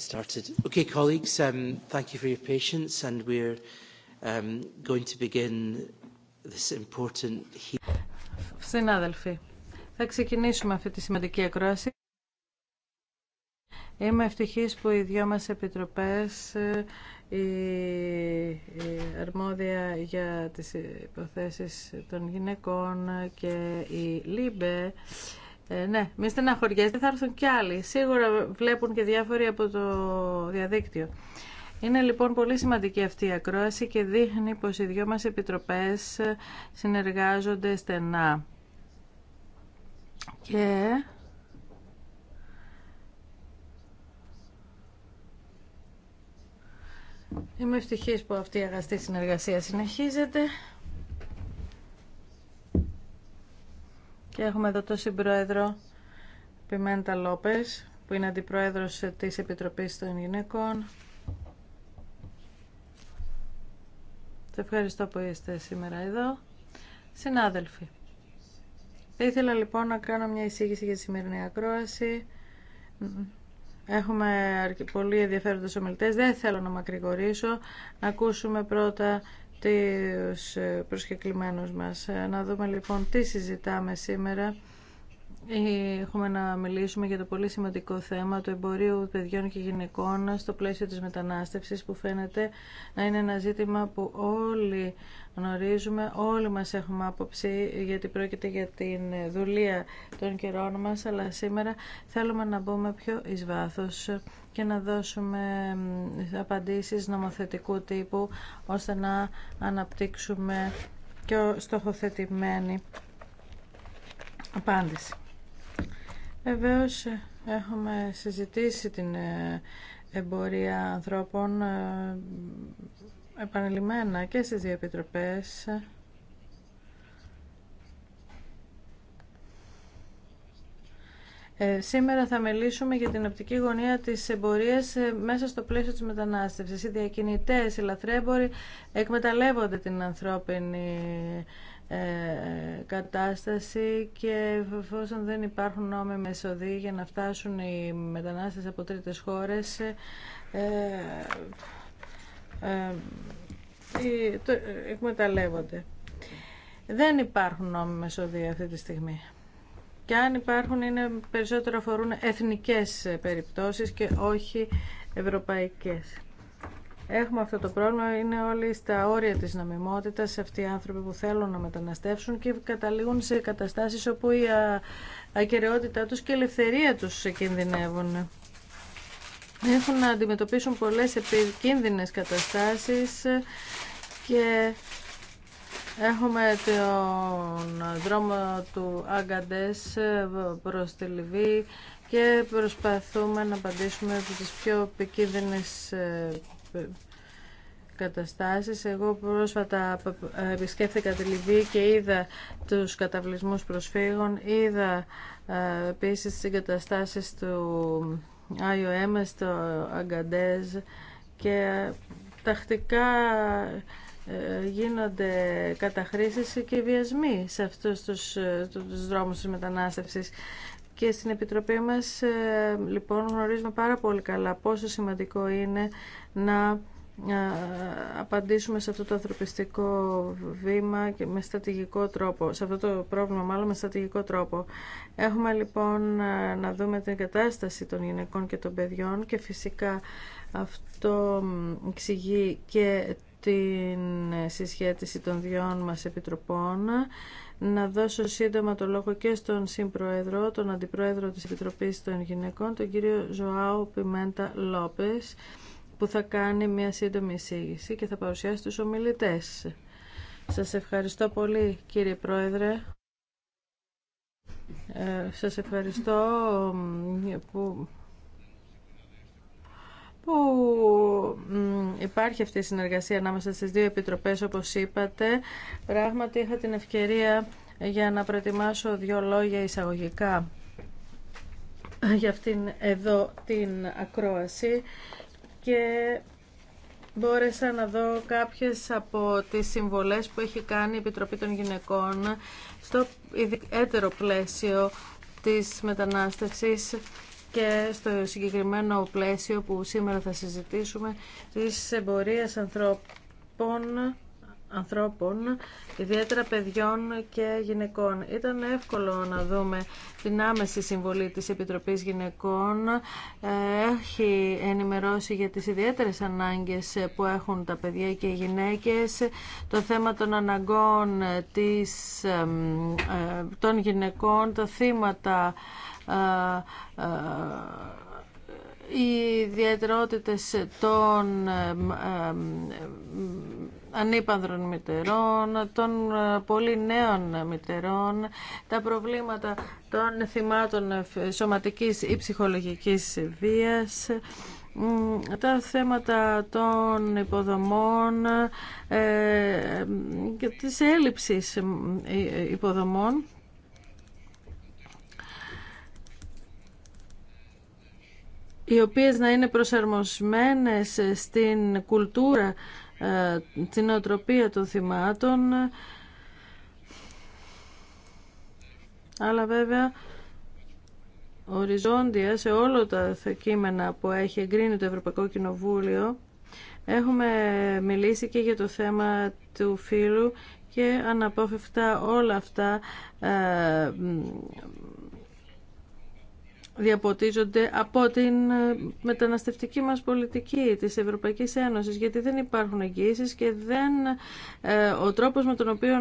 started. Συνάδελφοι, θα ξεκινήσουμε αυτή τη σημαντική ακρόαση. Είμαι ευτυχής που οι δυο μας επιτροπές, ε, η, αρμόδια για τις υποθέσεις των γυναικών και η ΛΥΜΠΕ, ε, ναι, μη στεναχωριέστε, θα έρθουν κι άλλοι. Σίγουρα βλέπουν και διάφοροι από το διαδίκτυο. Είναι λοιπόν πολύ σημαντική αυτή η ακρόαση και δείχνει πως οι δυο μας επιτροπές συνεργάζονται στενά. Και... Είμαι ευτυχής που αυτή η αγαστή συνεργασία συνεχίζεται. Και έχουμε εδώ τον συμπρόεδρο Πιμέντα Λόπες, που είναι αντιπρόεδρος της Επιτροπής των Γυναικών. Σε ευχαριστώ που είστε σήμερα εδώ. Συνάδελφοι, θα ήθελα λοιπόν να κάνω μια εισήγηση για τη σημερινή ακρόαση. Έχουμε πολύ ενδιαφέροντες ομιλητές. Δεν θέλω να μακρηγορήσω. Να ακούσουμε πρώτα τους ε, προσκεκλημένους μας. Ε, να δούμε λοιπόν τι συζητάμε σήμερα. Έχουμε να μιλήσουμε για το πολύ σημαντικό θέμα του εμπορίου παιδιών και γυναικών στο πλαίσιο της μετανάστευσης που φαίνεται να είναι ένα ζήτημα που όλοι γνωρίζουμε, όλοι μας έχουμε άποψη γιατί πρόκειται για την δουλεία των καιρών μας αλλά σήμερα θέλουμε να μπούμε πιο εις βάθος και να δώσουμε απαντήσεις νομοθετικού τύπου ώστε να αναπτύξουμε πιο στοχοθετημένη απάντηση. Βεβαίω ε, έχουμε συζητήσει την ε, εμπορία ανθρώπων ε, επανελειμμένα και στις δύο Ε, σήμερα θα μιλήσουμε για την οπτική γωνία της εμπορίας μέσα στο πλαίσιο της μετανάστευσης. Οι διακινητές, οι λαθρέμποροι εκμεταλλεύονται την ανθρώπινη ε, ε, κατάσταση και εφόσον δεν υπάρχουν νόμοι μεσοδοί για να φτάσουν οι μετανάστες από τρίτες χώρες ε, εκμεταλλεύονται. Δεν υπάρχουν νόμοι μεσοδοί αυτή τη στιγμή. Και αν υπάρχουν, είναι περισσότερο αφορούν εθνικές περιπτώσεις και όχι ευρωπαϊκές. Έχουμε αυτό το πρόβλημα, είναι όλοι στα όρια της νομιμότητας αυτοί οι άνθρωποι που θέλουν να μεταναστεύσουν και καταλήγουν σε καταστάσεις όπου η ακεραιότητά τους και η ελευθερία τους κινδυνεύουν. Έχουν να αντιμετωπίσουν πολλές επικίνδυνες καταστάσεις και Έχουμε τον δρόμο του Αγκαντές προς τη Λιβύη και προσπαθούμε να απαντήσουμε από τις πιο επικίνδυνες καταστάσεις. Εγώ πρόσφατα επισκέφθηκα τη Λιβύη και είδα τους καταβλισμούς προσφύγων, είδα ε, επίσης τις εγκαταστάσεις του IOM στο Αγκαντέζ και ε, τακτικά ε, γίνονται καταχρήσεις και βιασμοί σε αυτούς τους, τους δρόμους της μετανάστευσης. Και στην Επιτροπή μας ε, λοιπόν γνωρίζουμε πάρα πολύ καλά πόσο σημαντικό είναι να ε, απαντήσουμε σε αυτό το ανθρωπιστικό βήμα και με στρατηγικό τρόπο, σε αυτό το πρόβλημα μάλλον με στρατηγικό τρόπο. Έχουμε λοιπόν ε, να δούμε την κατάσταση των γυναικών και των παιδιών και φυσικά αυτό εξηγεί και την συσχέτιση των δυο μας επιτροπών. Να δώσω σύντομα το λόγο και στον Συμπροεδρό, τον Αντιπρόεδρο της Επιτροπής των Γυναικών, τον κύριο Ζωάου Πιμέντα Λόπες, που θα κάνει μια σύντομη εισήγηση και θα παρουσιάσει τους ομιλητές. Σας ευχαριστώ πολύ κύριε Πρόεδρε. Ε, σας ευχαριστώ που που υπάρχει αυτή η συνεργασία ανάμεσα στις δύο επιτροπές όπως είπατε. Πράγματι είχα την ευκαιρία για να προετοιμάσω δύο λόγια εισαγωγικά για αυτήν εδώ την ακρόαση και μπόρεσα να δω κάποιες από τις συμβολές που έχει κάνει η Επιτροπή των Γυναικών στο ιδιαίτερο πλαίσιο της μετανάστευσης και στο συγκεκριμένο πλαίσιο που σήμερα θα συζητήσουμε της εμπορίας ανθρώπων ανθρώπων, ιδιαίτερα παιδιών και γυναικών. Ήταν εύκολο να δούμε την άμεση συμβολή της Επιτροπής Γυναικών. Ε, έχει ενημερώσει για τις ιδιαίτερες ανάγκες που έχουν τα παιδιά και οι γυναίκες, το θέμα των αναγκών της, ε, των γυναικών, τα θύματα οι ιδιαιτερότητες των ανήπανδρων μητερών, των ε, πολύ νέων μητερών, τα προβλήματα των θυμάτων σωματικής ή ψυχολογικής βίας, τα θέματα των υποδομών ε, και της έλλειψης ε, υποδομών οι οποίες να είναι προσαρμοσμένες στην κουλτούρα, ε, την νοοτροπία των θυμάτων. Αλλά βέβαια οριζόντια σε όλα τα κείμενα που έχει εγκρίνει το Ευρωπαϊκό Κοινοβούλιο έχουμε μιλήσει και για το θέμα του φύλου και αναπόφευκτα όλα αυτά ε, διαποτίζονται από την ε, μεταναστευτική μας πολιτική της Ευρωπαϊκής Ένωσης γιατί δεν υπάρχουν εγγύησεις και δεν, ε, ο τρόπος με τον οποίο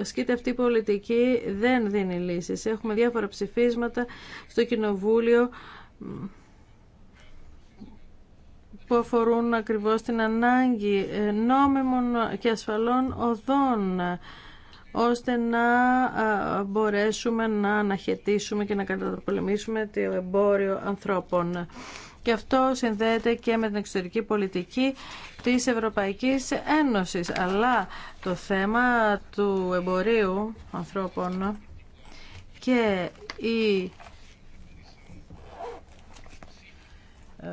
ασκείται αυτή η πολιτική δεν δίνει λύσεις. Έχουμε διάφορα ψηφίσματα στο Κοινοβούλιο που αφορούν ακριβώς την ανάγκη ε, νόμιμων και ασφαλών οδών ώστε να μπορέσουμε να αναχαιτήσουμε και να καταπολεμήσουμε το εμπόριο ανθρώπων. Και αυτό συνδέεται και με την εξωτερική πολιτική της Ευρωπαϊκής Ένωσης. Αλλά το θέμα του εμπορίου ανθρώπων και η Ε,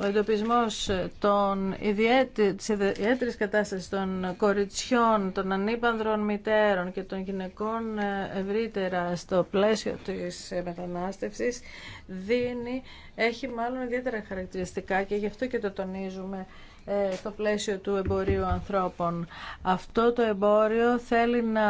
ο εντοπισμός των ιδιαίτερη της ιδιαίτερης κατάστασης των κοριτσιών, των ανήπανδρων μητέρων και των γυναικών ε, ευρύτερα στο πλαίσιο της μετανάστευσης δίνει, έχει μάλλον ιδιαίτερα χαρακτηριστικά και γι' αυτό και το τονίζουμε ε, στο πλαίσιο του εμπορίου ανθρώπων. Αυτό το εμπόριο θέλει να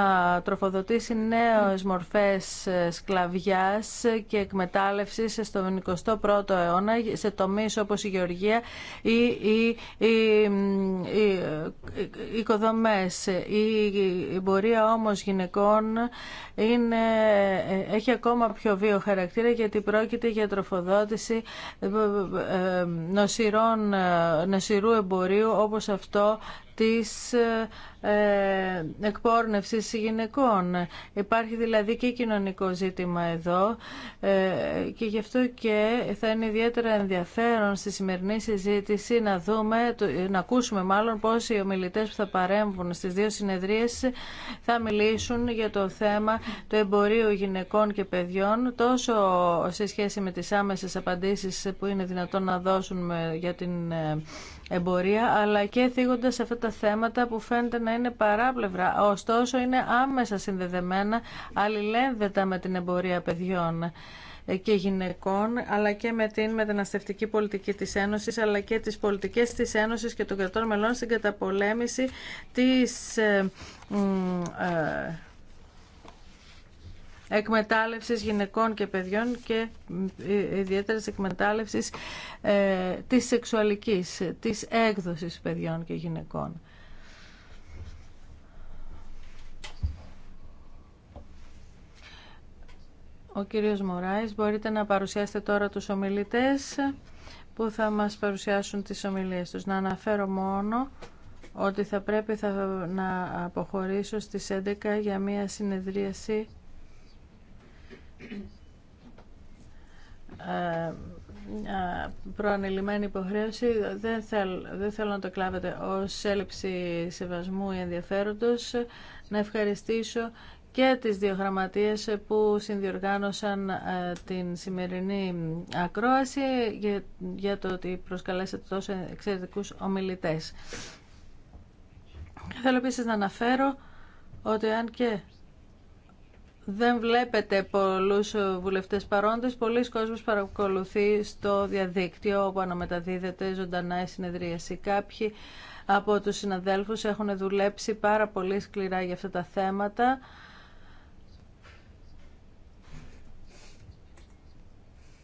τροφοδοτήσει νέες μορφές ε, σκλαβιάς και εκμετάλλευσης στο 21ο αιώνα σε τομείς όπως η γεωργία ή οι, οι, ε, οικοδομές. Η εμπορία όμως γυναικών είναι, έχει ακόμα πιο βίο χαρακτήρα γιατί πρόκειται για τροφοδότηση νοσηρών, νοσηρού εμπορίου εμπορίου όπως αυτό της ε, ε, εκπόρνευσης γυναικών. Υπάρχει δηλαδή και κοινωνικό ζήτημα εδώ ε, και γι' αυτό και θα είναι ιδιαίτερα ενδιαφέρον στη σημερινή συζήτηση να δούμε, να ακούσουμε μάλλον πώς οι ομιλητές που θα παρέμβουν στις δύο συνεδρίες θα μιλήσουν για το θέμα του εμπορίου γυναικών και παιδιών τόσο σε σχέση με τις άμεσες απαντήσεις που είναι δυνατόν να δώσουν για την ε, εμπορία αλλά και θίγοντας αυτά τα θέματα που φαίνεται να να είναι παράπλευρα, ωστόσο είναι άμεσα συνδεδεμένα, αλληλένδετα με την εμπορία παιδιών και γυναικών, αλλά και με την μεταναστευτική πολιτική της Ένωσης, αλλά και τις πολιτικές της Ένωσης και των κρατών μελών στην καταπολέμηση της ε, ε γυναικών και παιδιών και ε, ιδιαίτερης εκμετάλλευσης ε, της σεξουαλικής, της έκδοσης παιδιών και γυναικών. ο κύριος Μωράης. Μπορείτε να παρουσιάσετε τώρα τους ομιλητές που θα μας παρουσιάσουν τις ομιλίες τους. Να αναφέρω μόνο ότι θα πρέπει να αποχωρήσω στις 11 για ε, μια συνεδρίαση προανελημένη υποχρέωση δεν θέλω, δεν θέλω να το κλάβετε ως έλλειψη σεβασμού ή ενδιαφέροντος να ευχαριστήσω και τις δύο γραμματείες που συνδιοργάνωσαν ε, την σημερινή ακρόαση για το ότι προσκαλέσατε τόσο εξαιρετικούς ομιλητές. Θέλω επίσης να αναφέρω ότι αν και δεν βλέπετε πολλούς βουλευτές παρόντες, πολλοί κόσμος παρακολουθεί στο διαδίκτυο όπου αναμεταδίδεται ζωντανά η συνεδρίαση. Κάποιοι από τους συναδέλφους έχουν δουλέψει πάρα πολύ σκληρά για αυτά τα θέματα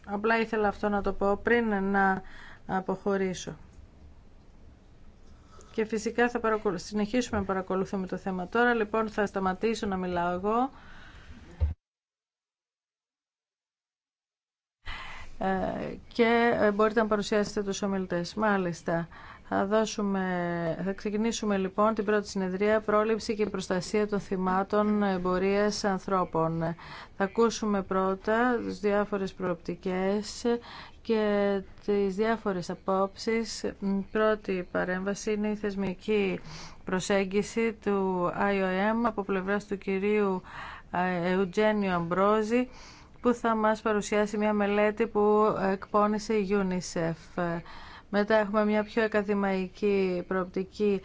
Απλά ήθελα αυτό να το πω πριν να αποχωρήσω. Και φυσικά θα συνεχίσουμε να παρακολουθούμε το θέμα τώρα. Λοιπόν, θα σταματήσω να μιλάω εγώ. Ε, και ε, μπορείτε να παρουσιάσετε τους ομιλητές. Μάλιστα. Θα, δώσουμε, θα ξεκινήσουμε λοιπόν την πρώτη συνεδρία πρόληψη και προστασία των θυμάτων εμπορίας ανθρώπων. Θα ακούσουμε πρώτα τις διάφορες προοπτικές και τις διάφορες απόψεις. Πρώτη παρέμβαση είναι η θεσμική προσέγγιση του IOM από πλευράς του κυρίου Ευγένιο Αμπρόζη που θα μας παρουσιάσει μια μελέτη που εκπώνησε η UNICEF. Μετά έχουμε μια πιο ακαδημαϊκή προοπτική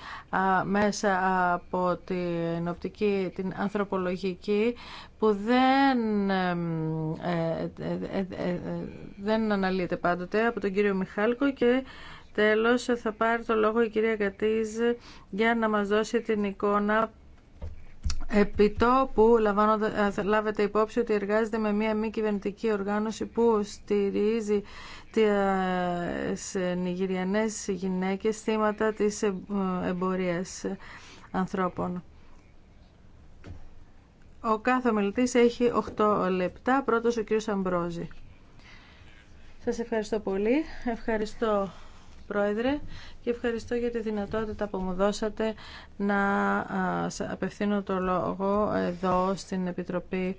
μέσα από την οπτική, την ανθρωπολογική, που δεν, ε, ε, ε, δεν αναλύεται πάντοτε από τον κύριο Μιχάλκο και τέλος θα πάρει το λόγο η κυρία Κατίζ για να μας δώσει την εικόνα επιτόπου ε, λάβετε υπόψη ότι εργάζεται με μια μη κυβερνητική οργάνωση που στηρίζει τις ε, νιγηριανές γυναίκες θύματα της ε, εμπορίας ανθρώπων. Ο κάθε ομιλητής έχει 8 λεπτά, πρώτος ο κύριος Αμπρόζη. Σας ευχαριστώ πολύ. Ευχαριστώ Πρόεδρε και ευχαριστώ για τη δυνατότητα που μου δώσατε να απευθύνω το λόγο εδώ στην Επιτροπή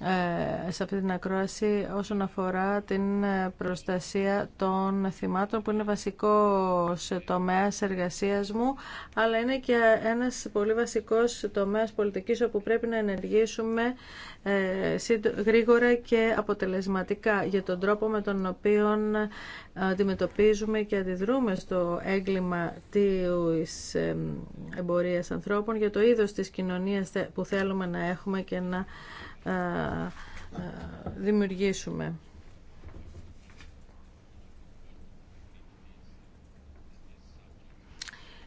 ε, σε αυτή την ακρόαση όσον αφορά την ε, προστασία των θυμάτων που είναι βασικό σε τομέας εργασίας μου αλλά είναι και ένας πολύ βασικός τομέας πολιτικής όπου πρέπει να ενεργήσουμε ε, γρήγορα και αποτελεσματικά για τον τρόπο με τον οποίο αντιμετωπίζουμε και αντιδρούμε στο έγκλημα της εμπορίας ανθρώπων για το είδος της κοινωνίας που θέλουμε να έχουμε και να ε, ε, δημιουργήσουμε.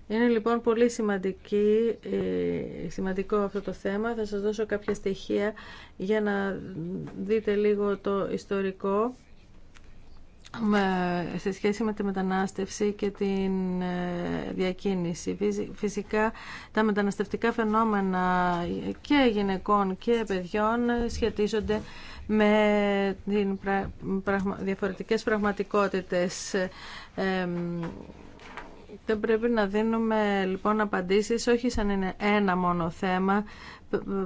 Είναι λοιπόν πολύ ε, σημαντικό αυτό το θέμα. Θα σας δώσω κάποια στοιχεία για να δείτε λίγο το ιστορικό σε σχέση με τη μετανάστευση και την ε, διακίνηση. Φυσικά τα μεταναστευτικά φαινόμενα και γυναικών και παιδιών σχετίζονται με την διαφορετικές πραγματικότητες δεν πρέπει να δίνουμε λοιπόν απαντήσεις όχι σαν είναι ένα μόνο θέμα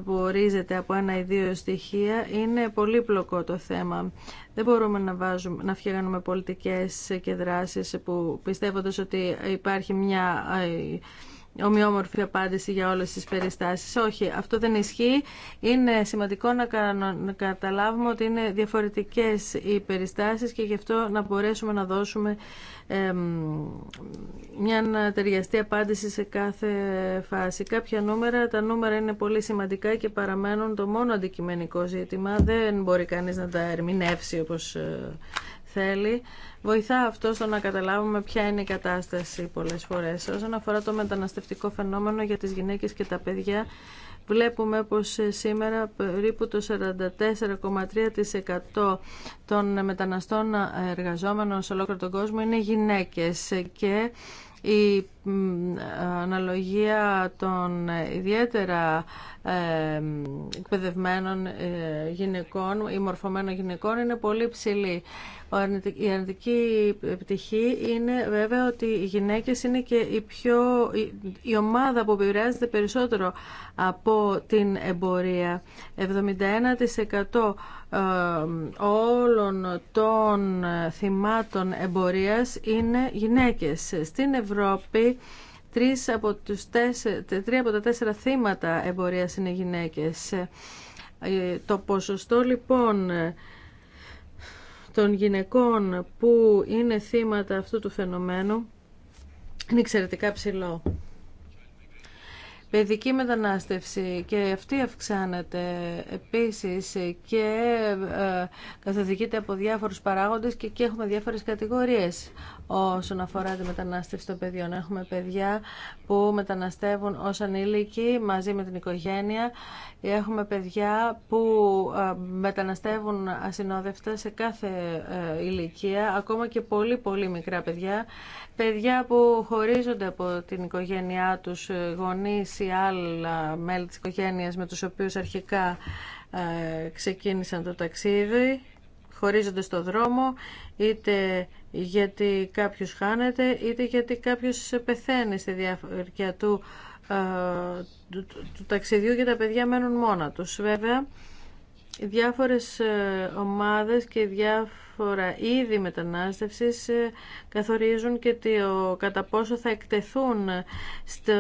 που ορίζεται από ένα ή δύο στοιχεία. Είναι πολύπλοκο το θέμα. Δεν μπορούμε να, βάζουμε, να φτιάχνουμε πολιτικές και δράσεις που πιστεύοντας ότι υπάρχει μια ε, ομοιόμορφη απάντηση για όλες τις περιστάσεις. Όχι, αυτό δεν ισχύει. Είναι σημαντικό να καταλάβουμε ότι είναι διαφορετικές οι περιστάσεις και γι' αυτό να μπορέσουμε να δώσουμε μια ταιριαστή απάντηση σε κάθε φάση. Κάποια νούμερα, τα νούμερα είναι πολύ σημαντικά και παραμένουν το μόνο αντικειμενικό ζήτημα. Δεν μπορεί κανείς να τα ερμηνεύσει όπως ε, θέλει, βοηθά αυτό στο να καταλάβουμε ποια είναι η κατάσταση πολλές φορές. Όσον αφορά το μεταναστευτικό φαινόμενο για τις γυναίκες και τα παιδιά, Βλέπουμε πως ε, σήμερα περίπου το 44,3% των μεταναστών ε, εργαζόμενων σε ολόκληρο τον κόσμο είναι γυναίκες και η αναλογία των ιδιαίτερα ε, εκπαιδευμένων ε, γυναικών ή μορφωμένων γυναικών είναι πολύ ψηλή. Η αρνητική πτυχή είναι βέβαια ότι οι γυναίκες είναι και η, πιο, η ομάδα που επηρεάζεται περισσότερο από την εμπορία. 71% ε, όλων των θυμάτων εμπορίας είναι γυναίκες. Στην Ευρώπη από τους τρία από τα τέσσερα θύματα εμπορίας είναι γυναίκες. Ε, το ποσοστό λοιπόν των γυναικών που είναι θύματα αυτού του φαινομένου είναι εξαιρετικά ψηλό παιδική μετανάστευση και αυτή αυξάνεται επίσης και ε, καθοδηγείται από διάφορους παράγοντες και εκεί έχουμε διάφορες κατηγορίες όσον αφορά τη μετανάστευση των παιδιών. Έχουμε παιδιά που μεταναστεύουν ως ανήλικοι μαζί με την οικογένεια Έχουμε παιδιά που ε, μεταναστεύουν ασυνόδευτα σε κάθε ε, ηλικία, ακόμα και πολύ πολύ μικρά παιδιά. Παιδιά που χωρίζονται από την οικογένειά τους, ε, γονείς ή άλλα μέλη της οικογένειας με τους οποίους αρχικά ξεκίνησαν το ταξίδι χωρίζονται στο δρόμο, είτε γιατί κάποιος χάνεται, είτε γιατί κάποιος πεθαίνει στη διάρκεια του του, του ταξιδιού και τα παιδιά μένουν μόνα τους. Βέβαια, οι διάφορες ε, ομάδες και διάφορα είδη μετανάστευσης ε, καθορίζουν και το κατά πόσο θα εκτεθούν στην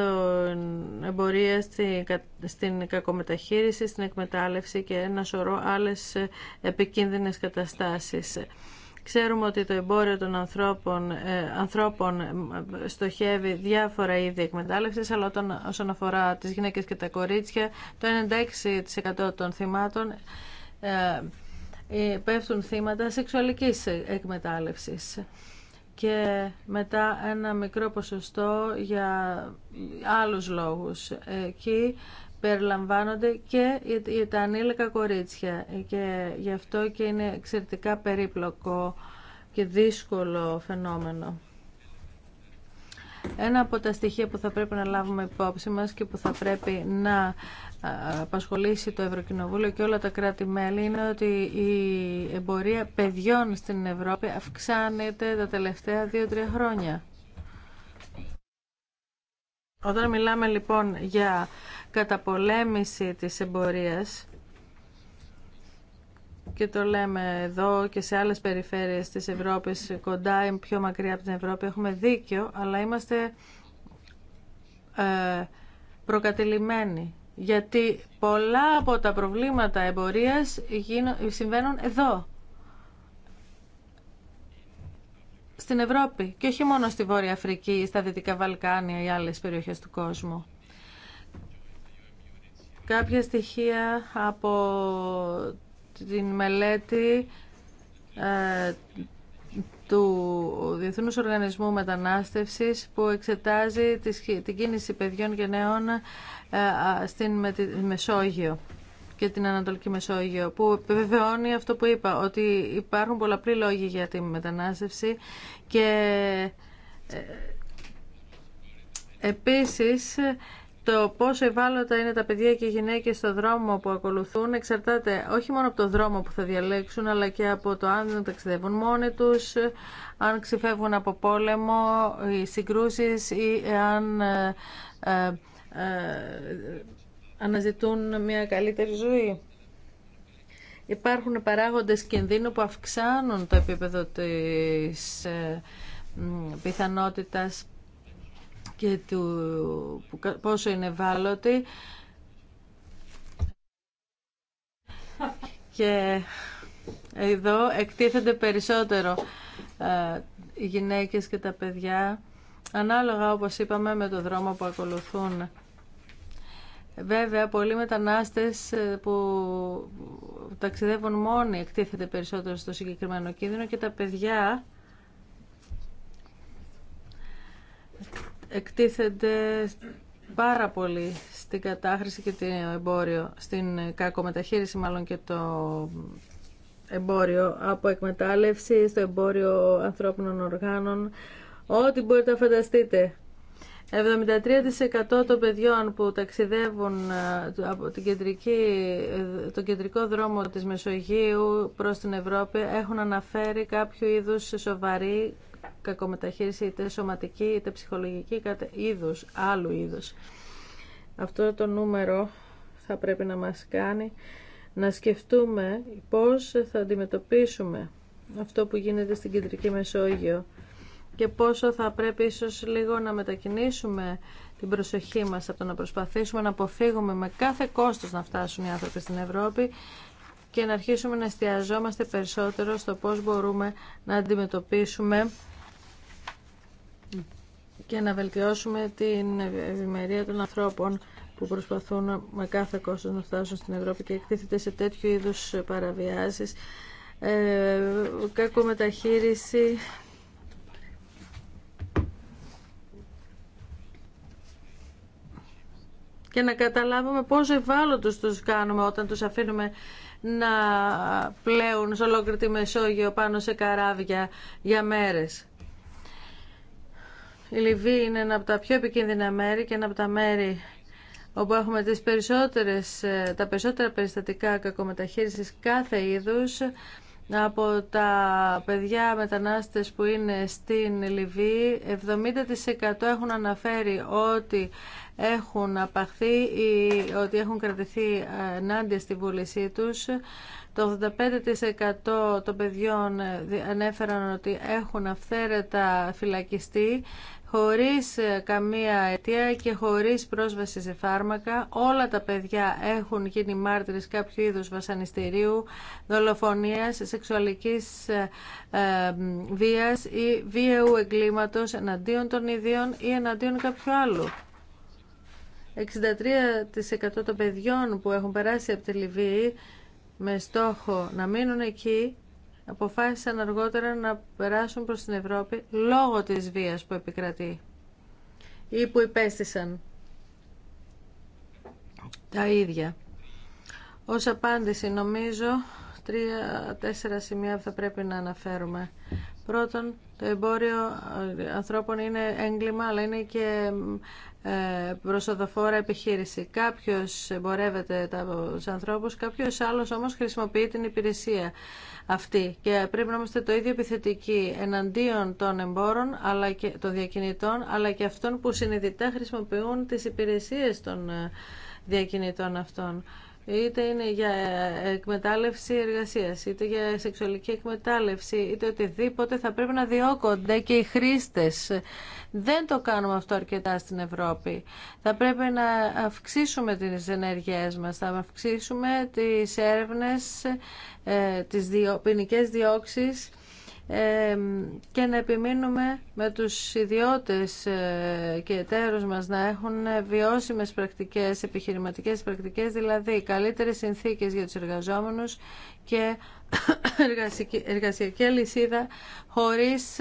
εμπορία, στην κακομεταχείριση, στην εκμετάλλευση και ένα σωρό άλλες ε, επικίνδυνες καταστάσεις. Ξέρουμε ότι το εμπόριο των ανθρώπων, ε, στοχεύει διάφορα είδη εκμετάλλευση, αλλά όσον αφορά τις γυναίκες και τα κορίτσια, το 96% των θυμάτων ε, ε, πέφτουν θύματα σεξουαλικής εκμετάλλευσης και μετά ένα μικρό ποσοστό για άλλους λόγους. Εκεί περιλαμβάνονται και τα ανήλικα κορίτσια ε, και γι' αυτό και είναι εξαιρετικά περίπλοκο και δύσκολο φαινόμενο. Ένα από τα στοιχεία που θα πρέπει να λάβουμε υπόψη μας και που θα πρέπει να απασχολήσει το Ευρωκοινοβούλιο και όλα τα κράτη-μέλη είναι ότι η εμπορία παιδιών στην Ευρώπη αυξάνεται τα τελευταία δύο-τρία χρόνια. Όταν μιλάμε λοιπόν για καταπολέμηση της εμπορίας και το λέμε εδώ και σε άλλες περιφέρειες της Ευρώπης κοντά ή πιο μακριά από την Ευρώπη έχουμε δίκιο αλλά είμαστε ε, προκατηλημένοι γιατί πολλά από τα προβλήματα εμπορίας συμβαίνουν εδώ στην Ευρώπη και όχι μόνο στη Βόρεια Αφρική, στα Δυτικά Βαλκάνια ή άλλες περιοχές του κόσμου κάποια στοιχεία από την μελέτη ε, του Διεθνούς Οργανισμού Μετανάστευσης που εξετάζει την κίνηση παιδιών και νέων ε, στην Μεσόγειο και την Ανατολική Μεσόγειο που επιβεβαιώνει αυτό που είπα ότι υπάρχουν πολλαπλοί λόγοι για τη μετανάστευση και ε, επίσης το πόσο ευάλωτα είναι τα παιδιά και οι γυναίκε στο δρόμο που ακολουθούν εξαρτάται όχι μόνο από το δρόμο που θα διαλέξουν αλλά και από το αν ταξιδεύουν μόνοι του, αν ξεφεύγουν από πόλεμο, οι συγκρούσεις ή αν ε, ε, ε, αναζητούν μια καλύτερη ζωή. Υπάρχουν παράγοντες κινδύνου που αυξάνουν το επίπεδο της πιθανότητας και του, πόσο είναι ευάλωτη. και εδώ εκτίθενται περισσότερο ε, οι γυναίκες και τα παιδιά ανάλογα όπως είπαμε με το δρόμο που ακολουθούν. Βέβαια, πολλοί μετανάστες ε, που ταξιδεύουν μόνοι εκτίθεται περισσότερο στο συγκεκριμένο κίνδυνο και τα παιδιά εκτίθενται πάρα πολύ στην κατάχρηση και το εμπόριο, στην κακομεταχείριση μάλλον και το εμπόριο από εκμετάλλευση, στο εμπόριο ανθρώπινων οργάνων, ό,τι μπορείτε να φανταστείτε. 73% των παιδιών που ταξιδεύουν ε, από την κεντρική, ε, το κεντρικό δρόμο της Μεσογείου προς την Ευρώπη έχουν αναφέρει κάποιο είδους σοβαρή κακομεταχείριση είτε σωματική είτε ψυχολογική κατά είδους, άλλου είδους. Αυτό το νούμερο θα πρέπει να μας κάνει να σκεφτούμε πώς θα αντιμετωπίσουμε αυτό που γίνεται στην Κεντρική Μεσόγειο και πόσο θα πρέπει ίσως λίγο να μετακινήσουμε την προσοχή μας από το να προσπαθήσουμε να αποφύγουμε με κάθε κόστος να φτάσουν οι άνθρωποι στην Ευρώπη και να αρχίσουμε να εστιαζόμαστε περισσότερο στο πώς μπορούμε να αντιμετωπίσουμε και να βελτιώσουμε την ευημερία των ανθρώπων που προσπαθούν με κάθε κόστος να φτάσουν στην Ευρώπη και εκτίθεται σε τέτοιου είδους παραβιάσεις, ε, κακομεταχείριση, και να καταλάβουμε πόσο ευάλωτους τους κάνουμε όταν τους αφήνουμε να πλέουν σε ολόκληρη τη Μεσόγειο πάνω σε καράβια για μέρες. Η Λιβύη είναι ένα από τα πιο επικίνδυνα μέρη και ένα από τα μέρη όπου έχουμε τις περισσότερες, ε, τα περισσότερα περιστατικά κακομεταχείρισης κάθε είδους από τα παιδιά μετανάστες που είναι στην Λιβύη 70% έχουν αναφέρει ότι έχουν απαχθεί ή ότι έχουν κρατηθεί ενάντια στη βούλησή τους το 85% των παιδιών ανέφεραν ότι έχουν αυθαίρετα φυλακιστεί χωρίς ε, καμία αιτία και χωρίς πρόσβαση σε φάρμακα. Όλα τα παιδιά έχουν γίνει μάρτυρες κάποιου είδους βασανιστηρίου, δολοφονίας, σεξουαλικής ε, ε, βίας ή βίαιου εγκλήματος εναντίον των ίδιων ή εναντίον κάποιου άλλου. 63% των παιδιών που έχουν περάσει από τη Λιβύη με στόχο να μείνουν εκεί αποφάσισαν αργότερα να περάσουν προς την Ευρώπη λόγω της βίας που επικρατεί ή που υπέστησαν τα ίδια. Ως απάντηση νομίζω τρία-τέσσερα σημεία που θα πρέπει να αναφέρουμε. Πρώτον, το εμπόριο ε, ανθρώπων είναι έγκλημα, αλλά είναι και ε, προσοδοφόρα επιχείρηση. Κάποιος εμπορεύεται τους ανθρώπους, κάποιος άλλος όμως χρησιμοποιεί την υπηρεσία αυτή. Και πρέπει να είμαστε το ίδιο επιθετικοί εναντίον των εμπόρων, αλλά και των διακινητών, αλλά και αυτών που συνειδητά χρησιμοποιούν τις υπηρεσίες των ε, διακινητών αυτών είτε είναι για εκμετάλλευση εργασίας, είτε για σεξουαλική εκμετάλλευση, είτε οτιδήποτε, θα πρέπει να διώκονται και οι χρήστες. Δεν το κάνουμε αυτό αρκετά στην Ευρώπη. Θα πρέπει να αυξήσουμε τις ενέργειές μας, θα αυξήσουμε τις έρευνες, ε, τις ποινικές διώξεις, και να επιμείνουμε με τους ιδιώτες ε, και εταίρους μας να έχουν βιώσιμες πρακτικές, επιχειρηματικές πρακτικές, δηλαδή καλύτερες συνθήκες για τους εργαζόμενους και εργασιακή αλυσίδα χωρίς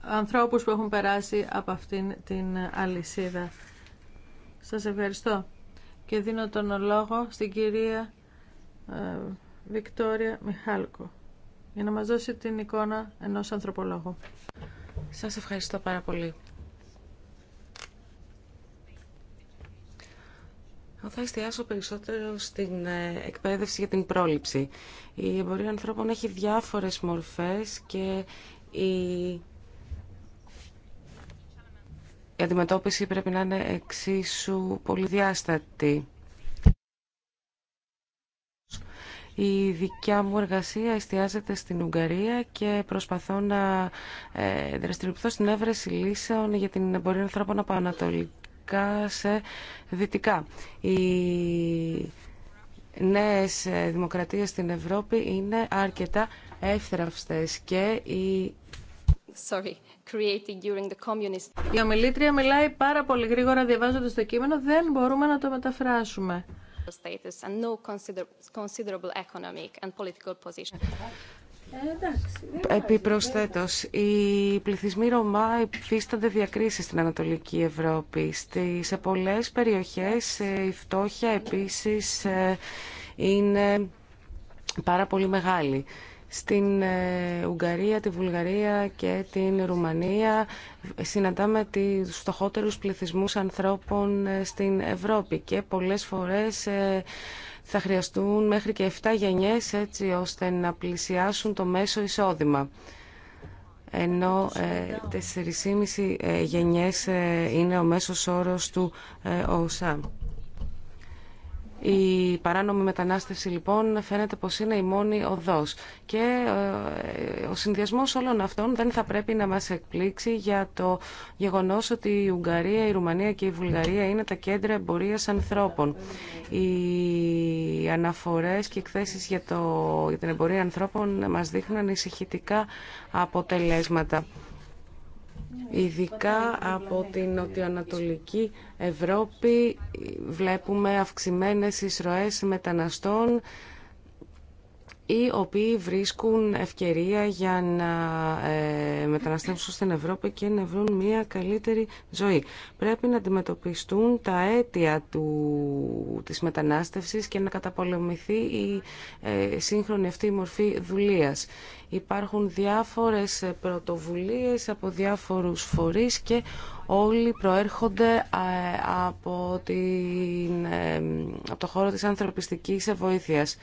ανθρώπους που έχουν περάσει από αυτήν την αλυσίδα. Σας ευχαριστώ και δίνω τον λόγο στην κυρία ε, Βικτόρια Μιχάλκο για να μας δώσει την εικόνα ενός ανθρωπολόγου. Σας ευχαριστώ πάρα πολύ. Θα εστιάσω περισσότερο στην ε, εκπαίδευση για την πρόληψη. Η εμπορία ανθρώπων έχει διάφορες μορφές και η η αντιμετώπιση πρέπει να είναι εξίσου πολυδιάστατη. Η δικιά μου εργασία εστιάζεται στην Ουγγαρία και προσπαθώ να ε, δραστηριοποιηθώ στην έβρεση λύσεων για την εμπορία ανθρώπων από ανατολικά σε δυτικά. Οι νέες ε, δημοκρατίες στην Ευρώπη είναι αρκετά εύθραυστες και η... Sorry. Created during the communist... Η ομιλήτρια μιλάει πάρα πολύ γρήγορα διαβάζοντας το κείμενο, δεν μπορούμε να το μεταφράσουμε. Status and no considerable economic and political position. Επιπροσθέτως, οι πληθυσμοί Ρωμά υφίστανται διακρίσεις στην Ανατολική Ευρώπη. Σε πολλές περιοχές ε, η φτώχεια επίσης ε, είναι πάρα πολύ μεγάλη στην ε, Ουγγαρία, τη Βουλγαρία και την Ρουμανία συναντάμε τους στοχότερους πληθυσμούς ανθρώπων ε, στην Ευρώπη και πολλές φορές ε, θα χρειαστούν μέχρι και 7 γενιές έτσι ώστε να πλησιάσουν το μέσο εισόδημα ενώ 4,5 γενιές είναι ο μέσος όρος του ΟΣΑ. Η παράνομη μετανάστευση λοιπόν φαίνεται πως είναι η μόνη οδός και ε, ο συνδυασμός όλων αυτών δεν θα πρέπει να μας εκπλήξει για το γεγονός ότι η Ουγγαρία, η Ρουμανία και η Βουλγαρία είναι τα κέντρα εμπορίας ανθρώπων. Οι αναφορές και εκθέσεις για, το, για την εμπορία ανθρώπων μας δείχνουν ανησυχητικά αποτελέσματα. Ειδικά από την νοτιοανατολική Ευρώπη βλέπουμε αυξημένες εισρωές μεταναστών οι οποίοι βρίσκουν ευκαιρία για να ε, μεταναστεύσουν στην Ευρώπη και να βρουν μια καλύτερη ζωή. Πρέπει να αντιμετωπιστούν τα αίτια του, της μετανάστευσης και να καταπολεμηθεί η ε, σύγχρονη αυτή μορφή δουλείας. Υπάρχουν διάφορες πρωτοβουλίες από διάφορους φορείς και όλοι προέρχονται ε, από, την, από το χώρο της ανθρωπιστικής βοήθειας.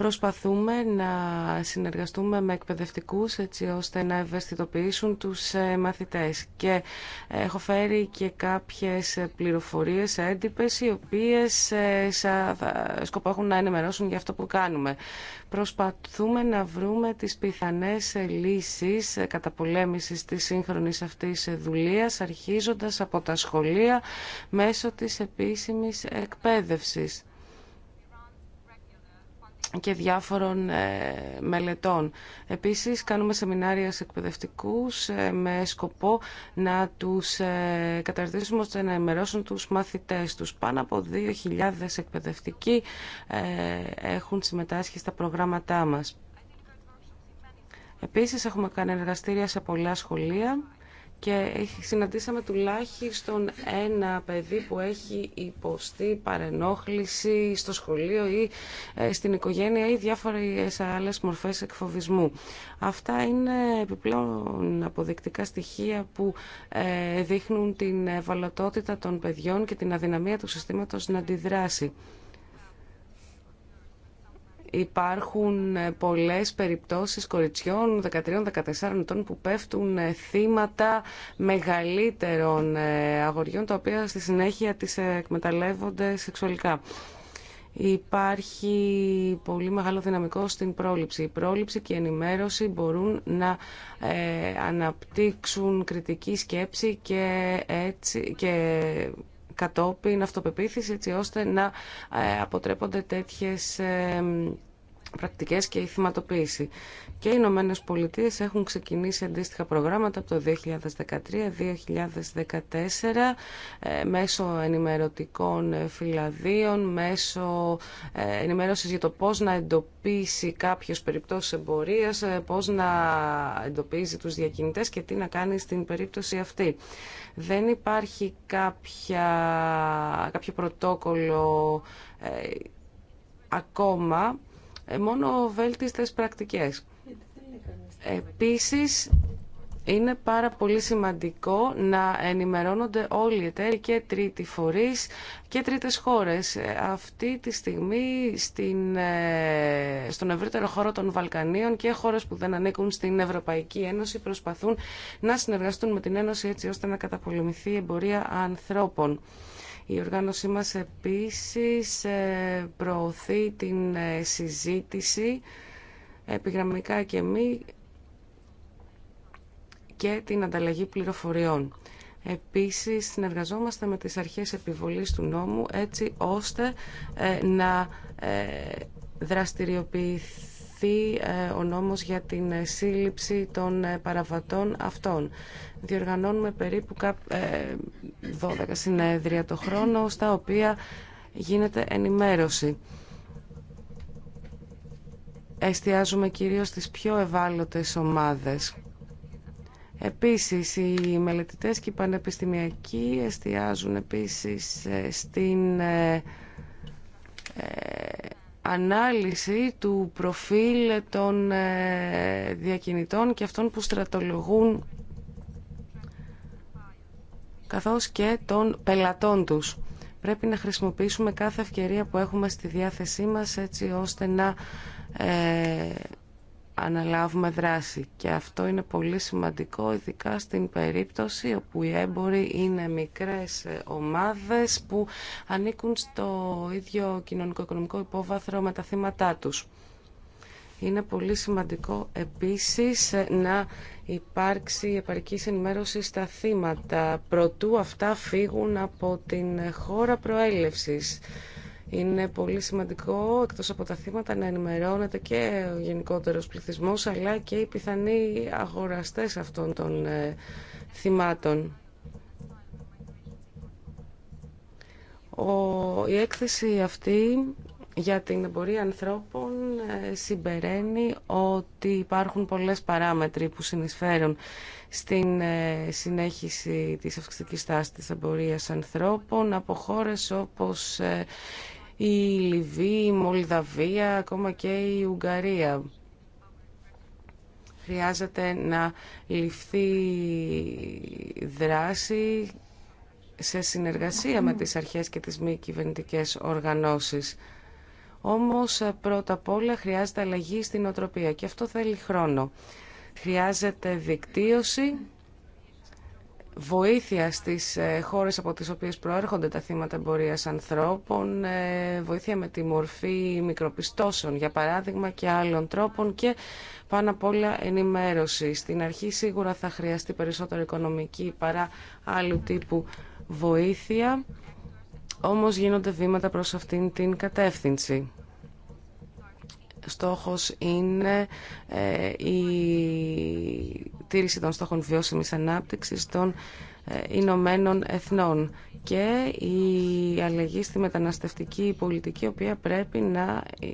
Προσπαθούμε να συνεργαστούμε με εκπαιδευτικούς έτσι ώστε να ευαισθητοποιήσουν τους ε, μαθητές και έχω φέρει και κάποιες πληροφορίες έντυπες οι οποίες ε, σκοπό έχουν να ενημερώσουν για αυτό που κάνουμε. Προσπαθούμε να βρούμε τις πιθανές λύσεις καταπολέμησης της σύγχρονης αυτής δουλείας αρχίζοντας από τα σχολεία μέσω της επίσημης εκπαίδευσης και διάφορων ε, μελετών. Επίσης, κάνουμε σεμινάρια σε εκπαιδευτικούς ε, με σκοπό να τους ε, καταρτήσουμε ώστε να ενημερώσουν τους μαθητές τους. Πάνω από 2.000 εκπαιδευτικοί έχουν συμμετάσχει στα προγράμματά μας. Επίσης, έχουμε κάνει εργαστήρια σε πολλά σχολεία και συναντήσαμε τουλάχιστον ένα παιδί που έχει υποστεί παρενόχληση στο σχολείο ή ε, στην οικογένεια ή διάφορες άλλες μορφές εκφοβισμού. Αυτά είναι επιπλέον αποδεικτικά στοιχεία που ε, δείχνουν την ευαλωτότητα των παιδιών και την αδυναμία του συστήματος να αντιδράσει. Υπάρχουν ε, πολλές περιπτώσεις κοριτσιών 13-14 ετών που πέφτουν ε, θύματα μεγαλύτερων ε, αγοριών τα οποία στη συνέχεια τις εκμεταλλεύονται σεξουαλικά. Υπάρχει πολύ μεγάλο δυναμικό στην πρόληψη. Η πρόληψη και η ενημέρωση μπορούν να αναπτύξουν κριτική σκέψη και, έτσι, και κατόπιν αυτοπεποίθηση έτσι ώστε να ε, αποτρέπονται τέτοιες ε, και η θυματοποίηση. Και οι Ηνωμένε Πολιτείε έχουν ξεκινήσει αντίστοιχα προγράμματα από το 2013-2014 ε, μέσω ενημερωτικών ε, φυλαδίων, μέσω ε, ενημέρωση για το πώς να εντοπίσει κάποιο περιπτώσει εμπορίας, πώς να εντοπίζει τους διακινητές και τι να κάνει στην περίπτωση αυτή. Δεν υπάρχει κάποια, κάποιο πρωτόκολλο ακόμα ε, μόνο βέλτιστες πρακτικές. Επίσης, είναι πάρα πολύ σημαντικό να ενημερώνονται όλοι οι εταίροι και τρίτοι φορείς και τρίτες χώρες. Ε, αυτή τη στιγμή στην, ε, στον ευρύτερο χώρο των Βαλκανίων και χώρες που δεν ανήκουν στην Ευρωπαϊκή Ένωση προσπαθούν να συνεργαστούν με την Ένωση έτσι ώστε να καταπολεμηθεί η εμπορία ανθρώπων. Η οργάνωσή μας επίσης ε, προωθεί την ε, συζήτηση επιγραμμικά και μη και την ανταλλαγή πληροφοριών. Επίσης, συνεργαζόμαστε με τις αρχές επιβολής του νόμου έτσι ώστε ε, να δραστηριοποιηθεί ε, ο νόμος για την ε, σύλληψη των ε, παραβατών αυτών. Διοργανώνουμε περίπου 12 ε, συνέδρια το χρόνο, στα οποία γίνεται ενημέρωση. Εστιάζουμε κυρίως στις πιο ευάλωτες ομάδες. Επίσης, οι μελετητές και οι πανεπιστημιακοί εστιάζουν επίσης στην ανάλυση του προφίλ των ε, διακινητών και αυτών που στρατολογούν καθώς και των πελατών τους. Πρέπει να χρησιμοποιήσουμε κάθε ευκαιρία που έχουμε στη διάθεσή μας έτσι ώστε να ε, αναλάβουμε δράση. Και αυτό είναι πολύ σημαντικό, ειδικά στην περίπτωση όπου οι έμποροι είναι μικρές ομάδες που ανήκουν στο ίδιο κοινωνικο-οικονομικό υπόβαθρο με τα θύματά τους. Είναι πολύ σημαντικό επίσης να υπάρξει επαρκή ενημέρωση στα θύματα, προτού αυτά φύγουν από την χώρα προέλευσης. Είναι πολύ σημαντικό εκτός από τα θύματα να ενημερώνεται και ο γενικότερος πληθυσμός αλλά και οι πιθανοί αγοραστές αυτών των ε, θυμάτων. Ο, η έκθεση αυτή για την εμπορία ανθρώπων ε, συμπεραίνει ότι υπάρχουν πολλές παράμετροι που συνεισφέρουν στην ε, συνέχιση της αυξητικής τάσης της εμπορίας ανθρώπων από χώρες όπως η Λιβύη, η Μολδαβία, ακόμα και η Ουγγαρία. Χρειάζεται να ληφθεί δράση σε συνεργασία με τις αρχές και τις μη κυβερνητικέ οργανώσεις. Όμως πρώτα απ' όλα χρειάζεται αλλαγή στην οτροπία και αυτό θέλει χρόνο. Χρειάζεται δικτύωση βοήθεια στις ε, χώρες από τις οποίες προέρχονται τα θύματα εμπορίας ανθρώπων, ε, βοήθεια με τη μορφή μικροπιστώσεων, για παράδειγμα, και άλλων τρόπων και πάνω απ' όλα ενημέρωση. Στην αρχή σίγουρα θα χρειαστεί περισσότερο οικονομική παρά άλλου τύπου βοήθεια, όμως γίνονται βήματα προς αυτήν την κατεύθυνση στόχος είναι ε, η τήρηση των στόχων βιώσιμης ανάπτυξης των ε, Ηνωμένων Εθνών και η αλλαγή στη μεταναστευτική πολιτική, η οποία πρέπει να, ε,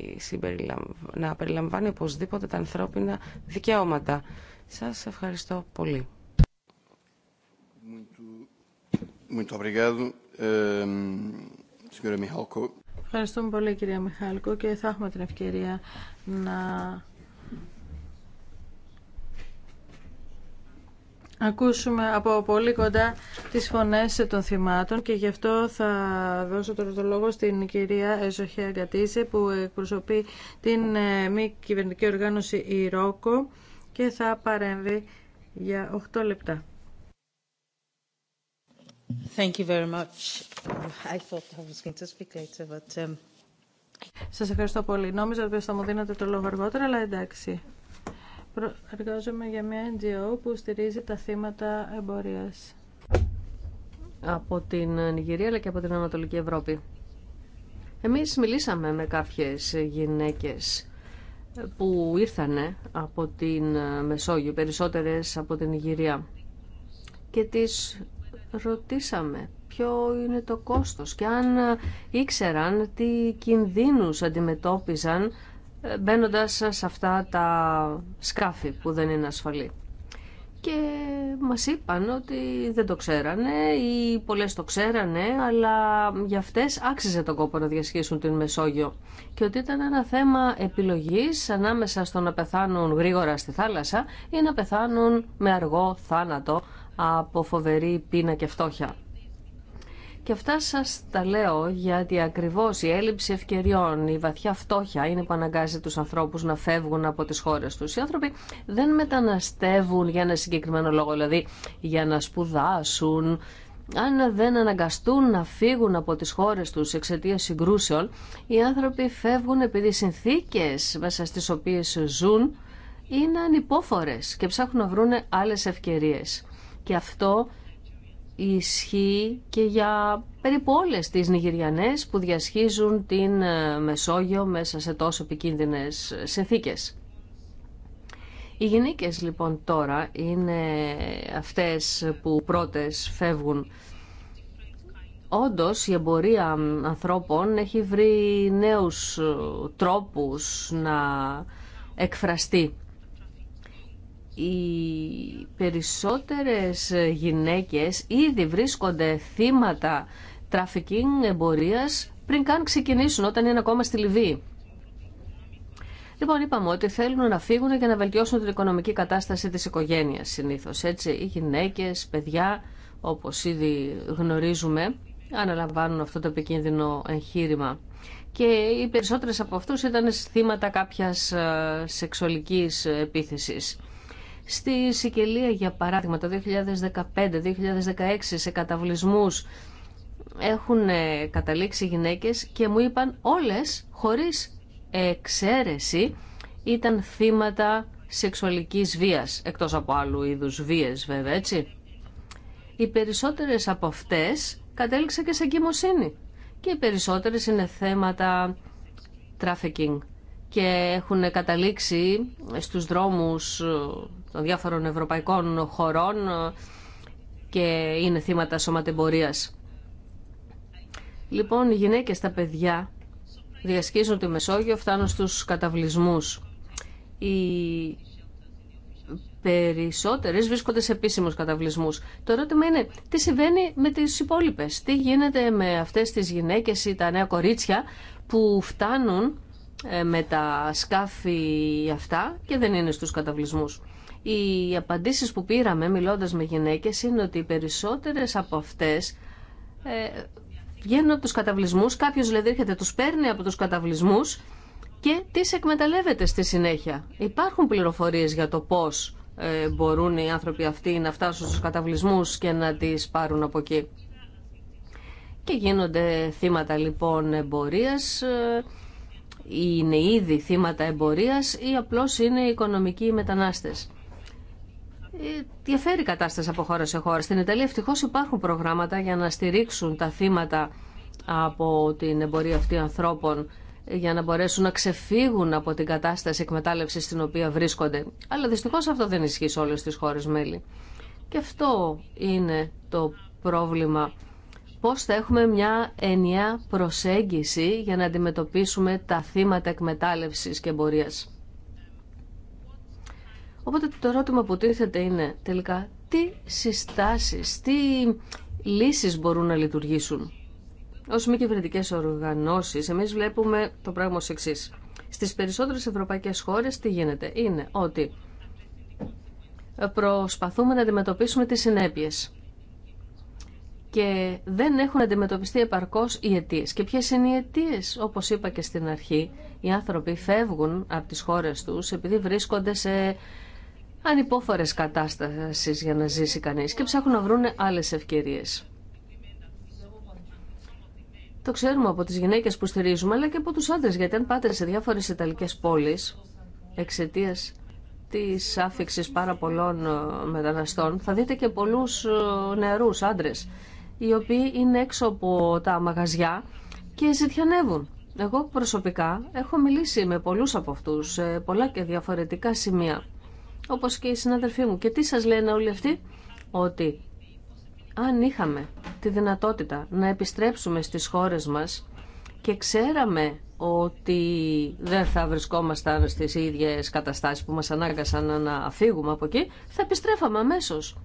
να περιλαμβάνει οπωσδήποτε τα ανθρώπινα δικαιώματα. Σας ευχαριστώ πολύ. Muito obrigado, ehm, Ευχαριστούμε πολύ κυρία Μιχάλικο και θα έχουμε την ευκαιρία να ακούσουμε από πολύ κοντά τις φωνές των θυμάτων και γι' αυτό θα δώσω τώρα το λόγο στην κυρία Εζοχέα Γκατίσε που εκπροσωπεί την ε, μη κυβερνητική οργάνωση ΙΡΟΚΟ και θα παρέμβει για 8 λεπτά. Thank Σας ευχαριστώ πολύ. Νόμιζα ότι θα μου δίνατε το λόγο αργότερα, αλλά εντάξει. Εργάζομαι για μια NGO που στηρίζει τα θύματα εμπορίας. Από την Νιγηρία αλλά και από την Ανατολική Ευρώπη. Εμείς μιλήσαμε με κάποιες γυναίκες που ήρθαν από την Μεσόγειο, περισσότερες από την Νιγηρία. Και τις ρωτήσαμε ποιο είναι το κόστος και αν ήξεραν τι κινδύνους αντιμετώπιζαν ε, μπαίνοντας σε αυτά τα σκάφη που δεν είναι ασφαλή. Και μας είπαν ότι δεν το ξέρανε ή πολλές το ξέρανε, αλλά για αυτές άξιζε τον κόπο να διασχίσουν την Μεσόγειο. Και ότι ήταν ένα θέμα επιλογής ανάμεσα στο να πεθάνουν γρήγορα στη θάλασσα ή να πεθάνουν με αργό θάνατο από φοβερή πείνα και φτώχεια. Και αυτά σας τα λέω γιατί ακριβώς η έλλειψη ευκαιριών, η βαθιά φτώχεια είναι που αναγκάζει τους ανθρώπους να φεύγουν από τις χώρες τους. Οι άνθρωποι δεν μεταναστεύουν για ένα συγκεκριμένο λόγο, δηλαδή για να σπουδάσουν, αν δεν αναγκαστούν να φύγουν από τις χώρες τους εξαιτίας συγκρούσεων, οι άνθρωποι φεύγουν επειδή οι συνθήκες μέσα στις οποίες ζουν είναι ανυπόφορες και ψάχνουν να βρουν άλλες ευκαιρίες. Και αυτό ισχύει και για περίπου όλε τις Νιγηριανές που διασχίζουν την ε, Μεσόγειο μέσα σε τόσο επικίνδυνε συνθήκε. Οι γυναίκε λοιπόν τώρα είναι αυτές που πρώτες φεύγουν. Όντως η εμπορία ανθρώπων έχει βρει νέους ε, τρόπους να εκφραστεί οι περισσότερες γυναίκες ήδη βρίσκονται θύματα τραφικίν εμπορίας πριν καν ξεκινήσουν όταν είναι ακόμα στη Λιβύη. Λοιπόν, είπαμε ότι θέλουν να φύγουν για να βελτιώσουν την οικονομική κατάσταση της οικογένειας συνήθως. Έτσι, οι γυναίκες, παιδιά, όπως ήδη γνωρίζουμε, αναλαμβάνουν αυτό το επικίνδυνο εγχείρημα. Και οι περισσότερες από αυτούς ήταν θύματα κάποιας ε, σεξουαλικής επίθεσης. Στη Σικελία, για παράδειγμα, το 2015-2016 σε καταβλισμούς έχουν ε, καταλήξει γυναίκες και μου είπαν όλες, χωρίς εξαίρεση, ήταν θύματα σεξουαλικής βίας, εκτός από άλλου είδους βίες βέβαια, έτσι. Οι περισσότερες από αυτές κατέληξαν και σε εγκυμοσύνη και οι περισσότερες είναι θέματα trafficking και έχουν καταλήξει στους δρόμους των διάφορων ευρωπαϊκών χωρών και είναι θύματα σωματεμπορίας. Λοιπόν, οι γυναίκες, τα παιδιά διασκίζουν τη Μεσόγειο, φτάνουν στους καταβλισμούς. Οι περισσότερες βρίσκονται σε επίσημους καταβλισμούς. Το ερώτημα είναι τι συμβαίνει με τις υπόλοιπες. Τι γίνεται με αυτές τις γυναίκες ή τα νέα κορίτσια που φτάνουν ε, με τα σκάφη αυτά και δεν είναι στους καταβλισμούς. Οι απαντήσεις που πήραμε μιλώντας με γυναίκες είναι ότι οι περισσότερες από αυτές ε, βγαίνουν από τους καταβλισμούς, κάποιος δηλαδή έρχεται, τους παίρνει από τους καταβλισμούς και τις εκμεταλλεύεται στη συνέχεια. Υπάρχουν πληροφορίες για το πώς ε, μπορούν οι άνθρωποι αυτοί να φτάσουν στους καταβλισμούς και να τις πάρουν από εκεί. Και γίνονται θύματα λοιπόν εμπορίας, ε, είναι ήδη θύματα εμπορίας ή απλώς είναι οικονομικοί μετανάστες. Ε, διαφέρει η κατάσταση από χώρα σε χώρα. Στην Ιταλία ευτυχώ υπάρχουν προγράμματα για να στηρίξουν τα θύματα από την εμπορία αυτή ανθρώπων για να μπορέσουν να ξεφύγουν από την κατάσταση εκμετάλλευσης στην οποία βρίσκονται. Αλλά δυστυχώς αυτό δεν ισχύει σε όλες τις χώρες μέλη. Και αυτό είναι το πρόβλημα πώς θα έχουμε μια ενιαία προσέγγιση για να αντιμετωπίσουμε τα θύματα εκμετάλλευσης και εμπορίας. Οπότε το ερώτημα που τίθεται είναι τελικά τι συστάσεις, τι λύσεις μπορούν να λειτουργήσουν. Ως μη κυβερνητικέ οργανώσεις, εμείς βλέπουμε το πράγμα ως εξής. Στις περισσότερες ευρωπαϊκές χώρες τι γίνεται. Είναι ότι προσπαθούμε να αντιμετωπίσουμε τις συνέπειες και δεν έχουν αντιμετωπιστεί επαρκώς οι αιτίες. Και ποιες είναι οι αιτίες, όπως είπα και στην αρχή, οι άνθρωποι φεύγουν από τις χώρες τους επειδή βρίσκονται σε ανυπόφορες κατάστασεις για να ζήσει κανείς και ψάχνουν να βρουν άλλες ευκαιρίες. Το ξέρουμε από τις γυναίκες που στηρίζουμε, αλλά και από τους άντρες, γιατί αν πάτε σε διάφορες Ιταλικές πόλεις, εξαιτία της άφηξης πάρα πολλών ε, μεταναστών, θα δείτε και πολλούς ε, νεαρούς άντρες οι οποίοι είναι έξω από τα μαγαζιά και ζητιανεύουν. Εγώ προσωπικά έχω μιλήσει με πολλούς από αυτούς πολλά και διαφορετικά σημεία, όπως και οι συναδελφοί μου. Και τι σας λένε όλοι αυτοί, ότι αν είχαμε τη δυνατότητα να επιστρέψουμε στις χώρες μας και ξέραμε ότι δεν θα βρισκόμασταν στις ίδιες καταστάσεις που μας ανάγκασαν να φύγουμε από εκεί, θα επιστρέφαμε αμέσως.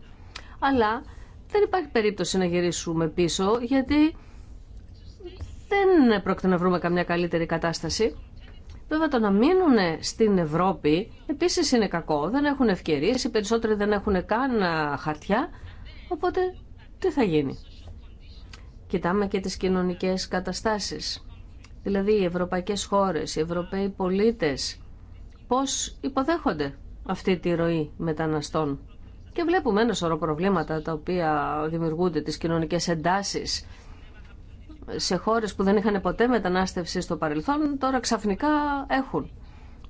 Αλλά δεν υπάρχει περίπτωση να γυρίσουμε πίσω γιατί δεν πρόκειται να βρούμε καμιά καλύτερη κατάσταση. Βέβαια το να μείνουν στην Ευρώπη επίση είναι κακό. Δεν έχουν ευκαιρίες, οι περισσότεροι δεν έχουν καν χαρτιά, οπότε τι θα γίνει. Κοιτάμε και τις κοινωνικές καταστάσεις. Δηλαδή οι ευρωπαϊκές χώρες, οι ευρωπαίοι πολίτες, πώς υποδέχονται αυτή τη ροή μεταναστών. Και βλέπουμε ένα σωρό προβλήματα τα οποία δημιουργούνται, τις κοινωνικές εντάσεις σε χώρες που δεν είχαν ποτέ μετανάστευση στο παρελθόν, τώρα ξαφνικά έχουν.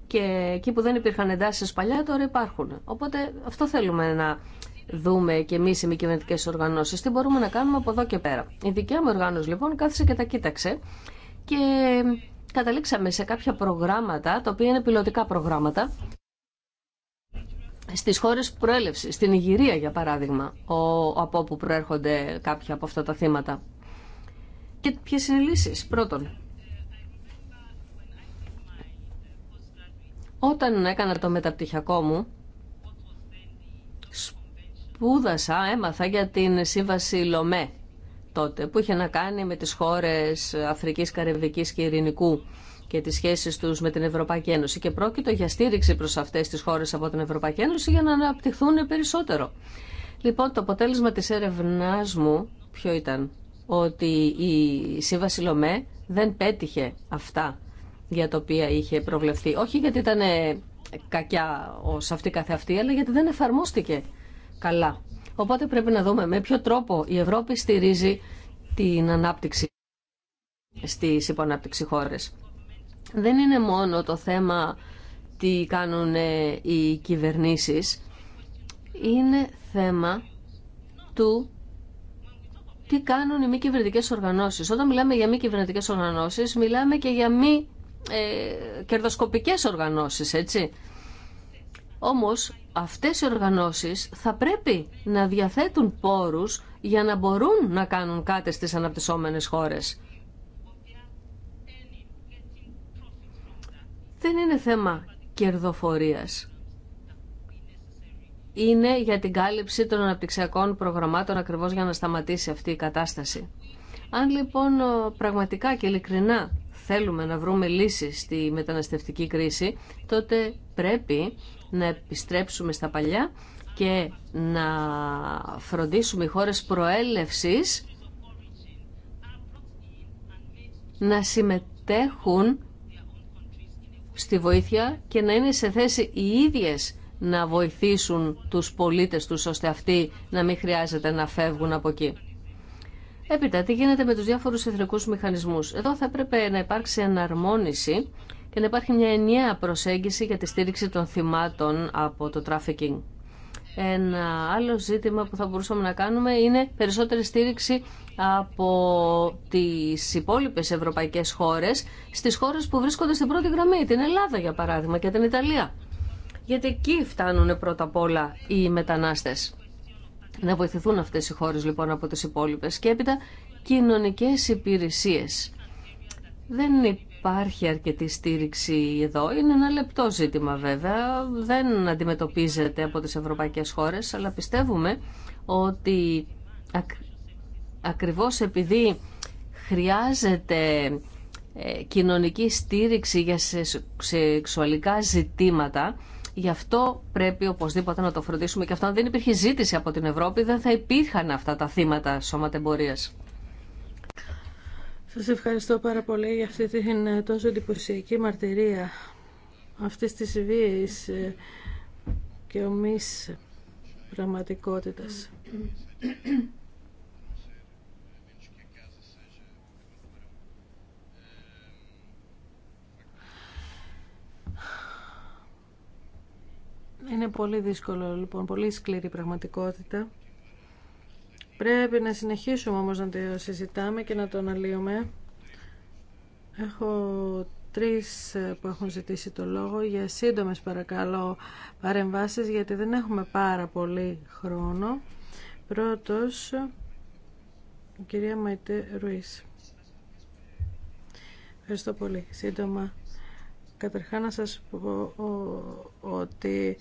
Και εκεί που δεν υπήρχαν εντάσεις παλιά, τώρα υπάρχουν. Οπότε αυτό θέλουμε να δούμε και εμεί οι μη κυβερνητικέ οργανώσει, τι μπορούμε να κάνουμε από εδώ και πέρα. Η δικιά μου οργάνωση λοιπόν κάθισε και τα κοίταξε και καταλήξαμε σε κάποια προγράμματα, τα οποία είναι πιλωτικά προγράμματα, στις χώρες προέλευσης, στην Ιγυρία για παράδειγμα, από όπου προέρχονται κάποια από αυτά τα θύματα. Και ποιες είναι οι Πρώτον, όταν έκανα το μεταπτυχιακό μου, σπούδασα, έμαθα για την σύμβαση ΛΟΜΕ τότε, που είχε να κάνει με τις χώρες Αφρικής, Καρεβικής και Ειρηνικού και τις σχέσεις τους με την Ευρωπαϊκή Ένωση και πρόκειται για στήριξη προς αυτές τις χώρες από την Ευρωπαϊκή Ένωση για να αναπτυχθούν περισσότερο. Λοιπόν, το αποτέλεσμα της έρευνάς μου ποιο ήταν, ότι η Σύμβαση Λομέ δεν πέτυχε αυτά για τα οποία είχε προβλεφθεί. Όχι γιατί ήταν κακιά ως αυτή καθεαυτή, αλλά γιατί δεν εφαρμόστηκε καλά. Οπότε πρέπει να δούμε με ποιο τρόπο η Ευρώπη στηρίζει την ανάπτυξη στις υποανάπτυξη χώρες δεν είναι μόνο το θέμα τι κάνουν ε, οι κυβερνήσεις, είναι θέμα του τι κάνουν οι μη κυβερνητικές οργανώσεις. Όταν μιλάμε για μη κυβερνητικές οργανώσεις, μιλάμε και για μη ε, κερδοσκοπικές οργανώσεις, έτσι. Όμως, αυτές οι οργανώσεις θα πρέπει να διαθέτουν πόρους για να μπορούν να κάνουν κάτι στις αναπτυσσόμενες χώρες. δεν είναι θέμα κερδοφορίας. Είναι για την κάλυψη των αναπτυξιακών προγραμμάτων ακριβώς για να σταματήσει αυτή η κατάσταση. Αν λοιπόν πραγματικά και ειλικρινά θέλουμε να βρούμε λύσεις στη μεταναστευτική κρίση, τότε πρέπει να επιστρέψουμε στα παλιά και να φροντίσουμε οι χώρες προέλευσης να συμμετέχουν στη βοήθεια και να είναι σε θέση οι ίδιες να βοηθήσουν τους πολίτες τους ώστε αυτοί να μην χρειάζεται να φεύγουν από εκεί. Έπειτα, τι γίνεται με τους διάφορους εθνικούς μηχανισμούς. Εδώ θα έπρεπε να υπάρξει εναρμόνιση και να υπάρχει μια ενιαία προσέγγιση για τη στήριξη των θυμάτων από το τράφικινγκ. Ένα άλλο ζήτημα που θα μπορούσαμε να κάνουμε είναι περισσότερη στήριξη από τις υπόλοιπες ευρωπαϊκές χώρες στις χώρες που βρίσκονται στην πρώτη γραμμή, την Ελλάδα για παράδειγμα και την Ιταλία. Γιατί εκεί φτάνουν πρώτα απ' όλα οι μετανάστες. Να βοηθηθούν αυτές οι χώρες λοιπόν από τις υπόλοιπες και έπειτα κοινωνικές υπηρεσίες υπάρχει αρκετή στήριξη εδώ. Είναι ένα λεπτό ζήτημα βέβαια. Δεν αντιμετωπίζεται από τις ευρωπαϊκές χώρες, αλλά πιστεύουμε ότι ακ... ακριβώς επειδή χρειάζεται ε, κοινωνική στήριξη για σεξουαλικά ζητήματα, γι' αυτό πρέπει οπωσδήποτε να το φροντίσουμε και αυτό αν δεν υπήρχε ζήτηση από την Ευρώπη δεν θα υπήρχαν αυτά τα θύματα σώματεμπορίας. Σας ευχαριστώ πάρα πολύ για αυτή την ε, τόσο εντυπωσιακή μαρτυρία αυτής της βίαιης ε, και ομής πραγματικότητα. Είναι πολύ δύσκολο, λοιπόν, πολύ σκληρή πραγματικότητα. Πρέπει να συνεχίσουμε όμως να το συζητάμε και να το αναλύουμε. Έχω τρεις ε, που έχουν ζητήσει το λόγο για σύντομες παρακαλώ παρεμβάσεις γιατί δεν έχουμε πάρα πολύ χρόνο. Πρώτος, η κυρία Μαϊτέ Ρουίς. Ευχαριστώ πολύ. Σύντομα. Καταρχά να σας πω ότι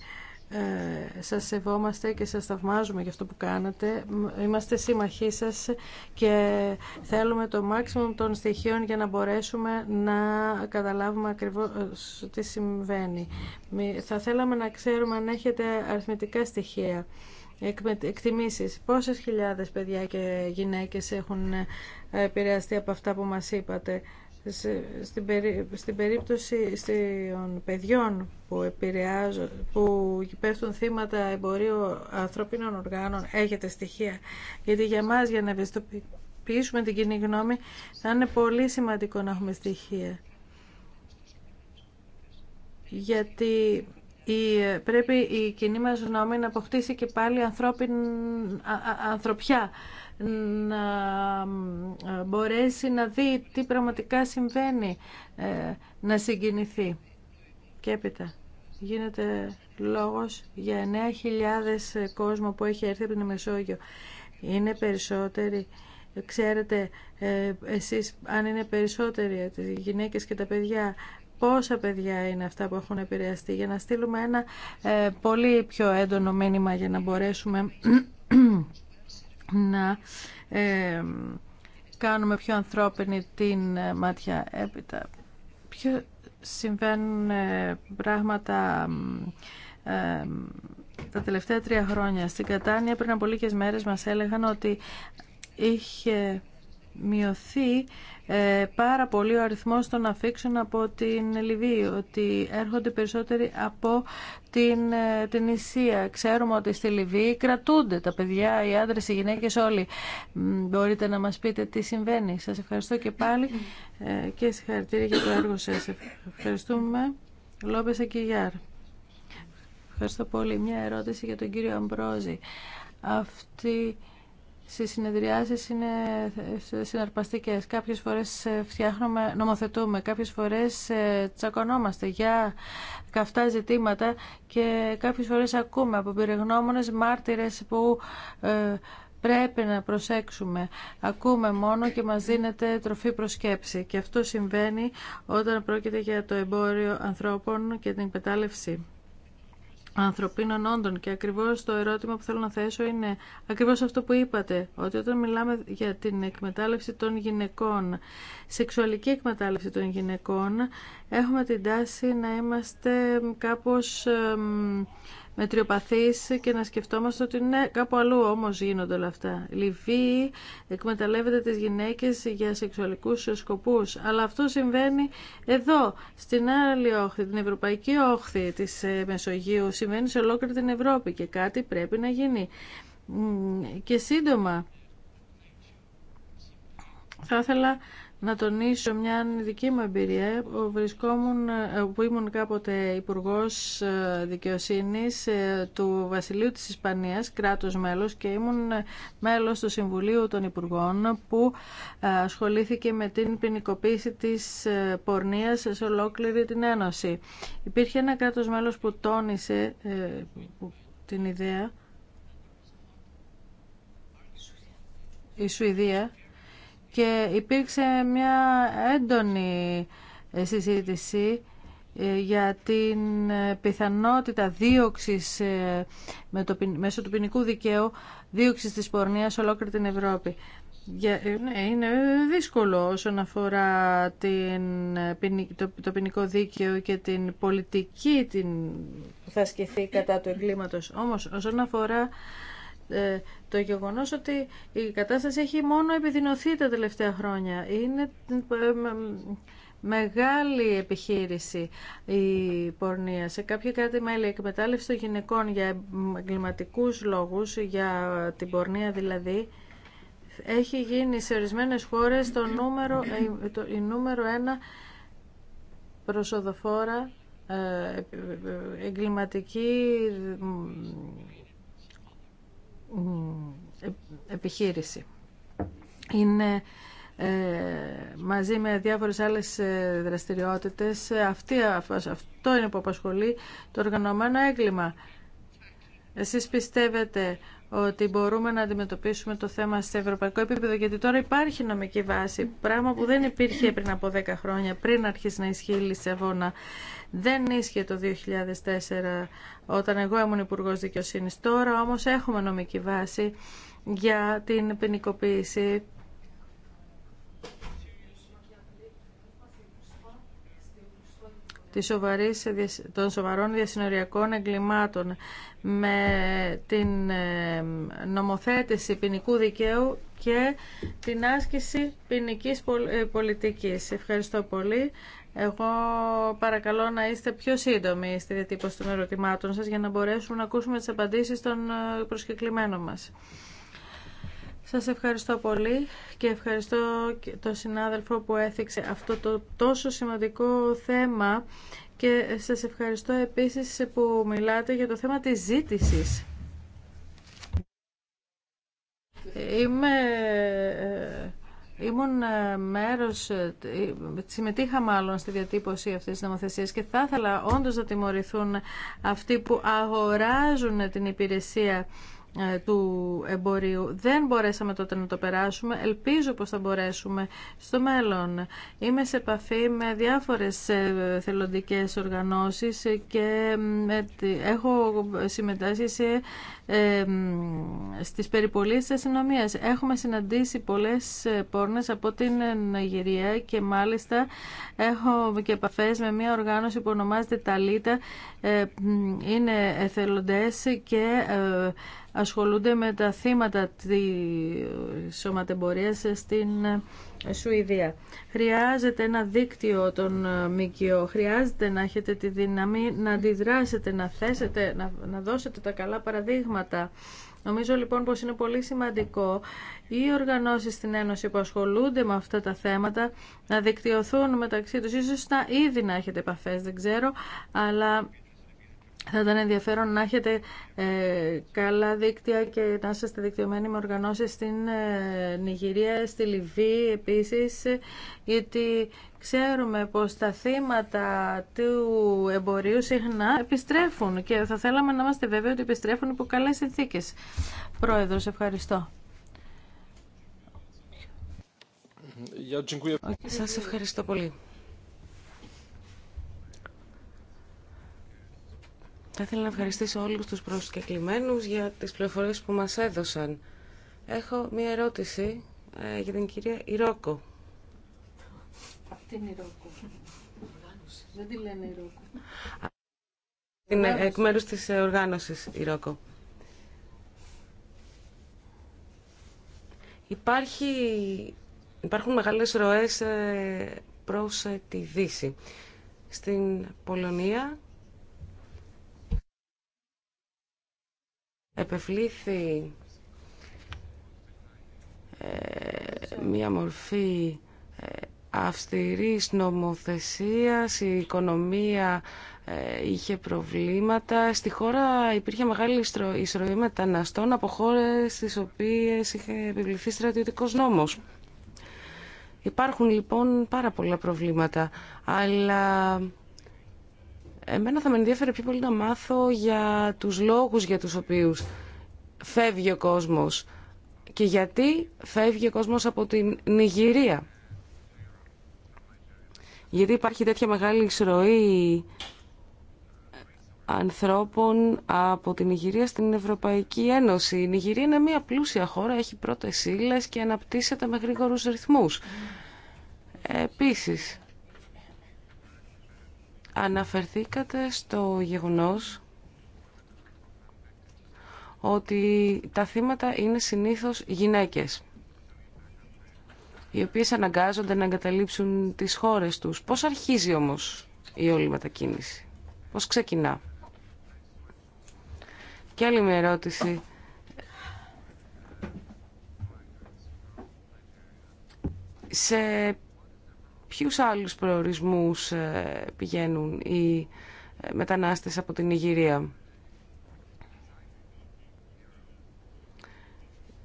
ε, σας σεβόμαστε και σας θαυμάζουμε για αυτό που κάνατε. Είμαστε σύμμαχοί σας και θέλουμε το μάξιμο των στοιχείων για να μπορέσουμε να καταλάβουμε ακριβώς ε, τι συμβαίνει. Θα θέλαμε να ξέρουμε αν έχετε αριθμητικά στοιχεία. Εκτιμήσεις. Πόσες χιλιάδες παιδιά και γυναίκες έχουν ε, επηρεαστεί από αυτά που μας είπατε στην, στην περίπτωση των παιδιών που που πέφτουν θύματα εμπορίου ανθρωπίνων οργάνων, έχετε στοιχεία. Γιατί για μας, για να ευαισθητοποιήσουμε την κοινή γνώμη, θα είναι πολύ σημαντικό να έχουμε στοιχεία. Γιατί η, πρέπει η κοινή μας γνώμη να αποκτήσει και πάλι ανθρωπιά να ε, μπορέσει να δει τι πραγματικά συμβαίνει, ε, να συγκινηθεί. Και έπειτα γίνεται λόγος για 9.000 ε, κόσμο που έχει έρθει από την Μεσόγειο. Είναι περισσότεροι. Ξέρετε εσείς αν είναι περισσότεροι οι γυναίκες και τα παιδιά πόσα παιδιά είναι αυτά που έχουν επηρεαστεί για να στείλουμε ένα πολύ πιο έντονο μήνυμα για να μπορέσουμε να κάνουμε πιο ανθρώπινη την ε, μάτια έπειτα. Ποιο συμβαίνουν ε, πράγματα τα τελευταία τρία χρόνια. Στην Κατάνια πριν από λίγες μέρες μας έλεγαν ότι είχε μειωθεί ε, πάρα πολύ ο αριθμός των αφήξεων από την Λιβύη, ότι έρχονται περισσότεροι από την, ε, την Ισία. Ξέρουμε ότι στη Λιβύη κρατούνται τα παιδιά, οι άντρες, οι γυναίκες, όλοι. Μπορείτε να μας πείτε τι συμβαίνει. Σας ευχαριστώ και πάλι ε, και συγχαρητήρια για το έργο σας. Ευχαριστούμε. Λόπες Ακυγιάρ. Ευχαριστώ πολύ. Μια ερώτηση για τον κύριο Αμπρόζη. Αυτή στις συνεδριάσεις είναι ε, ε, συναρπαστικές. Κάποιες φορές ε, φτιάχνουμε, νομοθετούμε, κάποιες φορές τσακωνόμαστε για καυτά ζητήματα και κάποιες φορές ακούμε από πυρεγνώμονες μάρτυρες που πρέπει να προσέξουμε. Ακούμε μόνο και μας δίνεται τροφή προσκέψη. Και αυτό συμβαίνει όταν πρόκειται για το εμπόριο ανθρώπων και την πετάλευση ανθρωπίνων όντων και ακριβώς το ερώτημα που θέλω να θέσω είναι ακριβώς αυτό που είπατε ότι όταν μιλάμε για την εκμετάλλευση των γυναικών σεξουαλική εκμετάλλευση των γυναικών έχουμε την τάση να είμαστε κάπως μετριοπαθείς και να σκεφτόμαστε ότι ναι, κάπου αλλού όμως γίνονται όλα αυτά. Λιβύη εκμεταλλεύεται τις γυναίκες για σεξουαλικούς σκοπούς, αλλά αυτό συμβαίνει εδώ, στην άλλη όχθη, την ευρωπαϊκή όχθη της ε, Μεσογείου, συμβαίνει σε ολόκληρη την Ευρώπη και κάτι πρέπει να γίνει. Και σύντομα θα ήθελα να τονίσω μια δική μου εμπειρία. Βρισκόμουν, που ήμουν κάποτε υπουργό ε, Δικαιοσύνης ε, του Βασιλείου της Ισπανίας, κράτος μέλος και ήμουν μέλος του Συμβουλίου των Υπουργών που ε, ασχολήθηκε με την ποινικοποίηση της πορνείας σε ολόκληρη την Ένωση. Υπήρχε ένα κράτος μέλος που τόνισε την ιδέα η Σουηδία και υπήρξε μια έντονη ε, συζήτηση ε, για την ε, πιθανότητα δίωξης με το, μέσω του ποινικού δικαίου δίωξης της πορνείας σε ολόκληρη την Ευρώπη. Ναι, είναι δύσκολο όσον αφορά την, το ποινικό δίκαιο και την πολιτική την, που θα σκεφτεί κατά του εγκλήματος. Όμως όσον αφορά ε, το γεγονός ότι η κατάσταση έχει μόνο επιδεινωθεί τα τελευταία χρόνια. Είναι ε, μεγάλη επιχείρηση η πορνεία. Σε κάποια κράτη μέλη εκμετάλλευση των γυναικών για εγκληματικού λόγους, για την πορνεία δηλαδή, έχει γίνει σε ορισμένες χώρες το νούμερο, ε, το, η νούμερο ένα προσοδοφόρα εγκληματική ε, επιχείρηση. Είναι ε, μαζί με διάφορες άλλες ε, δραστηριότητες. Αυτή, αυτό είναι που απασχολεί το οργανωμένο έγκλημα. Εσείς πιστεύετε ότι μπορούμε να αντιμετωπίσουμε το θέμα σε ευρωπαϊκό επίπεδο, γιατί τώρα υπάρχει νομική βάση, πράγμα που δεν υπήρχε πριν από 10 χρόνια, πριν αρχίσει να ισχύει η Λισαβόνα. Δεν ίσχυε το 2004 όταν εγώ ήμουν Υπουργός Δικαιοσύνης. Τώρα όμως έχουμε νομική βάση για την ποινικοποίηση των σοβαρών διασυνοριακών εγκλημάτων με την νομοθέτηση ποινικού δικαίου και την άσκηση ποινικής ε, πολιτικής. Ευχαριστώ πολύ. Εγώ παρακαλώ να είστε πιο σύντομοι στη διατύπωση των ερωτημάτων σας για να μπορέσουμε να ακούσουμε τις απαντήσεις των ε, προσκεκλημένων μας. Σας ευχαριστώ πολύ και ευχαριστώ το τον συνάδελφο που έθιξε αυτό το τόσο σημαντικό θέμα και σας ευχαριστώ επίσης που μιλάτε για το θέμα της ζήτησης. Είμαι... Ε, ήμουν ε, μέρος, ε, συμμετείχα μάλλον στη διατύπωση αυτής της νομοθεσίας και θα ήθελα όντως να τιμωρηθούν αυτοί που αγοράζουν την υπηρεσία ε, του εμπορίου. Δεν μπορέσαμε τότε να το περάσουμε. Ελπίζω πως θα μπορέσουμε στο μέλλον. Είμαι σε επαφή με διάφορες ε, θελοντικές οργανώσεις και έχω συμμετάσχει σε, ε, στις περιπολίες της αστυνομία. Έχουμε συναντήσει πολλές ε, πόρνες από την Ναγυρία και μάλιστα έχω και επαφές με μια οργάνωση που ονομάζεται Ταλίτα. είναι εθελοντές και ασχολούνται με τα θύματα της σωματεμπορίας στην Σουηδία. Χρειάζεται ένα δίκτυο των ΜΚΟ, χρειάζεται να έχετε τη δύναμη να αντιδράσετε, να θέσετε, να, να δώσετε τα καλά παραδείγματα. Νομίζω λοιπόν πως είναι πολύ σημαντικό οι οργανώσεις στην Ένωση που ασχολούνται με αυτά τα θέματα να δικτυωθούν μεταξύ τους. Ίσως να ήδη να έχετε επαφές, δεν ξέρω, αλλά θα ήταν ενδιαφέρον να έχετε ε, καλά δίκτυα και να είστε δικτυωμένοι με οργανώσεις στην ε, Νιγηρία, στη Λιβύη επίσης, γιατί ξέρουμε πως τα θύματα του εμπορίου συχνά επιστρέφουν και θα θέλαμε να είμαστε βέβαιοι ότι επιστρέφουν υπό καλές συνθήκες. Πρόεδρος, ευχαριστώ. Σας ευχαριστώ πολύ. Θα ήθελα να ευχαριστήσω όλους τους προσκεκλημένους για τις πληροφορίες που μας έδωσαν. Έχω μία ερώτηση ε, για την κυρία Ιρόκο. Αυτή είναι Ιρόκο. Δεν τη λένε Ιρόκο. Είναι εκ μέρους της ε, οργάνωσης Ιρόκο. Υπάρχει, υπάρχουν μεγάλες ροές ε, προς τη Δύση. Στην Πολωνία επευλήθη ε, μία μορφή ε, αυστηρής νομοθεσίας, η οικονομία ε, είχε προβλήματα. Στη χώρα υπήρχε μεγάλη ισροή μεταναστών από χώρες στις οποίες είχε επιβληθεί στρατιωτικός νόμος. Υπάρχουν λοιπόν πάρα πολλά προβλήματα, αλλά Εμένα θα με ενδιαφέρει πιο πολύ να μάθω για τους λόγους για τους οποίους φεύγει ο κόσμος και γιατί φεύγει ο κόσμος από την Νιγηρία. Γιατί υπάρχει τέτοια μεγάλη εισρωή ανθρώπων από την Νιγηρία στην Ευρωπαϊκή Ένωση. Η Νιγηρία είναι μια πλούσια χώρα, έχει πρώτες ύλες και αναπτύσσεται με γρήγορους ρυθμούς. Επίσης, Αναφερθήκατε στο γεγονός ότι τα θύματα είναι συνήθως γυναίκες οι οποίες αναγκάζονται να εγκαταλείψουν τις χώρες τους. Πώς αρχίζει όμως η όλη μετακίνηση, πώς ξεκινά. Και άλλη μια ερώτηση. Σε ποιους άλλους προορισμούς ε, πηγαίνουν οι ε, μετανάστες από την Ιγυρία.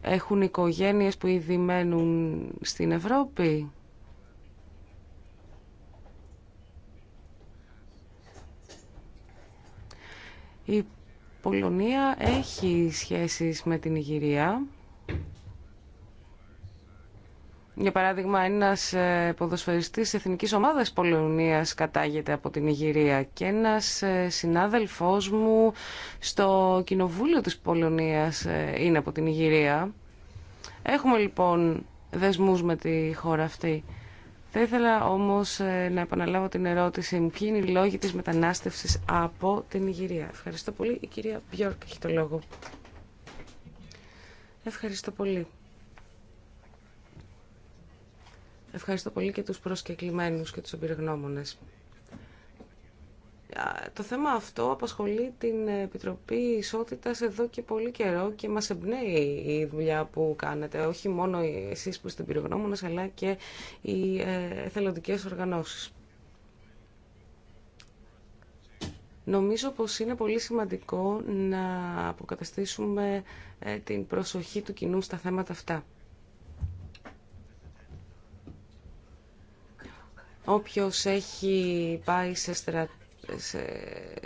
Έχουν οικογένειες που ήδη μένουν στην Ευρώπη. Η Πολωνία έχει σχέσεις με την Ιγυρία. Για παράδειγμα, ένας ε, ποδοσφαιριστής εθνικής ομάδας Πολωνία κατάγεται από την Ιγυρία και ένας ε, συνάδελφός μου στο Κοινοβούλιο της Πολωνίας ε, είναι από την Ιγυρία. Έχουμε λοιπόν δεσμούς με τη χώρα αυτή. Θα ήθελα όμως να επαναλάβω την ερώτηση μου. Ποιοι είναι οι λόγοι της μετανάστευσης από την Ιγυρία. Ευχαριστώ πολύ. Η κυρία Μπιόρκ έχει το λόγο. Ευχαριστώ πολύ. Ευχαριστώ πολύ και τους προσκεκλημένους και τους εμπειρογνώμονες. Το θέμα αυτό απασχολεί την Επιτροπή Ισότητας εδώ και πολύ καιρό και μας εμπνέει η δουλειά που κάνετε, όχι μόνο εσείς που είστε εμπειρογνώμονες, αλλά και οι ε, εθελοντικές οργανώσεις. Νομίζω πως είναι πολύ σημαντικό να αποκαταστήσουμε ε, την προσοχή του κοινού στα θέματα αυτά. Όποιος έχει πάει σε,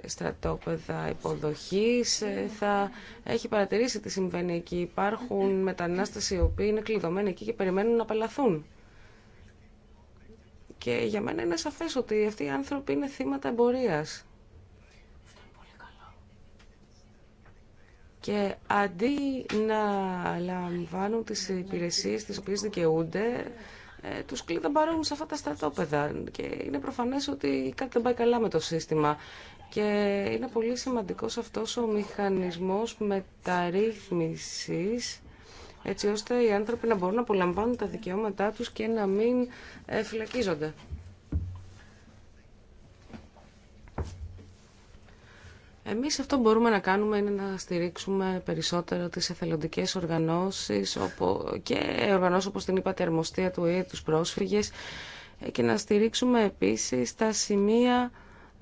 στρατόπεδα υποδοχής ε, θα έχει παρατηρήσει τι συμβαίνει εκεί. Υπάρχουν μετανάστες οι οποίοι είναι κλειδωμένοι εκεί και περιμένουν να πελαθούν. Και για μένα είναι σαφές ότι αυτοί οι άνθρωποι είναι θύματα εμπορίας. Και αντί να λαμβάνουν τις υπηρεσίες τις οποίες δικαιούνται, ε, Του κλείδαν παρόν σε αυτά τα στρατόπεδα και είναι προφανές ότι κάτι δεν πάει καλά με το σύστημα και είναι πολύ σημαντικός αυτός ο μηχανισμός μεταρρύθμισης έτσι ώστε οι άνθρωποι να μπορούν να απολαμβάνουν τα δικαιώματά τους και να μην ε, φυλακίζονται. Εμείς αυτό που μπορούμε να κάνουμε είναι να στηρίξουμε περισσότερο τις εθελοντικές οργανώσεις και οργανώσεις όπως την είπατε του ΕΕ, τους πρόσφυγες και να στηρίξουμε επίσης τα σημεία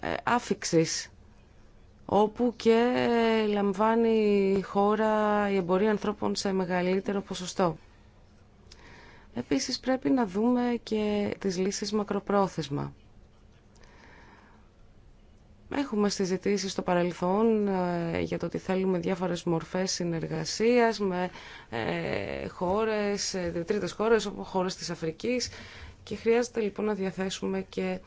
ε, άφηξης όπου και ε, λαμβάνει η χώρα η εμπορία ανθρώπων σε μεγαλύτερο ποσοστό. Επίσης πρέπει να δούμε και τις λύσεις μακροπρόθεσμα. Έχουμε συζητήσει στο παρελθόν ε, για το ότι θέλουμε διάφορες μορφές συνεργασίας με ε, χώρες, ε, τρίτες χώρες, όπως χώρες της Αφρικής και χρειάζεται λοιπόν να διαθέσουμε και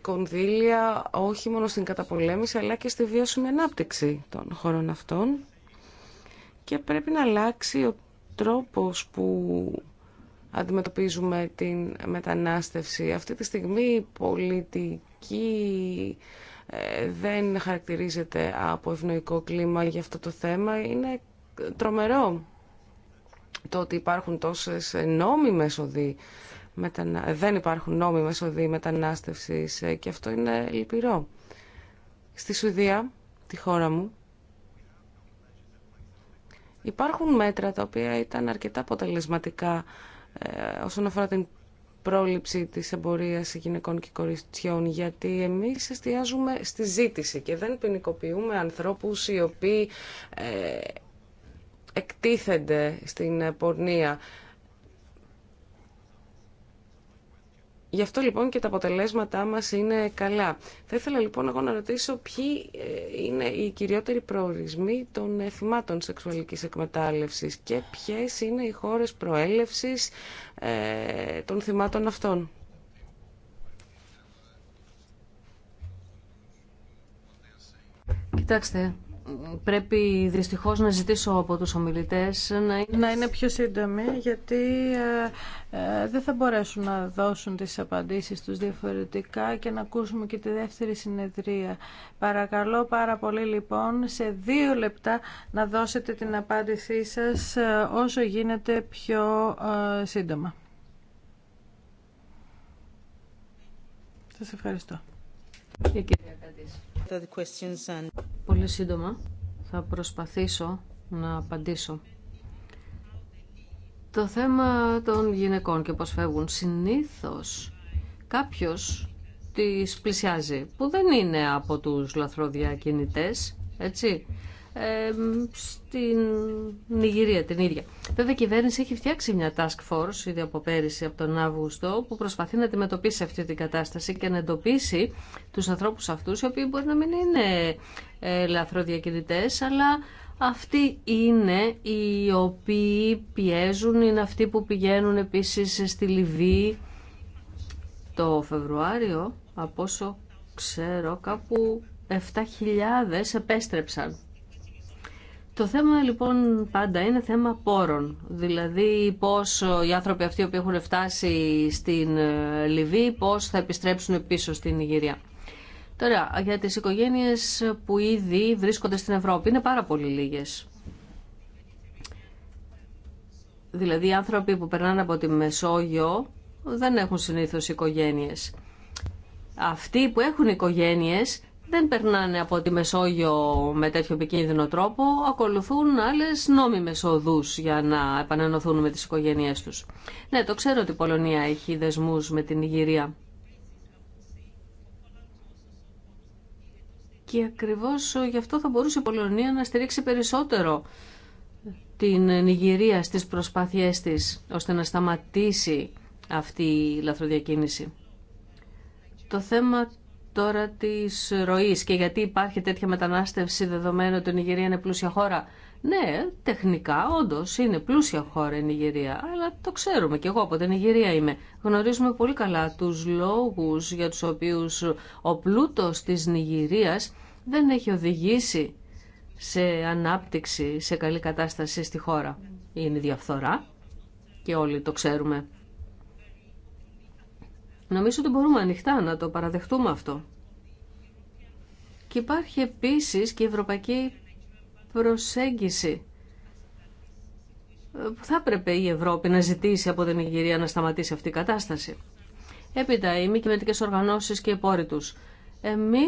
κονδύλια όχι μόνο στην καταπολέμηση αλλά και στη βιώσιμη ανάπτυξη των χωρών αυτών και πρέπει να αλλάξει ο τρόπος που αντιμετωπίζουμε την μετανάστευση. Αυτή τη στιγμή η Εκεί ε, δεν χαρακτηρίζεται από ευνοϊκό κλίμα για αυτό το θέμα. Είναι τρομερό το ότι υπάρχουν τόσες νόμιμες οδοί, μετανα... δεν υπάρχουν νόμιμες οδοί μετανάστευσης ε, και αυτό είναι λυπηρό. Στη Σουηδία, τη χώρα μου, υπάρχουν μέτρα τα οποία ήταν αρκετά αποτελεσματικά ε, όσον αφορά την πρόληψη της εμπορίας γυναικών και κοριτσιών, γιατί εμείς εστιάζουμε στη ζήτηση και δεν ποινικοποιούμε ανθρώπους οι οποίοι ε, εκτίθενται στην πορνεία. Γι' αυτό λοιπόν και τα αποτελέσματά μας είναι καλά. Θα ήθελα λοιπόν εγώ να ρωτήσω ποιοι ε, είναι οι κυριότεροι προορισμοί των ε, θυμάτων σεξουαλικής εκμετάλλευσης και ποιες είναι οι χώρες προέλευσης ε, των θυμάτων αυτών. Κοιτάξτε, πρέπει δυστυχώς να ζητήσω από τους ομιλητές να είναι, πιο σύντομοι γιατί ε, ε, δεν θα μπορέσουν να δώσουν τις απαντήσεις τους διαφορετικά και να ακούσουμε και τη δεύτερη συνεδρία. Παρακαλώ πάρα πολύ λοιπόν σε δύο λεπτά να δώσετε την απάντησή σας ε, όσο γίνεται πιο σύντομα. Σας ευχαριστώ. Πολύ σύντομα θα προσπαθήσω να απαντήσω. Το θέμα των γυναικών και πώς φεύγουν. Συνήθως κάποιος τις πλησιάζει, που δεν είναι από τους λαθροδιακινητές, έτσι στην Νιγηρία την ίδια. Βέβαια η κυβέρνηση έχει φτιάξει μια task force ήδη από πέρυσι από τον Αύγουστο που προσπαθεί να αντιμετωπίσει αυτή την κατάσταση και να εντοπίσει τους ανθρώπους αυτούς οι οποίοι μπορεί να μην είναι ε, λαθροδιακινητές αλλά αυτοί είναι οι οποίοι πιέζουν, είναι αυτοί που πηγαίνουν επίσης στη Λιβύη το Φεβρουάριο από όσο ξέρω κάπου 7.000 επέστρεψαν το θέμα λοιπόν πάντα είναι θέμα πόρων. Δηλαδή πώς οι άνθρωποι αυτοί που έχουν φτάσει στην ε, Λιβύη, πώς θα επιστρέψουν πίσω στην Ιγυρία. Τώρα, για τις οικογένειες που ήδη βρίσκονται στην Ευρώπη, είναι πάρα πολύ λίγες. Δηλαδή, οι άνθρωποι που περνάνε από τη Μεσόγειο δεν έχουν συνήθως οικογένειες. Αυτοί που έχουν οικογένειες δεν περνάνε από τη Μεσόγειο με τέτοιο επικίνδυνο τρόπο, ακολουθούν άλλες νόμιμες οδούς για να επανενωθούν με τις οικογένειές τους. Ναι, το ξέρω ότι η Πολωνία έχει δεσμούς με την Ιγυρία. Και ακριβώς γι' αυτό θα μπορούσε η Πολωνία να στηρίξει περισσότερο την Νιγηρία στις προσπάθειές της, ώστε να σταματήσει αυτή η λαθροδιακίνηση. Το θέμα τώρα της ροής και γιατί υπάρχει τέτοια μετανάστευση δεδομένου ότι η Νιγηρία είναι πλούσια χώρα. Ναι, τεχνικά όντω είναι πλούσια χώρα η Νιγηρία, αλλά το ξέρουμε και εγώ από την Νιγηρία είμαι. Γνωρίζουμε πολύ καλά τους λόγους για τους οποίους ο πλούτος της Νιγηρίας δεν έχει οδηγήσει σε ανάπτυξη, σε καλή κατάσταση στη χώρα. Είναι διαφθορά και όλοι το ξέρουμε. Νομίζω ότι μπορούμε ανοιχτά να το παραδεχτούμε αυτό. Και υπάρχει επίσης και η ευρωπαϊκή προσέγγιση θα έπρεπε η Ευρώπη να ζητήσει από την Ιγυρία να σταματήσει αυτή η κατάσταση. Έπειτα, οι μη κυβερνητικέ οργανώσεις και οι πόροι του. Εμεί,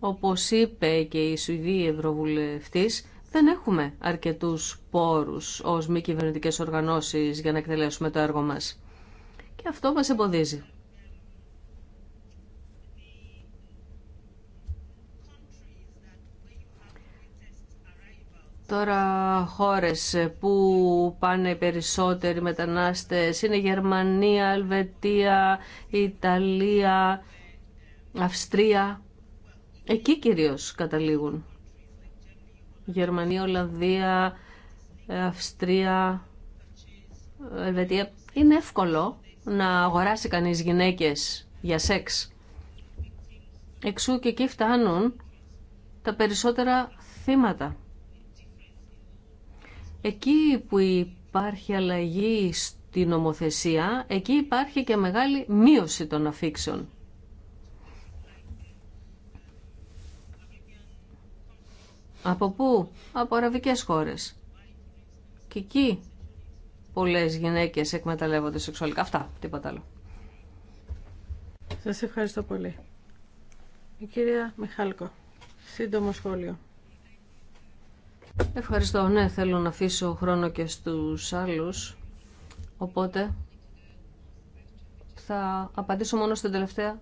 όπω είπε και η Σουηδή Ευρωβουλευτής, δεν έχουμε αρκετούς πόρους ως μη κυβερνητικέ οργανώσει για να εκτελέσουμε το έργο μας και αυτό μας εμποδίζει. Τώρα χώρες που πάνε περισσότεροι μετανάστες είναι Γερμανία, Ελβετία, Ιταλία, Αυστρία. Εκεί κυρίως καταλήγουν. Γερμανία, Ολλανδία, Αυστρία, Ελβετία. Είναι εύκολο να αγοράσει κανείς γυναίκες για σεξ. Εξού και εκεί φτάνουν τα περισσότερα θύματα. Εκεί που υπάρχει αλλαγή στην νομοθεσία, εκεί υπάρχει και μεγάλη μείωση των αφήξεων. Από πού? Από αραβικές χώρες. Και εκεί πολλές γυναίκες εκμεταλλεύονται σεξουαλικά. Αυτά, τίποτα άλλο. Σας ευχαριστώ πολύ. Η κυρία Μιχάλκο, σύντομο σχόλιο. Ευχαριστώ. Ναι, θέλω να αφήσω χρόνο και στους άλλους. Οπότε θα απαντήσω μόνο στην τελευταία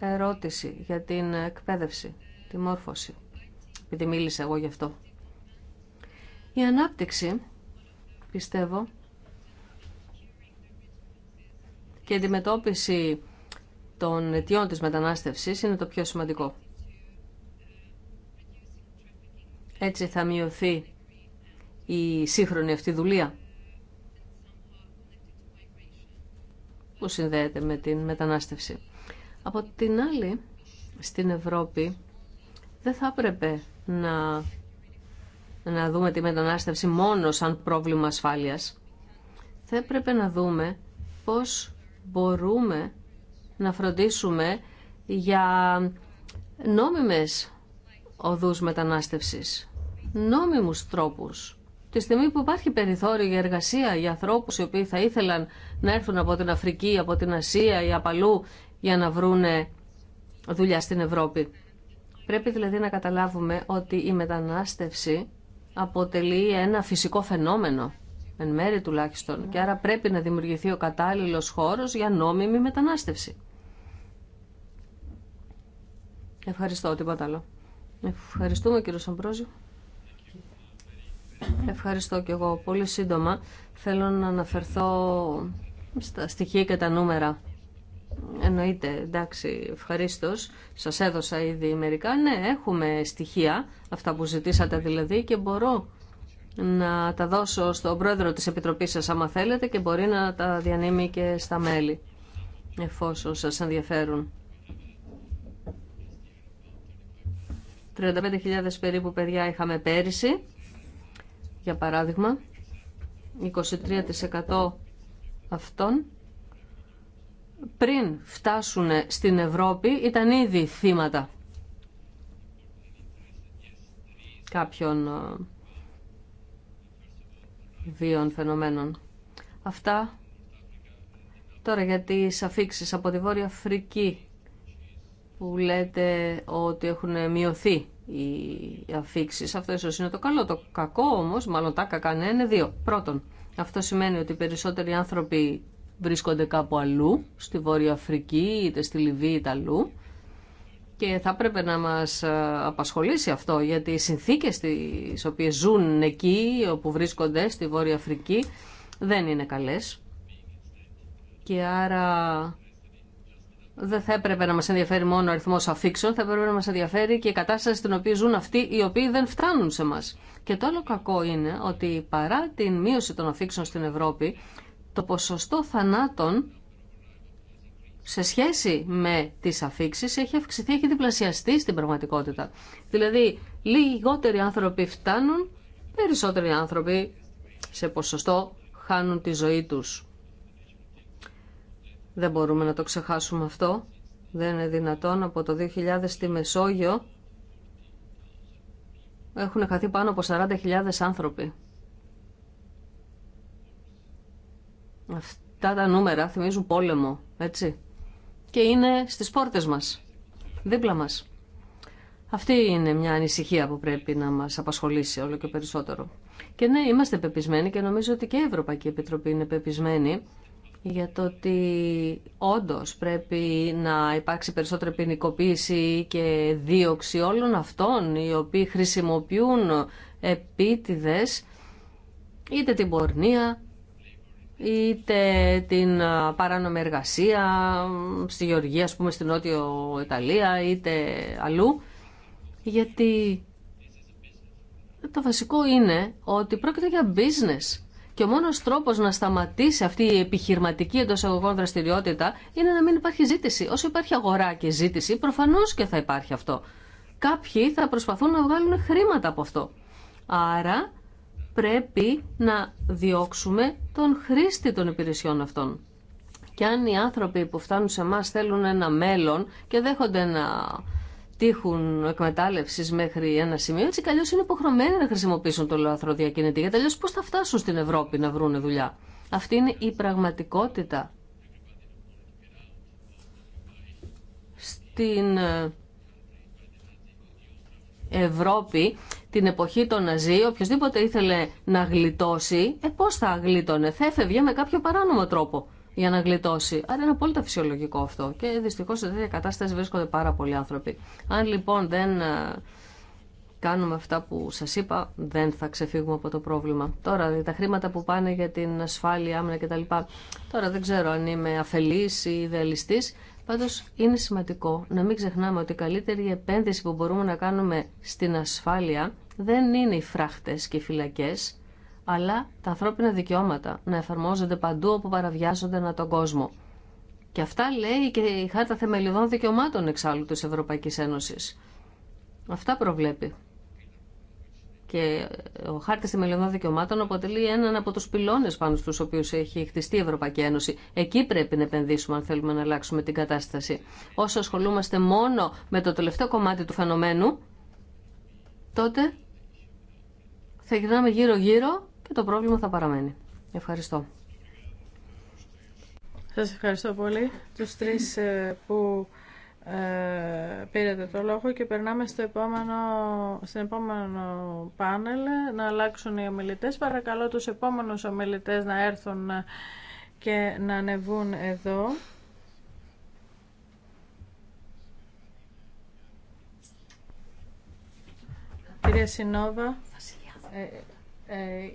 ερώτηση για την εκπαίδευση, τη μόρφωση. Επειδή μίλησα εγώ γι' αυτό. Η ανάπτυξη, πιστεύω, και η αντιμετώπιση των αιτιών της μετανάστευσης είναι το πιο σημαντικό. Έτσι θα μειωθεί η σύγχρονη αυτή δουλεία που συνδέεται με την μετανάστευση. Από την άλλη, στην Ευρώπη δεν θα έπρεπε να, να δούμε τη μετανάστευση μόνο σαν πρόβλημα ασφάλειας. Θα έπρεπε να δούμε πώς μπορούμε να φροντίσουμε για νόμιμες οδούς μετανάστευσης, νόμιμους τρόπους. Τη στιγμή που υπάρχει περιθώριο για εργασία για ανθρώπους οι οποίοι θα ήθελαν να έρθουν από την Αφρική, από την Ασία ή απαλού για να βρούνε δουλειά στην Ευρώπη. Πρέπει δηλαδή να καταλάβουμε ότι η μετανάστευση αποτελεί ένα φυσικό φαινόμενο εν μέρη τουλάχιστον, και άρα πρέπει να δημιουργηθεί ο κατάλληλο χώρο για νόμιμη μετανάστευση. Ευχαριστώ, τίποτα άλλο. Ευχαριστούμε κύριο Σαμπρόζη. Ευχαριστώ και εγώ. Πολύ σύντομα θέλω να αναφερθώ στα στοιχεία και τα νούμερα. Εννοείται, εντάξει, ευχαρίστω. Σα έδωσα ήδη μερικά. Ναι, έχουμε στοιχεία, αυτά που ζητήσατε δηλαδή και μπορώ να τα δώσω στον πρόεδρο της Επιτροπής σας άμα θέλετε και μπορεί να τα διανύμει και στα μέλη εφόσον σας ενδιαφέρουν. 35.000 περίπου παιδιά είχαμε πέρυσι, για παράδειγμα, 23% αυτών πριν φτάσουν στην Ευρώπη ήταν ήδη θύματα Κάποιον... Ε, βίων φαινομένων. Αυτά τώρα για τις αφήξεις από τη Βόρεια Αφρική που λέτε ότι έχουν μειωθεί οι αφήξεις. Αυτό ίσως είναι το καλό. Το κακό όμως, μάλλον τα κακά ναι, είναι δύο. Πρώτον, αυτό σημαίνει ότι περισσότεροι άνθρωποι βρίσκονται κάπου αλλού, στη Βόρεια Αφρική, είτε στη Λιβύη, είτε αλλού και θα έπρεπε να μας ε, απασχολήσει αυτό γιατί οι συνθήκες τις οποίες ζουν εκεί όπου βρίσκονται στη Βόρεια Αφρική δεν είναι καλές και άρα δεν θα έπρεπε να μας ενδιαφέρει μόνο ο αριθμός αφήξεων, θα έπρεπε να μας ενδιαφέρει και η κατάσταση στην οποία ζουν αυτοί οι οποίοι δεν φτάνουν σε μας. Και το άλλο κακό είναι ότι παρά την μείωση των αφήξεων στην Ευρώπη, το ποσοστό θανάτων σε σχέση με τις αφήξει έχει αυξηθεί, έχει διπλασιαστεί στην πραγματικότητα. Δηλαδή, λιγότεροι άνθρωποι φτάνουν, περισσότεροι άνθρωποι σε ποσοστό χάνουν τη ζωή τους. Δεν μπορούμε να το ξεχάσουμε αυτό. Δεν είναι δυνατόν από το 2000 στη Μεσόγειο έχουν χαθεί πάνω από 40.000 άνθρωποι. Αυτά τα νούμερα θυμίζουν πόλεμο, έτσι και είναι στις πόρτες μας, δίπλα μας. Αυτή είναι μια ανησυχία που πρέπει να μας απασχολήσει όλο και περισσότερο. Και ναι, είμαστε πεπισμένοι και νομίζω ότι και η Ευρωπαϊκή Επιτροπή είναι πεπισμένη για το ότι όντως πρέπει να υπάρξει περισσότερη ποινικοποίηση και δίωξη όλων αυτών οι οποίοι χρησιμοποιούν επίτηδες είτε την πορνεία είτε την παράνομη εργασία στη Γεωργία, ας πούμε, στην Νότιο Ιταλία, είτε αλλού, γιατί το βασικό είναι ότι πρόκειται για business. Και ο μόνος τρόπος να σταματήσει αυτή η επιχειρηματική εντό εγωγών δραστηριότητα είναι να μην υπάρχει ζήτηση. Όσο υπάρχει αγορά και ζήτηση, προφανώς και θα υπάρχει αυτό. Κάποιοι θα προσπαθούν να βγάλουν χρήματα από αυτό. Άρα πρέπει να διώξουμε τον χρήστη των υπηρεσιών αυτών. Και αν οι άνθρωποι που φτάνουν σε εμά θέλουν ένα μέλλον και δέχονται να τύχουν εκμετάλλευση μέχρι ένα σημείο, έτσι καλώ είναι υποχρεωμένοι να χρησιμοποιήσουν το λαθροδιακίνητη, Γιατί αλλιώ πώ θα φτάσουν στην Ευρώπη να βρουν δουλειά. Αυτή είναι η πραγματικότητα. Στην ε, Ευρώπη την εποχή των Ναζί, οποιοδήποτε ήθελε να γλιτώσει, ε, πώ θα γλίτωνε, θα έφευγε με κάποιο παράνομο τρόπο για να γλιτώσει. Άρα είναι απόλυτα φυσιολογικό αυτό. Και δυστυχώ σε τέτοια κατάσταση βρίσκονται πάρα πολλοί άνθρωποι. Αν λοιπόν δεν ε, κάνουμε αυτά που σα είπα, δεν θα ξεφύγουμε από το πρόβλημα. Τώρα, δηλαδή, τα χρήματα που πάνε για την ασφάλεια, άμυνα κτλ. Τώρα δεν ξέρω αν είμαι αφελή ή ιδεαλιστή. Πάντω είναι σημαντικό να μην ξεχνάμε ότι η καλύτερη επένδυση που μπορούμε να κάνουμε στην ασφάλεια δεν είναι οι φράχτες και οι φυλακές, αλλά τα ανθρώπινα δικαιώματα να εφαρμόζονται παντού όπου παραβιάζονται ανά τον κόσμο. Και αυτά λέει και η Χάρτα Θεμελιωδών Δικαιωμάτων εξάλλου της Ευρωπαϊκής Ένωσης. Αυτά προβλέπει. Και ο χάρτη θεμελιωδών δικαιωμάτων αποτελεί έναν από του πυλώνε πάνω στου οποίου έχει χτιστεί η Ευρωπαϊκή Ένωση. Εκεί πρέπει να επενδύσουμε, αν θέλουμε να αλλάξουμε την κατάσταση. Όσο ασχολούμαστε μόνο με το τελευταίο κομμάτι του φαινομένου, τότε θα γυρνάμε γύρω-γύρω και το πρόβλημα θα παραμένει. Ευχαριστώ. Σας ευχαριστώ πολύ τους τρεις ε, που ε, πήρατε το λόγο και περνάμε στο επόμενο, στην επόμενο πάνελ να αλλάξουν οι ομιλητές. Παρακαλώ τους επόμενους ομιλητές να έρθουν ε, και να ανεβούν εδώ. Κυρία Σινόβα. Ε, ε, ε,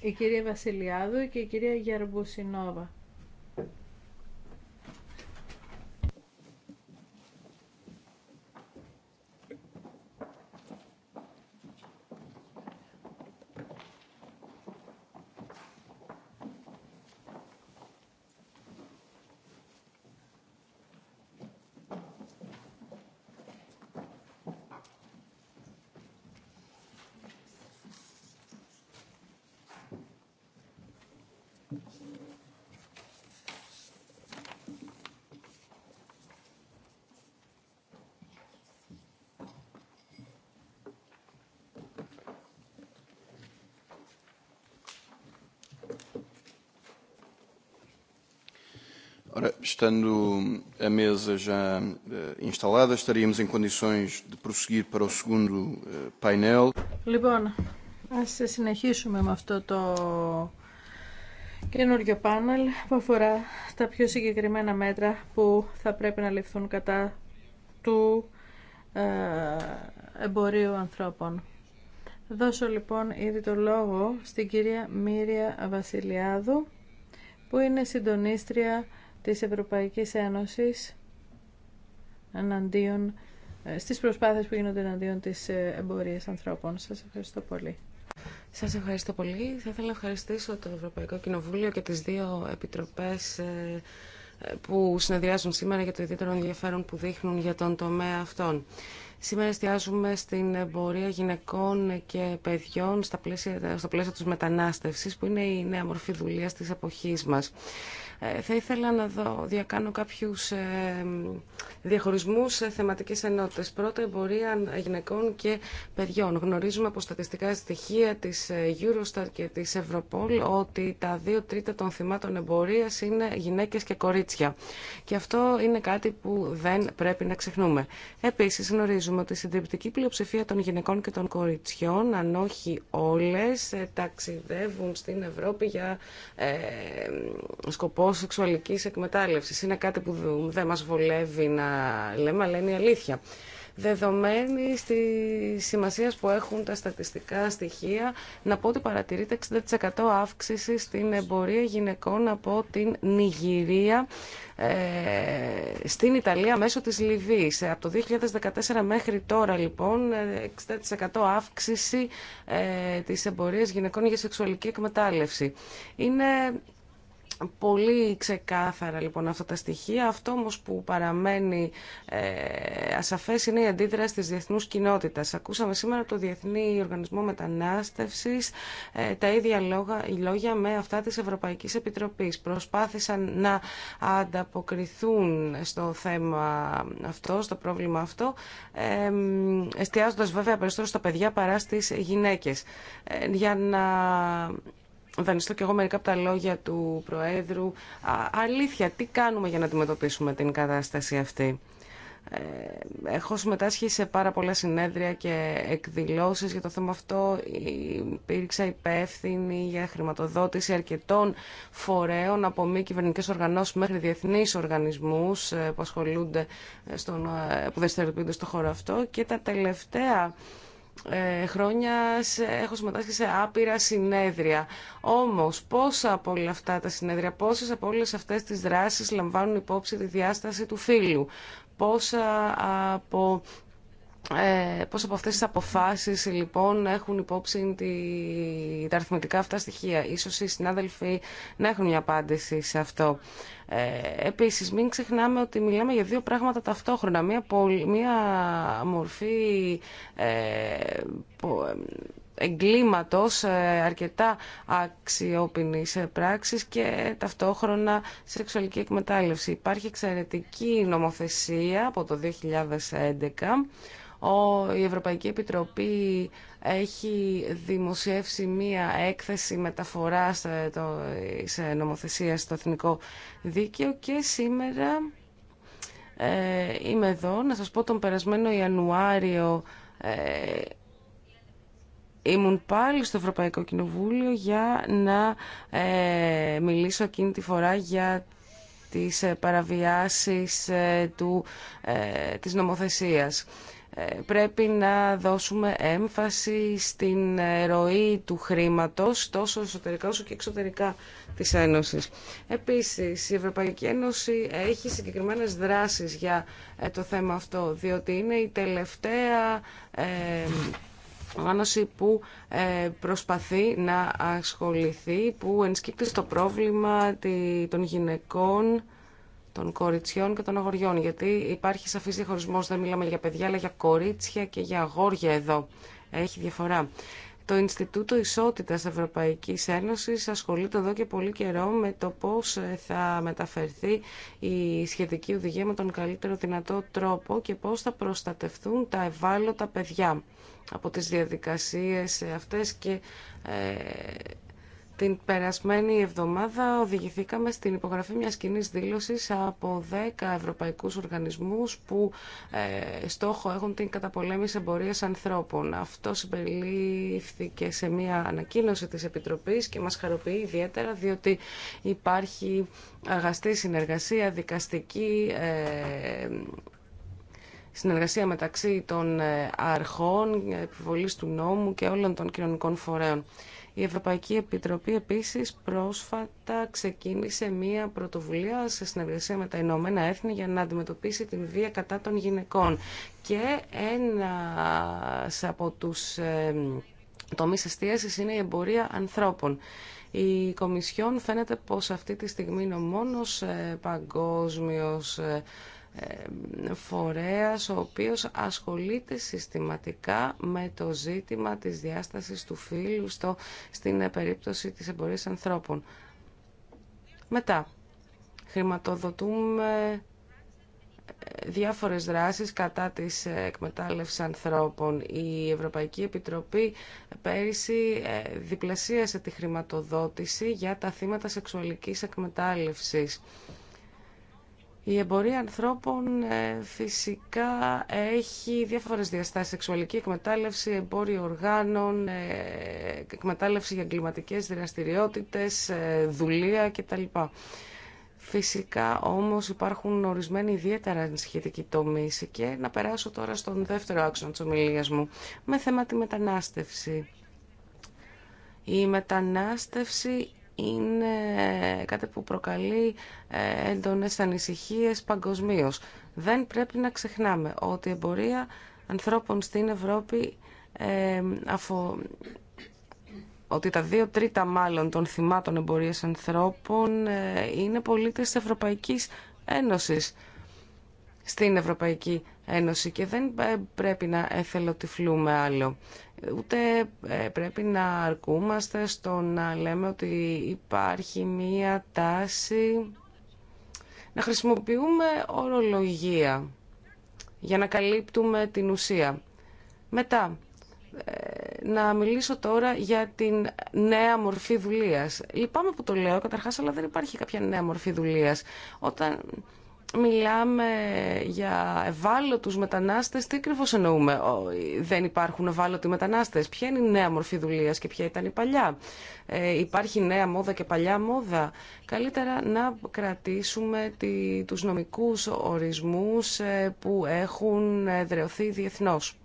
η κυρία Βασιλιάδου και η κυρία Γιαρμπουσινόβα. Estando a mesa já eh, instalada, estaríamos em condições de prosseguir para o segundo eh, painel. Λοιπόν, ας συνεχίσουμε με αυτό το καινούριο πάνελ που αφορά τα πιο συγκεκριμένα μέτρα που θα πρέπει να ληφθούν κατά του ε, εμπορίου ανθρώπων. Δώσω λοιπόν ήδη το λόγο στην κυρία Μύρια Βασιλιάδου που είναι συντονίστρια της Ευρωπαϊκής Ένωσης εναντίον, ε, στις προσπάθειες που γίνονται εναντίον της ε, εμπορίας ανθρώπων. Σας ευχαριστώ πολύ. Σας ευχαριστώ πολύ. Θα ήθελα να ευχαριστήσω το Ευρωπαϊκό Κοινοβούλιο και τις δύο επιτροπές ε, που συνεδριάζουν σήμερα για το ιδιαίτερο ενδιαφέρον που δείχνουν για τον τομέα αυτών. Σήμερα εστιάζουμε στην εμπορία γυναικών και παιδιών στα πλαίσια, στο πλαίσιο της μετανάστευσης, που είναι η νέα μορφή δουλείας της εποχής μας. Ε, θα ήθελα να δω, διακάνω κάποιους ε, διαχωρισμούς σε θεματικές Πρώτα, εμπορία γυναικών και παιδιών. Γνωρίζουμε από στατιστικά στοιχεία της ε, Eurostat και της Ευρωπολ ότι τα δύο τρίτα των θυμάτων εμπορίας είναι γυναίκες και κορίτσια. Και αυτό είναι κάτι που δεν πρέπει να ξεχνούμε. Επίσης, γνωρίζουμε ότι η συντριπτική πλειοψηφία των γυναικών και των κοριτσιών, αν όχι όλες, ταξιδεύουν στην Ευρώπη για σκοπό σεξουαλική εκμετάλλευση. εκμετάλλευσης. Είναι κάτι που δεν μας βολεύει να λέμε, αλλά είναι η αλήθεια. Δεδομένη τη σημασία που έχουν τα στατιστικά στοιχεία, να πω ότι παρατηρείται 60% αύξηση στην εμπορία γυναικών από την Νιγηρία ε, στην Ιταλία μέσω της Λιβύης. Ε, από το 2014 μέχρι τώρα, λοιπόν, 60% ε, αύξηση ε, της εμπορίας γυναικών για σεξουαλική εκμετάλλευση. Είναι Πολύ ξεκάθαρα λοιπόν αυτά τα στοιχεία. Αυτό όμως που παραμένει ε, ασαφές είναι η αντίδραση της διεθνούς κοινότητας. Ακούσαμε σήμερα το Διεθνή Οργανισμό Μετανάστευσης ε, τα ίδια λόγα, λόγια με αυτά της Ευρωπαϊκής Επιτροπής. Προσπάθησαν να ανταποκριθούν στο θέμα αυτό, στο πρόβλημα αυτό, ε, εστιάζοντας βέβαια περισσότερο στα παιδιά παρά στις γυναίκες. Ε, για να δανειστώ και εγώ μερικά από τα λόγια του Προέδρου. αλήθεια, τι κάνουμε για να αντιμετωπίσουμε την κατάσταση αυτή. Ε, έχω συμμετάσχει σε πάρα πολλά συνέδρια και εκδηλώσεις για το θέμα αυτό. Υπήρξα υπεύθυνη για χρηματοδότηση αρκετών φορέων από μη κυβερνητικέ οργανώσεις μέχρι διεθνείς οργανισμούς ε, που ασχολούνται, στον, ε, που δεστηριοποιούνται στο χώρο αυτό. Και τα τελευταία ε, χρόνια έχω συμμετάσχει σε άπειρα συνέδρια. Όμως, πόσα από όλα αυτά τα συνέδρια, πόσες από όλε αυτές τις δράσεις λαμβάνουν υπόψη τη διάσταση του φύλου. Πόσα από ε, πώς από αυτές τις αποφάσεις λοιπόν έχουν υπόψη τη, τα αριθμητικά αυτά στοιχεία. Ίσως οι συνάδελφοι να έχουν μια απάντηση σε αυτό. Ε, επίσης μην ξεχνάμε ότι μιλάμε για δύο πράγματα ταυτόχρονα. Μια, μια μορφή ε, εγκλήματος ε, αρκετά αξιόπινης πράξης και ταυτόχρονα σεξουαλική εκμετάλλευση. Υπάρχει εξαιρετική νομοθεσία από το 2011 ο, η Ευρωπαϊκή Επιτροπή έχει δημοσιεύσει μία έκθεση μεταφορά ε, το, σε νομοθεσία στο Εθνικό Δίκαιο και σήμερα ε, είμαι εδώ. Να σας πω τον περασμένο Ιανουάριο ε, ήμουν πάλι στο Ευρωπαϊκό Κοινοβούλιο για να ε, μιλήσω εκείνη τη φορά για τις ε, παραβιάσεις ε, του, της νομοθεσίας. Ε, πρέπει να δώσουμε έμφαση στην ροή του χρήματος τόσο εσωτερικά όσο και εξωτερικά της Ένωσης. Επίσης, η Ευρωπαϊκή Ένωση έχει συγκεκριμένες δράσεις για ε, το θέμα αυτό, διότι είναι η τελευταία ε, οργάνωση που προσπαθεί να ασχοληθεί, που ενσκύπτει στο πρόβλημα των γυναικών των κοριτσιών και των αγοριών, γιατί υπάρχει σαφής διαχωρισμό. δεν μιλάμε για παιδιά, αλλά για κορίτσια και για αγόρια εδώ. Έχει διαφορά. Το Ινστιτούτο Ισότητας Ευρωπαϊκή Ένωση ασχολείται εδώ και πολύ καιρό με το πώ ε, θα μεταφερθεί η σχετική οδηγία με τον καλύτερο δυνατό τρόπο και πώ θα προστατευτούν τα ευάλωτα παιδιά από τις διαδικασίες αυτές και ε, την περασμένη εβδομάδα οδηγηθήκαμε στην υπογραφή μιας κοινή δήλωσης από 10 ευρωπαϊκούς οργανισμούς που ε, στόχο έχουν την καταπολέμηση εμπορίας ανθρώπων. Αυτό συμπεριλήφθηκε σε μια ανακοίνωση της Επιτροπής και μας χαροποιεί ιδιαίτερα διότι υπάρχει αγαστή συνεργασία, δικαστική ε, συνεργασία μεταξύ των ε, αρχών, επιβολής του νόμου και όλων των κοινωνικών φορέων. Η Ευρωπαϊκή Επιτροπή επίσης πρόσφατα ξεκίνησε μία πρωτοβουλία σε συνεργασία με τα Ηνωμένα Έθνη για να αντιμετωπίσει την βία κατά των γυναικών. Και ένα από τους τομείς εστίασης είναι η εμπορία ανθρώπων. Η Κομισιόν φαίνεται πως αυτή τη στιγμή είναι ο μόνος ε, παγκόσμιος ε, ε, φορέας ο οποίος ασχολείται συστηματικά με το ζήτημα της διάστασης του φύλου στο, στην ε, περίπτωση της εμπορίας ανθρώπων. Μετά, χρηματοδοτούμε ε, διάφορες δράσεις κατά της εκμετάλλευσης ανθρώπων. Η Ευρωπαϊκή Επιτροπή πέρυσι διπλασίασε τη χρηματοδότηση για τα θύματα σεξουαλικής εκμετάλλευσης. Η εμπορία ανθρώπων ε, φυσικά έχει διάφορες διαστάσεις. Σεξουαλική εκμετάλλευση, εμπόριο οργάνων, ε, εκμετάλλευση για εγκληματικές δραστηριότητες, ε, δουλεία κτλ. Φυσικά όμως υπάρχουν ορισμένοι ιδιαίτερα σχετικοί τομείς και να περάσω τώρα στον δεύτερο άξονα της ομιλίας μου με θέμα τη μετανάστευση. Η μετανάστευση είναι κάτι που προκαλεί ε, έντονες ανησυχίες παγκοσμίως. Δεν πρέπει να ξεχνάμε ότι η εμπορία ανθρώπων στην Ευρώπη ε, αφο... ότι τα δύο τρίτα μάλλον των θυμάτων εμπορίας ανθρώπων ε, είναι πολίτες της Ευρωπαϊκής Ένωσης στην Ευρωπαϊκή Ένωση και δεν ε, πρέπει να εθελοτυφλούμε άλλο. Ούτε ε, πρέπει να αρκούμαστε στο να λέμε ότι υπάρχει μία τάση να χρησιμοποιούμε ορολογία για να καλύπτουμε την ουσία. Μετά, ε, να μιλήσω τώρα για την νέα μορφή δουλείας. Λυπάμαι που το λέω καταρχάς, αλλά δεν υπάρχει κάποια νέα μορφή δουλείας. Όταν μιλάμε για ευάλωτους μετανάστες, τι ακριβώ εννοούμε. Δεν υπάρχουν ευάλωτοι μετανάστες. Ποια είναι η νέα μορφή δουλεία και ποια ήταν η παλιά. Ε, υπάρχει νέα μόδα και παλιά μόδα. Καλύτερα να κρατήσουμε τη, τους νομικούς ορισμούς ε, που έχουν δρεωθεί διεθνώς.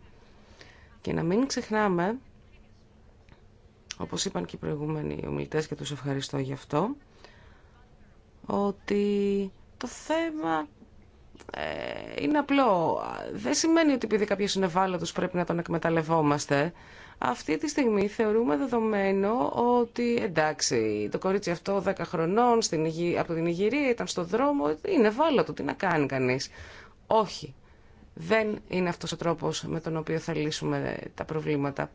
Και να μην ξεχνάμε, όπως είπαν και οι προηγούμενοι ομιλητές και τους ευχαριστώ γι' αυτό, ότι το θέμα ε, είναι απλό. Δεν σημαίνει ότι επειδή κάποιο είναι ευάλωτο πρέπει να τον εκμεταλλευόμαστε. Αυτή τη στιγμή θεωρούμε δεδομένο ότι εντάξει, το κορίτσι αυτό 10 χρονών στην, από την Ιγυρία ήταν στο δρόμο, είναι ευάλωτο, τι να κάνει κανεί. Όχι. Δεν είναι αυτός ο τρόπος με τον οποίο θα λύσουμε τα προβλήματα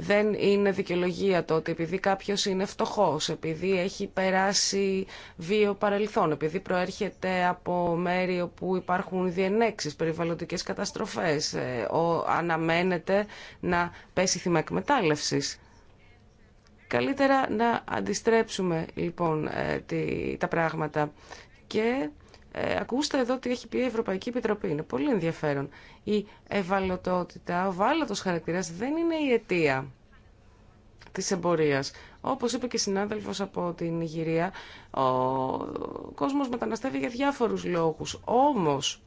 δεν είναι δικαιολογία το ότι επειδή κάποιος είναι φτωχό, επειδή έχει περάσει βίο παρελθόν, επειδή προέρχεται από μέρη όπου υπάρχουν διενέξει περιβαλλοντικές καταστροφές, ε, ο, αναμένεται να πέσει θύμα εκμετάλλευση. Καλύτερα να αντιστρέψουμε λοιπόν ε, τα πράγματα και ε, ακούστε εδώ τι έχει πει η Ευρωπαϊκή Επιτροπή. Είναι πολύ ενδιαφέρον. Η ευαλωτότητα, ο βάλατος χαρακτηρά δεν είναι η αιτία της εμπορίας. Όπως είπε και η συνάδελφος από την Ιγυρία, ο κόσμος μεταναστεύει για διάφορους λόγους. Όμως,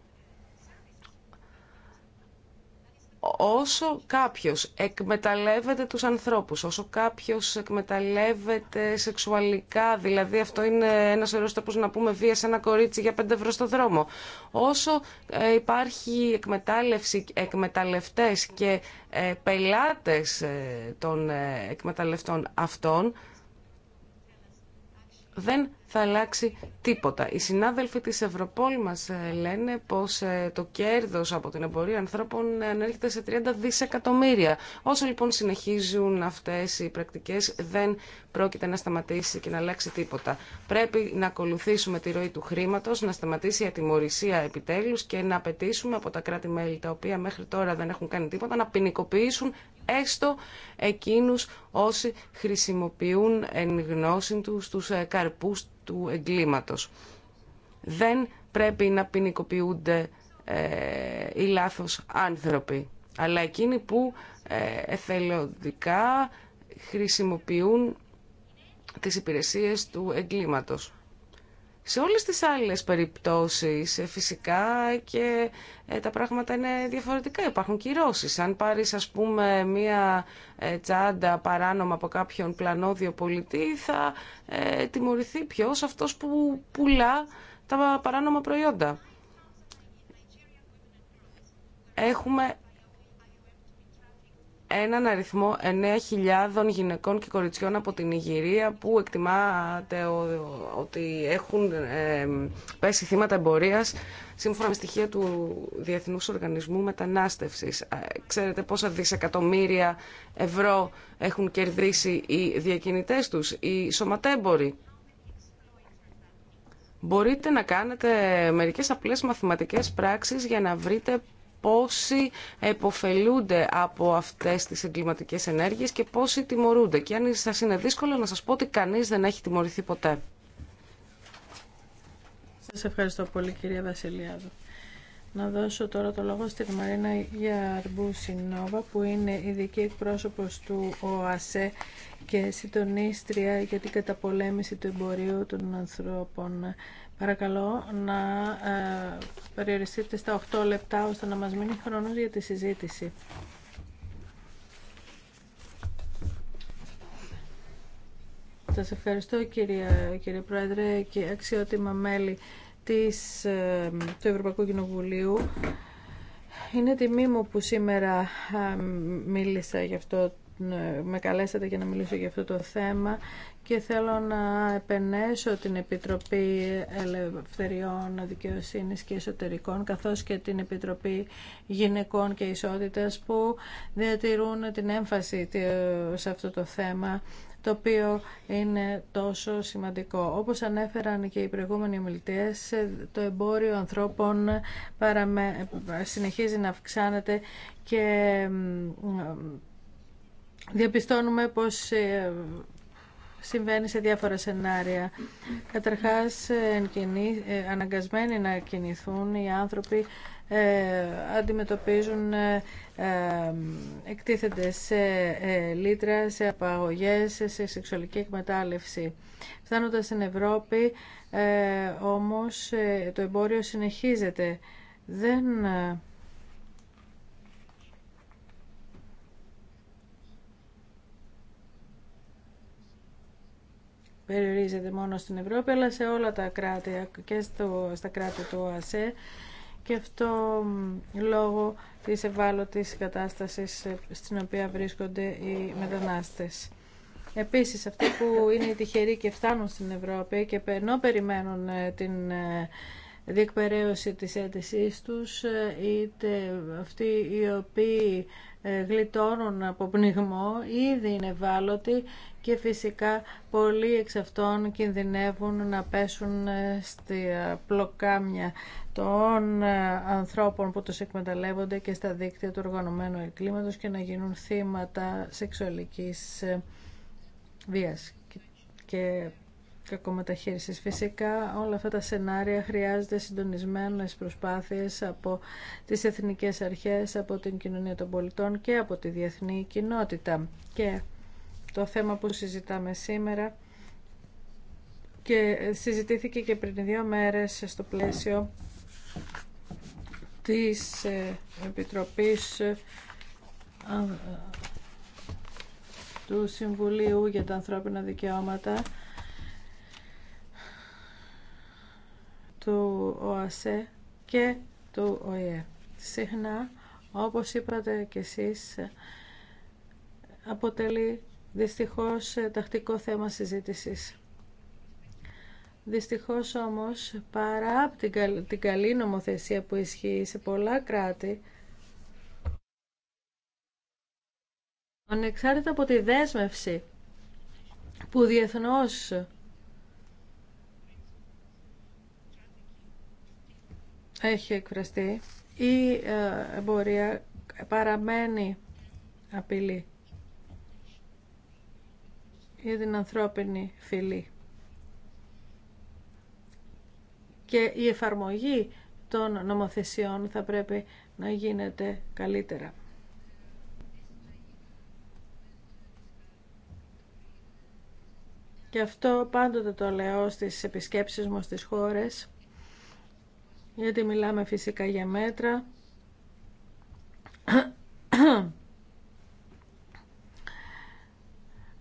όσο κάποιος εκμεταλλεύεται τους ανθρώπους, όσο κάποιος εκμεταλλεύεται σεξουαλικά, δηλαδή αυτό είναι ένας ωραίος να πούμε βία σε ένα κορίτσι για πέντε ευρώ στο δρόμο, όσο ε, υπάρχει εκμετάλλευση, εκμεταλλευτές και ε, πελάτες ε, των εκμεταλλευτών αυτών, δεν θα αλλάξει τίποτα. Οι συνάδελφοι της Ευρωπόλ μας ε, λένε πως ε, το κέρδος από την εμπορία ανθρώπων ε, ανέρχεται σε 30 δισεκατομμύρια. Όσο λοιπόν συνεχίζουν αυτές οι πρακτικές δεν πρόκειται να σταματήσει και να αλλάξει τίποτα. Πρέπει να ακολουθήσουμε τη ροή του χρήματος, να σταματήσει η ατιμορρησία επιτέλους και να απαιτήσουμε από τα κράτη-μέλη τα οποία μέχρι τώρα δεν έχουν κάνει τίποτα να ποινικοποιήσουν έστω εκείνους όσοι χρησιμοποιούν εν γνώση τους τους καρπούς του εγκλήματος. Δεν πρέπει να ποινικοποιούνται ε, οι λάθος άνθρωποι, αλλά εκείνοι που ε, εθελοντικά χρησιμοποιούν τις υπηρεσίες του εγκλήματος. Σε όλες τις άλλες περιπτώσεις ε, φυσικά και ε, τα πράγματα είναι διαφορετικά. Υπάρχουν κυρώσεις. Αν πάρεις ας πούμε μία ε, τσάντα παράνομα από κάποιον πλανόδιο πολιτή θα ε, τιμωρηθεί ποιος αυτός που πουλά τα παράνομα προϊόντα. Έχουμε έναν αριθμό 9.000 γυναικών και κοριτσιών από την Ιγυρία που εκτιμάται ότι έχουν πέσει θύματα εμπορίας σύμφωνα με στοιχεία του Διεθνούς Οργανισμού Μετανάστευσης. Ε, ξέρετε πόσα δισεκατομμύρια ευρώ έχουν κερδίσει οι διακινητές τους, οι σωματέμποροι. Μπορείτε να κάνετε μερικές απλές μαθηματικές πράξεις για να βρείτε πόσοι εποφελούνται από αυτές τις εγκληματικέ ενέργειες και πόσοι τιμωρούνται. Και αν σα είναι δύσκολο να σας πω ότι κανείς δεν έχει τιμωρηθεί ποτέ. Σας ευχαριστώ πολύ κυρία Βασιλιάδου. Να δώσω τώρα το λόγο στην Μαρίνα Γιαρμπουσινόβα που είναι ειδική εκπρόσωπος του ΟΑΣΕ και συντονίστρια για την καταπολέμηση του εμπορίου των ανθρώπων Παρακαλώ να ε, περιοριστείτε στα 8 λεπτά ώστε να μας μείνει χρόνος για τη συζήτηση. Σας ευχαριστώ κύριε, κύριε Πρόεδρε και αξιότιμα μέλη της, ε, του Ευρωπαϊκού Κοινοβουλίου. Είναι τιμή μου που σήμερα ε, μίλησα για αυτό ναι, με καλέσατε για να μιλήσω για αυτό το θέμα και θέλω να επενέσω την Επιτροπή Ελευθεριών Δικαιοσύνης και Εσωτερικών καθώς και την Επιτροπή Γυναικών και Ισότητας που διατηρούν την έμφαση σε αυτό το θέμα το οποίο είναι τόσο σημαντικό. Όπως ανέφεραν και οι προηγούμενοι ομιλητές, το εμπόριο ανθρώπων συνεχίζει να αυξάνεται και διαπιστώνουμε πως ε, συμβαίνει σε διάφορα σενάρια. Καταρχάς, ε, ε, αναγκασμένοι να κινηθούν οι άνθρωποι αντιμετωπίζουν, εκτίθενται σε λίτρα, σε απαγωγές, σε σεξουαλική εκμετάλλευση. Φτάνοντας στην Ευρώπη, όμως, το εμπόριο συνεχίζεται. Δεν περιορίζεται μόνο στην Ευρώπη, αλλά σε όλα τα κράτη και στο, στα κράτη του ΟΑΣΕ και αυτό λόγω της ευάλωτης κατάστασης ε, στην οποία βρίσκονται οι μετανάστες. Επίσης, αυτοί που είναι οι τυχεροί και φτάνουν στην Ευρώπη και ενώ περιμένουν ε, την ε, διεκπαιρέωση της αίτησής τους, είτε αυτοί οι οποίοι ε, γλιτώνουν από πνιγμό, ήδη είναι ευάλωτοι και φυσικά πολλοί εξ αυτών κινδυνεύουν να πέσουν ε, στη πλοκάμια των ε, ανθρώπων που τους εκμεταλλεύονται και στα δίκτυα του οργανωμένου εγκλήματος και να γίνουν θύματα σεξουαλικής βίας και κακομεταχείρισης. Φυσικά όλα αυτά τα σενάρια χρειάζονται συντονισμένες προσπάθειες από τις εθνικές αρχές, από την κοινωνία των πολιτών και από τη διεθνή κοινότητα. Και το θέμα που συζητάμε σήμερα και συζητήθηκε και πριν δύο μέρες στο πλαίσιο της ε, Επιτροπής ε, του Συμβουλίου για τα Ανθρώπινα Δικαιώματα του ΟΑΣΕ και του ΟΗΕ. Συχνά, όπως είπατε και εσείς, αποτελεί δυστυχώς τακτικό θέμα συζήτησης. Δυστυχώς όμως, παρά από την καλή, την καλή νομοθεσία που ισχύει σε πολλά κράτη, ανεξάρτητα από τη δέσμευση που διεθνώς έχει εκφραστεί, η ε, εμπορία παραμένει απειλή για την ανθρώπινη φυλή. Και η εφαρμογή των νομοθεσιών θα πρέπει να γίνεται καλύτερα. Και αυτό πάντοτε το λέω στις επισκέψεις μου στις χώρες γιατί μιλάμε φυσικά για μέτρα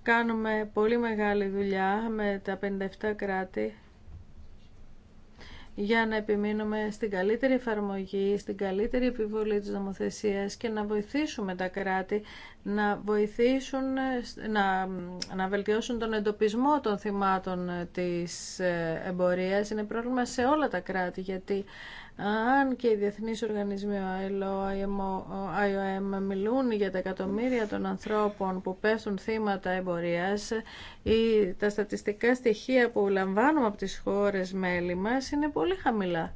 κάνουμε πολύ μεγάλη δουλειά με τα 57 κράτη για να επιμείνουμε στην καλύτερη εφαρμογή, στην καλύτερη επιβολή της νομοθεσίας και να βοηθήσουμε τα κράτη να βοηθήσουν, να, να βελτιώσουν τον εντοπισμό των θυμάτων της ε, εμπορίας. Είναι πρόβλημα σε όλα τα κράτη γιατί αν και οι διεθνείς οργανισμοί ΑΕΛΟ, IOM μιλούν για τα εκατομμύρια των ανθρώπων που πέφτουν θύματα εμπορίας ή τα στατιστικά στοιχεία που λαμβάνουμε από τις χώρες μέλη μας είναι πολύ χαμηλά.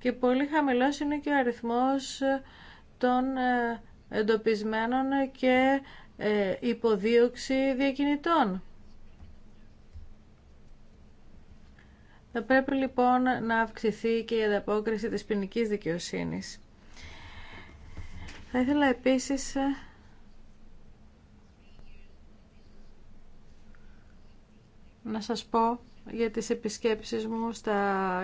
Και πολύ χαμηλός είναι και ο αριθμός των ε, εντοπισμένων και ε, υποδίωξη διακινητών. Θα πρέπει λοιπόν να αυξηθεί και η ανταπόκριση της ποινική δικαιοσύνης. Θα ήθελα επίσης να σας πω για τις επισκέψεις μου στα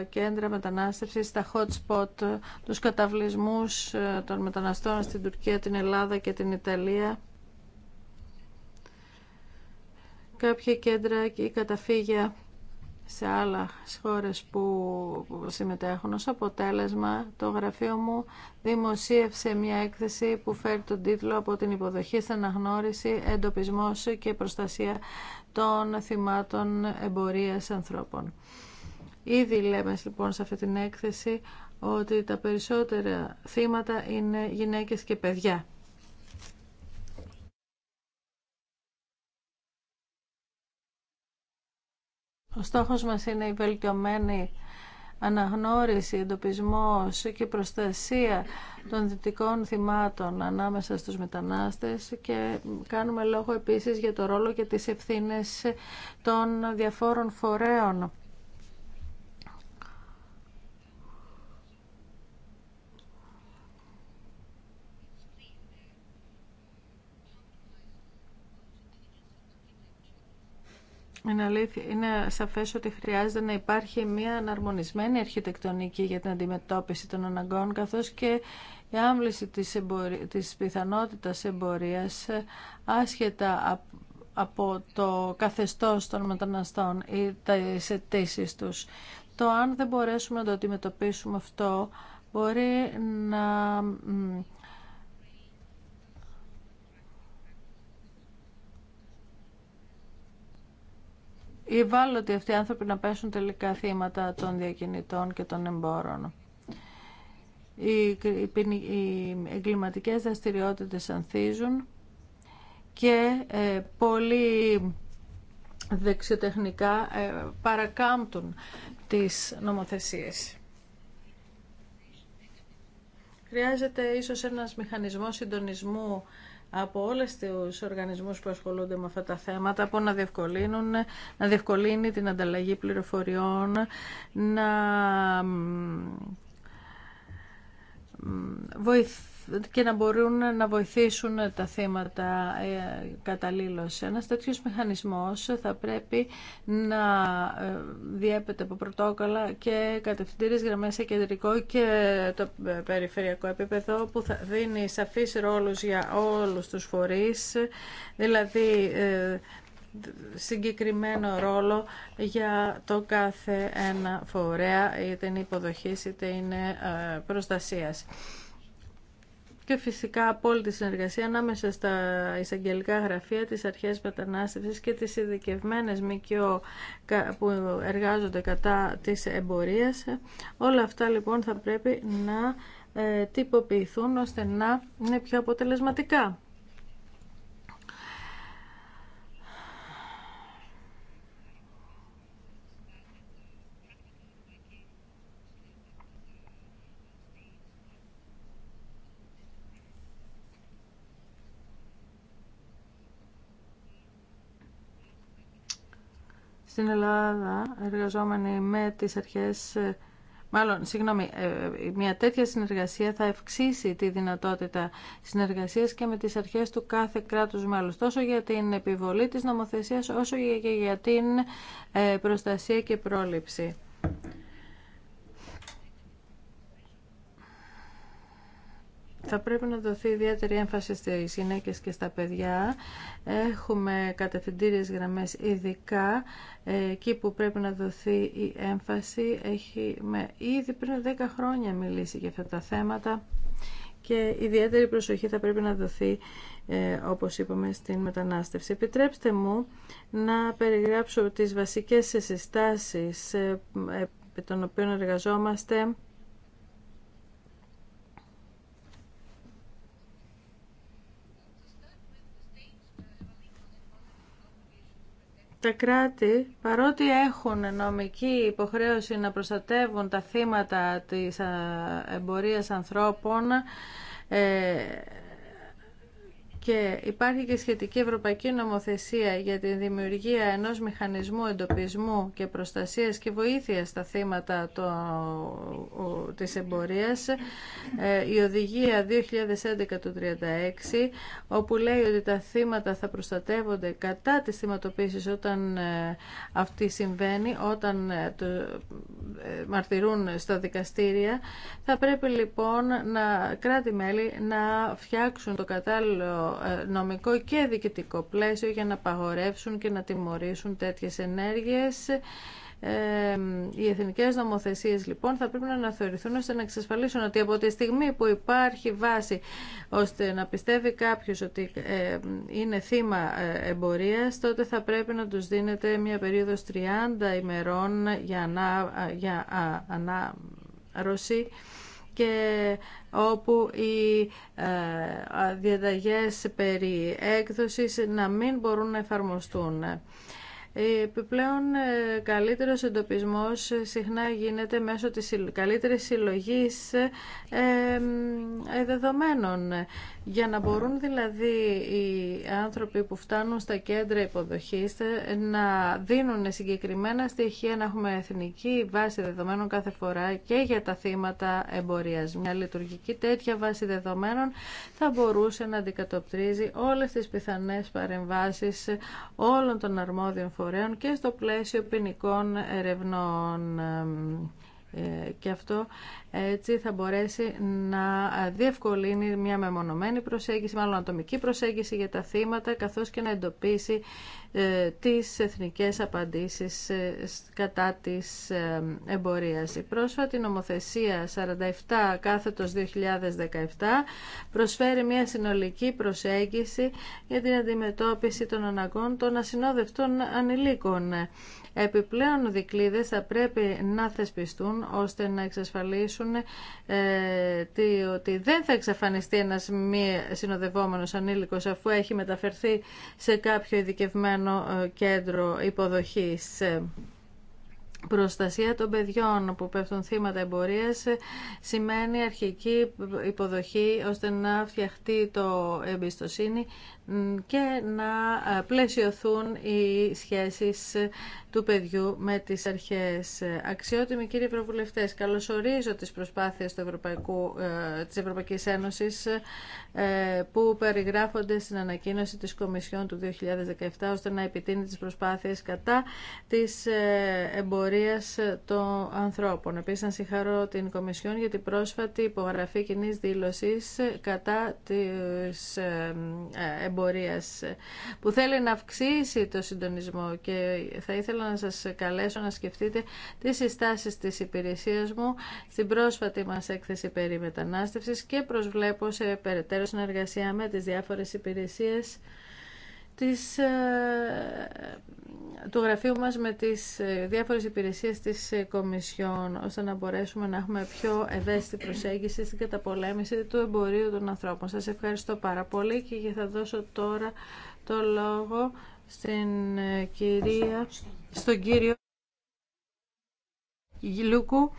κέντρα μετανάστευσης, στα hot spot, τους καταβλισμούς ε, των μεταναστών στην Τουρκία, την Ελλάδα και την Ιταλία. Κάποια κέντρα και καταφύγια σε άλλα χώρες που συμμετέχουν. Ως αποτέλεσμα, το γραφείο μου δημοσίευσε μια έκθεση που φέρει τον τίτλο «Από την υποδοχή στην αναγνώριση, εντοπισμός και προστασία των θυμάτων εμπορίας ανθρώπων». Ήδη λέμε λοιπόν σε αυτή την έκθεση ότι τα περισσότερα θύματα είναι γυναίκες και παιδιά. Ο στόχος μας είναι η βελτιωμένη αναγνώριση, εντοπισμός και προστασία των δυτικών θυμάτων ανάμεσα στους μετανάστες και κάνουμε λόγο επίσης για το ρόλο και τις ευθύνες των διαφόρων φορέων Είναι, αλήθεια. Είναι σαφές ότι χρειάζεται να υπάρχει μια αναρμονισμένη αρχιτεκτονική για την αντιμετώπιση των αναγκών, καθώς και η άμβληση της, εμπορία, της πιθανότητας εμπορίας, ε, άσχετα από το καθεστώς των μεταναστών ή τις αιτήσει τους. Το αν δεν μπορέσουμε να το αντιμετωπίσουμε αυτό, μπορεί να οι ότι αυτοί οι άνθρωποι να πέσουν τελικά θύματα των διακινητών και των εμπόρων. Οι εγκληματικές δραστηριότητες ανθίζουν και ε, πολύ δεξιοτεχνικά ε, παρακάμπτουν τις νομοθεσίες. Χρειάζεται ίσως ένας μηχανισμός συντονισμού από όλες τους οργανισμούς που ασχολούνται με αυτά τα θέματα που να, διευκολύνουν, να διευκολύνει την ανταλλαγή πληροφοριών, να βοηθήσει και να μπορούν να βοηθήσουν τα θύματα ε, καταλήλως. Ένας τέτοιος μηχανισμός θα πρέπει να ε, διέπεται από πρωτόκολλα και κατευθυντήρες γραμμές σε κεντρικό και το ε, περιφερειακό επίπεδο που θα δίνει σαφείς ρόλους για όλους τους φορείς, δηλαδή συγκεκριμένο ρόλο για το κάθε ένα φορέα, είτε είναι υποδοχής είτε είναι προστασίας και φυσικά απόλυτη συνεργασία ανάμεσα στα εισαγγελικά γραφεία, τις αρχές μετανάστευσης και τις ειδικευμένε ΜΚΟ που εργάζονται κατά της εμπορίας. Όλα αυτά λοιπόν θα πρέπει να ε, τυποποιηθούν ώστε να είναι πιο αποτελεσματικά. Στην Ελλάδα, εργαζόμενοι με τις αρχές, ε, μάλλον, συγγνώμη, ε, μια τέτοια συνεργασία θα αυξήσει τη δυνατότητα συνεργασίας και με τις αρχές του κάθε κράτους μέλους, τόσο για την επιβολή της νομοθεσίας, όσο και για την ε, προστασία και πρόληψη. θα πρέπει να δοθεί ιδιαίτερη έμφαση στις γυναίκες και στα παιδιά. Έχουμε κατευθυντήριες γραμμές ειδικά εκεί που πρέπει να δοθεί η έμφαση. Έχει με, ήδη πριν 10 χρόνια μιλήσει για αυτά τα θέματα και ιδιαίτερη προσοχή θα πρέπει να δοθεί ε, όπως είπαμε στην μετανάστευση. Επιτρέψτε μου να περιγράψω τις βασικές συστάσεις ε, τον ε, των οποίων εργαζόμαστε τα κράτη, παρότι έχουν νομική υποχρέωση να προστατεύουν τα θύματα της ε, εμπορίας ανθρώπων, ε, και υπάρχει και σχετική ευρωπαϊκή νομοθεσία για τη δημιουργία ενός μηχανισμού εντοπισμού και προστασίας και βοήθειας στα θύματα το, της εμπορίας, ε, η Οδηγία 2011 του 36, όπου λέει ότι τα θύματα θα προστατεύονται κατά της θυματοποίησης όταν ε, αυτή συμβαίνει, όταν ε, το, μαρτυρούν στα δικαστήρια. Θα πρέπει λοιπόν να κράτη-μέλη να φτιάξουν το κατάλληλο νομικό και διοικητικό πλαίσιο για να απαγορεύσουν και να τιμωρήσουν τέτοιες ενέργειες. Ε, οι εθνικές νομοθεσίες λοιπόν θα πρέπει να αναθεωρηθούν ώστε να εξασφαλίσουν ότι από τη στιγμή που υπάρχει βάση ώστε να πιστεύει κάποιος ότι ε, είναι θύμα ε, εμπορίας τότε θα πρέπει να τους δίνεται μια περίοδος 30 ημερών για ανά, και όπου οι ε, διαταγές περί έκδοσης να μην μπορούν να εφαρμοστούν. Επιπλέον, ε, καλύτερος εντοπισμός συχνά γίνεται μέσω της καλύτερης συλλογής ε, δεδομένων για να μπορούν δηλαδή οι άνθρωποι που φτάνουν στα κέντρα υποδοχής ε, να δίνουν συγκεκριμένα στοιχεία, να έχουμε εθνική βάση δεδομένων κάθε φορά και για τα θύματα εμπορίας. Μια λειτουργική τέτοια βάση δεδομένων θα μπορούσε να αντικατοπτρίζει όλες τις πιθανές παρεμβάσεις όλων των αρμόδιων φορέων και στο πλαίσιο ποινικών ερευνών. Ε, και αυτό έτσι θα μπορέσει να διευκολύνει μια μεμονωμένη προσέγγιση, μάλλον ατομική προσέγγιση για τα θύματα, καθώς και να εντοπίσει ε, τις εθνικές απαντήσεις ε, κατά της ε, εμπορίας. Η πρόσφατη νομοθεσία 47 κάθετος 2017 προσφέρει μια συνολική προσέγγιση για την αντιμετώπιση των αναγκών των ασυνόδευτων ανηλίκων. Επιπλέον δικλείδες θα πρέπει να θεσπιστούν ώστε να εξασφαλίσουν ε, ότι δεν θα εξαφανιστεί ένας μη συνοδευόμενος ανήλικος αφού έχει μεταφερθεί σε κάποιο ειδικευμένο ε, κέντρο υποδοχής ε, προστασία των παιδιών που πέφτουν θύματα εμπορίας σημαίνει αρχική υποδοχή ώστε να φτιαχτεί το εμπιστοσύνη και να ε, πλαισιωθούν οι σχέσεις ε, του παιδιού με τις αρχές. Αξιότιμοι κύριοι Προβουλευτές, καλωσορίζω τις προσπάθειες του Ευρωπαϊκού, ε, της Ευρωπαϊκής Ένωσης που περιγράφονται στην ανακοίνωση της Κομισιόν του 2017 ώστε να επιτείνει τις προσπάθειες κατά της εμπορίας των ανθρώπων. Επίσης, να συγχαρώ την Κομισιόν για την πρόσφατη υπογραφή κοινή δήλωση κατά της εμπορίας ε, που θέλει να αυξήσει το συντονισμό και θα ήθελα να σας καλέσω να σκεφτείτε τις συστάσεις της υπηρεσίας μου στην πρόσφατη μας έκθεση περί μετανάστευσης και προσβλέπω σε περαιτέρω συνεργασία με τις διάφορες υπηρεσίες ε, του γραφείου μας με τις ε, διάφορες υπηρεσίες της ε, Κομισιόν, ώστε να μπορέσουμε να έχουμε πιο ευαίσθητη προσέγγιση στην καταπολέμηση του εμπορίου των ανθρώπων. Σας ευχαριστώ πάρα πολύ και θα δώσω τώρα το λόγο στην κυρία, στον κύριο Γιλούκου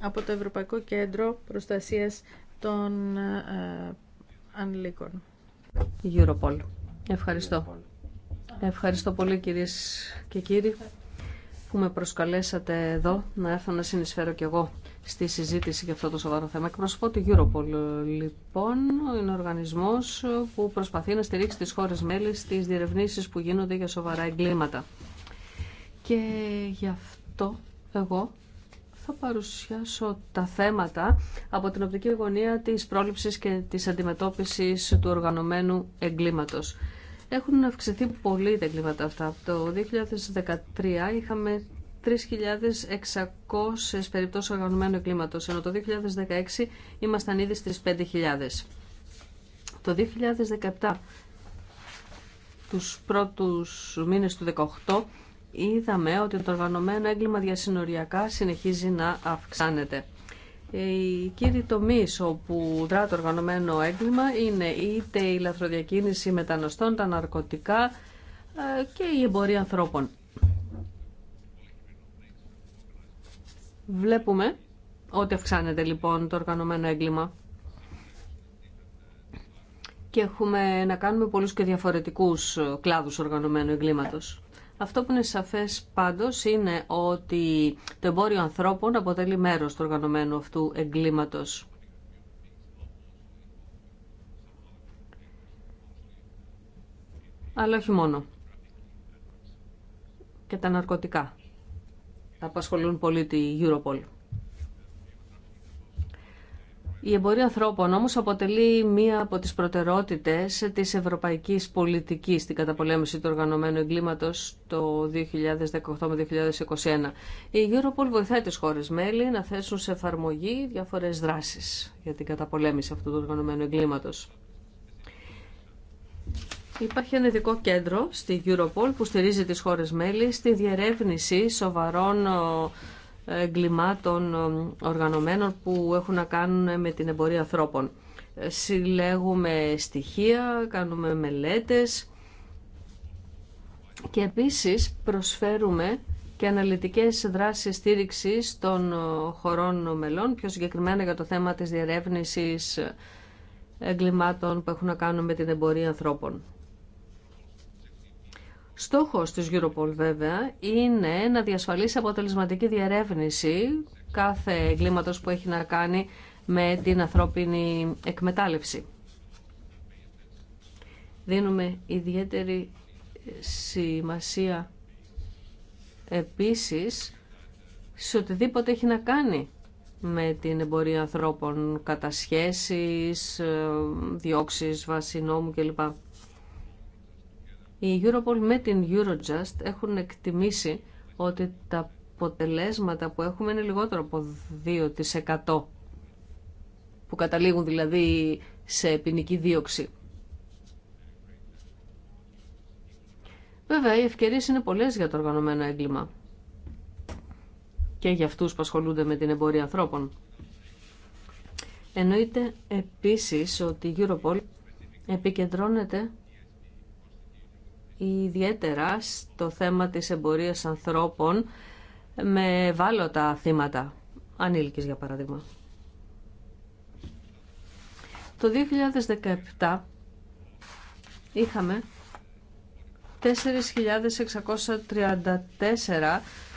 από το Ευρωπαϊκό Κέντρο Προστασίας των Ανηλίκων. Europol. Ευχαριστώ. Ευχαριστώ πολύ κυρίες και κύριοι που με προσκαλέσατε εδώ να έρθω να συνεισφέρω κι εγώ στη συζήτηση για αυτό το σοβαρό θέμα. Εκπροσωπώ τη Europol, λοιπόν, είναι ο οργανισμός που προσπαθεί να στηρίξει τις χώρες μέλη στις διερευνήσεις που γίνονται για σοβαρά εγκλήματα. Και γι' αυτό εγώ θα παρουσιάσω τα θέματα από την οπτική γωνία της πρόληψης και της αντιμετώπισης του οργανωμένου εγκλήματος. Έχουν αυξηθεί πολύ τα εγκλήματα αυτά. Το 2013 είχαμε 3.600 περιπτώσεις οργανωμένου εγκλήματος, ενώ το 2016 ήμασταν ήδη στις 5.000. Το 2017, τους πρώτους μήνες του 2018, είδαμε ότι το οργανωμένο έγκλημα διασυνοριακά συνεχίζει να αυξάνεται. Ε, οι κύριοι τομεί όπου δρά το οργανωμένο έγκλημα είναι είτε η λαθροδιακίνηση μετανοστών, τα ναρκωτικά ε, και η εμπορία ανθρώπων. Βλέπουμε ότι αυξάνεται λοιπόν το οργανωμένο έγκλημα και έχουμε να κάνουμε πολλούς και διαφορετικούς κλάδους οργανωμένου εγκλήματος. Αυτό που είναι σαφέ πάντω είναι ότι το εμπόριο ανθρώπων αποτελεί μέρος του οργανωμένου αυτού εγκλήματος. Αλλά όχι μόνο. Και τα ναρκωτικά. Απασχολούν πολύ τη Europol. Η εμπορία ανθρώπων όμως αποτελεί μία από τις προτεραιότητες της ευρωπαϊκής πολιτικής στην καταπολέμηση του οργανωμένου εγκλήματος το 2018 με 2021. Η Europol βοηθάει τις χώρες μέλη να θέσουν σε εφαρμογή διάφορες δράσεις για την καταπολέμηση αυτού του οργανωμένου εγκλήματος. Υπάρχει ένα ειδικό κέντρο στη Europol που στηρίζει τις χώρες μέλη στη διερεύνηση σοβαρών εγκλημάτων ε, οργανωμένων που έχουν να κάνουν με την εμπορία ανθρώπων. Ε, συλλέγουμε στοιχεία, κάνουμε μελέτες και επίσης προσφέρουμε και αναλυτικές δράσεις στήριξης των ε, χωρών μελών, πιο συγκεκριμένα για το θέμα της διερεύνησης εγκλημάτων που έχουν να κάνουν με την εμπορία ανθρώπων. Στόχος της Europol βέβαια είναι να διασφαλίσει αποτελεσματική διερεύνηση κάθε εγκλήματος που έχει να κάνει με την ανθρώπινη εκμετάλλευση. Δίνουμε ιδιαίτερη ε, σημασία επίσης σε οτιδήποτε έχει να κάνει με την εμπορία ανθρώπων, κατασχέσεις, ε, διώξεις, βασινόμου κλπ. Η Europol με την Eurojust έχουν εκτιμήσει ότι τα αποτελέσματα που έχουμε είναι λιγότερο από 2% που καταλήγουν δηλαδή σε ποινική δίωξη. Βέβαια, οι ευκαιρίες είναι πολλές για το οργανωμένο έγκλημα και για αυτούς που ασχολούνται με την εμπορία ανθρώπων. Εννοείται επίσης ότι η Europol επικεντρώνεται ιδιαίτερα στο θέμα της εμπορίας ανθρώπων με βάλωτα θύματα, ανήλικες για παράδειγμα. Το 2017 είχαμε 4.634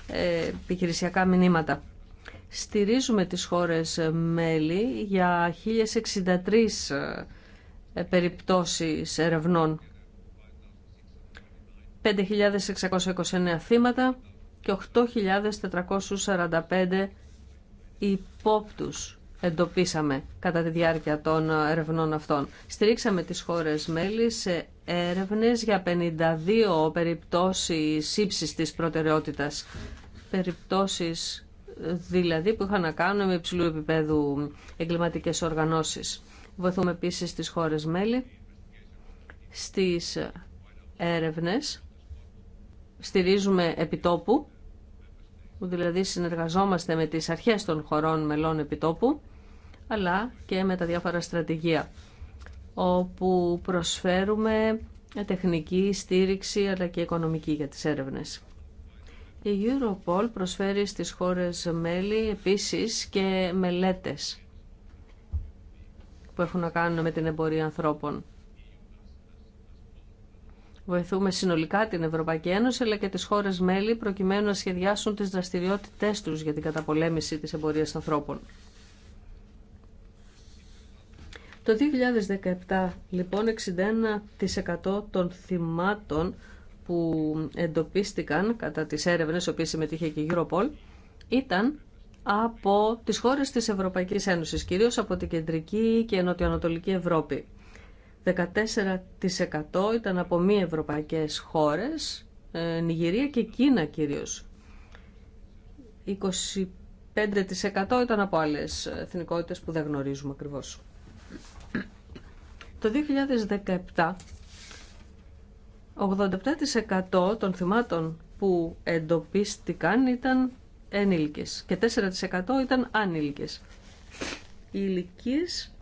ε, επιχειρησιακά μηνύματα. Στηρίζουμε τις χώρες μέλη για 1.063 ε, περιπτώσεις ερευνών 5.629 θύματα και 8.445 υπόπτους εντοπίσαμε κατά τη διάρκεια των ερευνών αυτών. Στηρίξαμε τις χώρες μέλη σε έρευνες για 52 περιπτώσεις ύψης της προτεραιότητας. Περιπτώσεις δηλαδή που είχαν να κάνουν με υψηλού επίπεδου εγκληματικές οργανώσεις. Βοηθούμε επίσης τις χώρες μέλη στις έρευνες στηρίζουμε επιτόπου, δηλαδή συνεργαζόμαστε με τις αρχές των χωρών μελών επιτόπου, αλλά και με τα διάφορα στρατηγία, όπου προσφέρουμε τεχνική στήριξη αλλά και οικονομική για τις έρευνες. Η Europol προσφέρει στις χώρες μέλη επίσης και μελέτες που έχουν να κάνουν με την εμπορία ανθρώπων. Βοηθούμε συνολικά την Ευρωπαϊκή Ένωση αλλά και τις χώρες μέλη προκειμένου να σχεδιάσουν τις δραστηριότητές τους για την καταπολέμηση της εμπορίας ανθρώπων. Το 2017 λοιπόν 61% των θυμάτων που εντοπίστηκαν κατά τις έρευνες, οποίες συμμετείχε και η Europol, ήταν από τις χώρες της Ευρωπαϊκής Ένωσης, κυρίως από την Κεντρική και Νοτιοανατολική Ευρώπη. 14% ήταν από μη ευρωπαϊκές χώρες, ε, Νιγηρία και Κίνα κυρίως. 25% ήταν από άλλες εθνικότητες που δεν γνωρίζουμε ακριβώς. Το 2017, 87% των θυμάτων που εντοπίστηκαν ήταν ενήλικες και 4% ήταν ανήλικες. Οι ηλικίες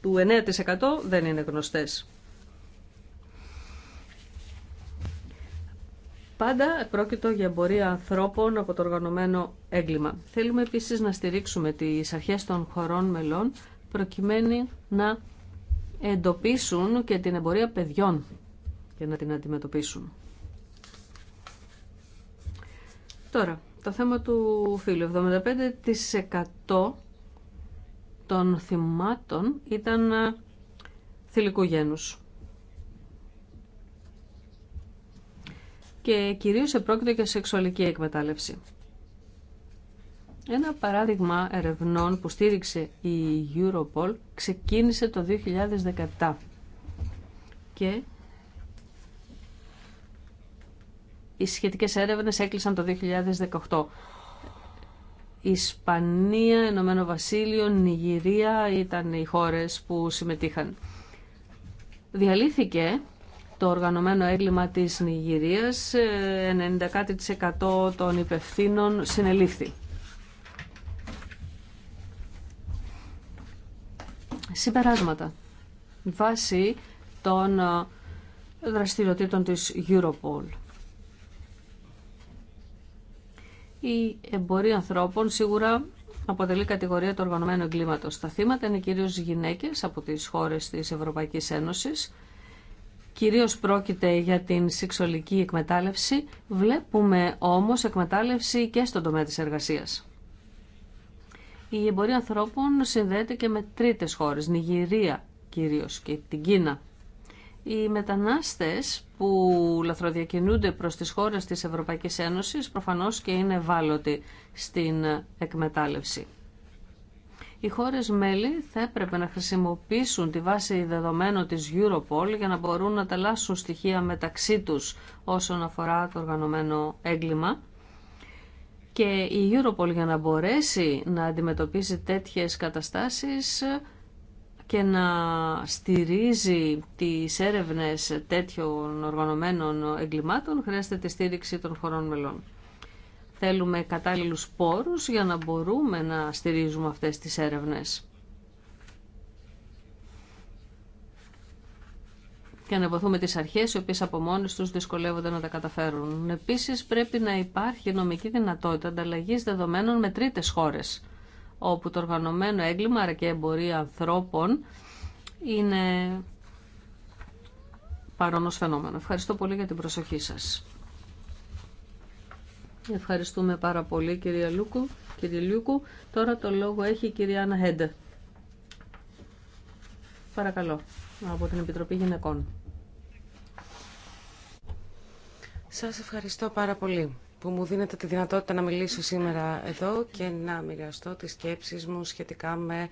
του 9% δεν είναι γνωστές. Πάντα πρόκειτο για εμπορία ανθρώπων από το οργανωμένο έγκλημα. Θέλουμε επίσης να στηρίξουμε τις αρχές των χωρών μελών προκειμένου να εντοπίσουν και την εμπορία παιδιών και να την αντιμετωπίσουν. Τώρα, το θέμα του φίλου. 75% των θυμάτων ήταν ε, θηλυκού γένους. Και κυρίως επρόκειτο για σεξουαλική εκμετάλλευση. Ένα παράδειγμα ερευνών που στήριξε η Europol ξεκίνησε το 2017 και οι σχετικές έρευνες έκλεισαν το 2018. Ισπανία, Ηνωμένο Βασίλειο, Νιγηρία ήταν οι χώρες που συμμετείχαν. Διαλύθηκε το οργανωμένο έγκλημα της Νιγηρίας, 90% ε, των υπευθύνων συνελήφθη. Συμπεράσματα. Βάσει των ε, δραστηριοτήτων της Europol. Η εμπορία ανθρώπων σίγουρα αποτελεί κατηγορία του οργανωμένου εγκλήματος. Τα θύματα είναι κυρίως γυναίκες από τις χώρες της Ευρωπαϊκής Ένωσης. Κυρίως πρόκειται για την σεξουαλική εκμετάλλευση. Βλέπουμε όμως εκμετάλλευση και στον τομέα της εργασίας. Η εμπορία ανθρώπων συνδέεται και με τρίτες χώρες, Νιγηρία κυρίως και την Κίνα. Οι μετανάστες που λαθροδιακινούνται προς τις χώρες της Ευρωπαϊκής Ένωσης προφανώς και είναι ευάλωτοι στην εκμετάλλευση. Οι χώρες μέλη θα έπρεπε να χρησιμοποιήσουν τη βάση δεδομένων της Europol για να μπορούν να ταλάσσουν στοιχεία μεταξύ τους όσον αφορά το οργανωμένο έγκλημα και η Europol για να μπορέσει να αντιμετωπίσει τέτοιες καταστάσεις και να στηρίζει τις έρευνες τέτοιων οργανωμένων εγκλημάτων χρειάζεται τη στήριξη των χωρών μελών. Θέλουμε κατάλληλους πόρους για να μπορούμε να στηρίζουμε αυτές τις έρευνες. και να βοηθούμε τις αρχές οι οποίες από μόνες τους δυσκολεύονται να τα καταφέρουν. Επίσης πρέπει να υπάρχει νομική δυνατότητα ανταλλαγής δεδομένων με τρίτες χώρες όπου το οργανωμένο έγκλημα, και εμπορία ανθρώπων, είναι παρόν φαινόμενο. Ευχαριστώ πολύ για την προσοχή σας. Ευχαριστούμε πάρα πολύ κυρία Λούκου. τώρα το λόγο έχει η κυρία Άννα Χέντε. Παρακαλώ, από την Επιτροπή Γυναικών. Σας ευχαριστώ πάρα πολύ που μου δίνετε τη δυνατότητα να μιλήσω σήμερα εδώ και να μοιραστώ τις σκέψεις μου σχετικά με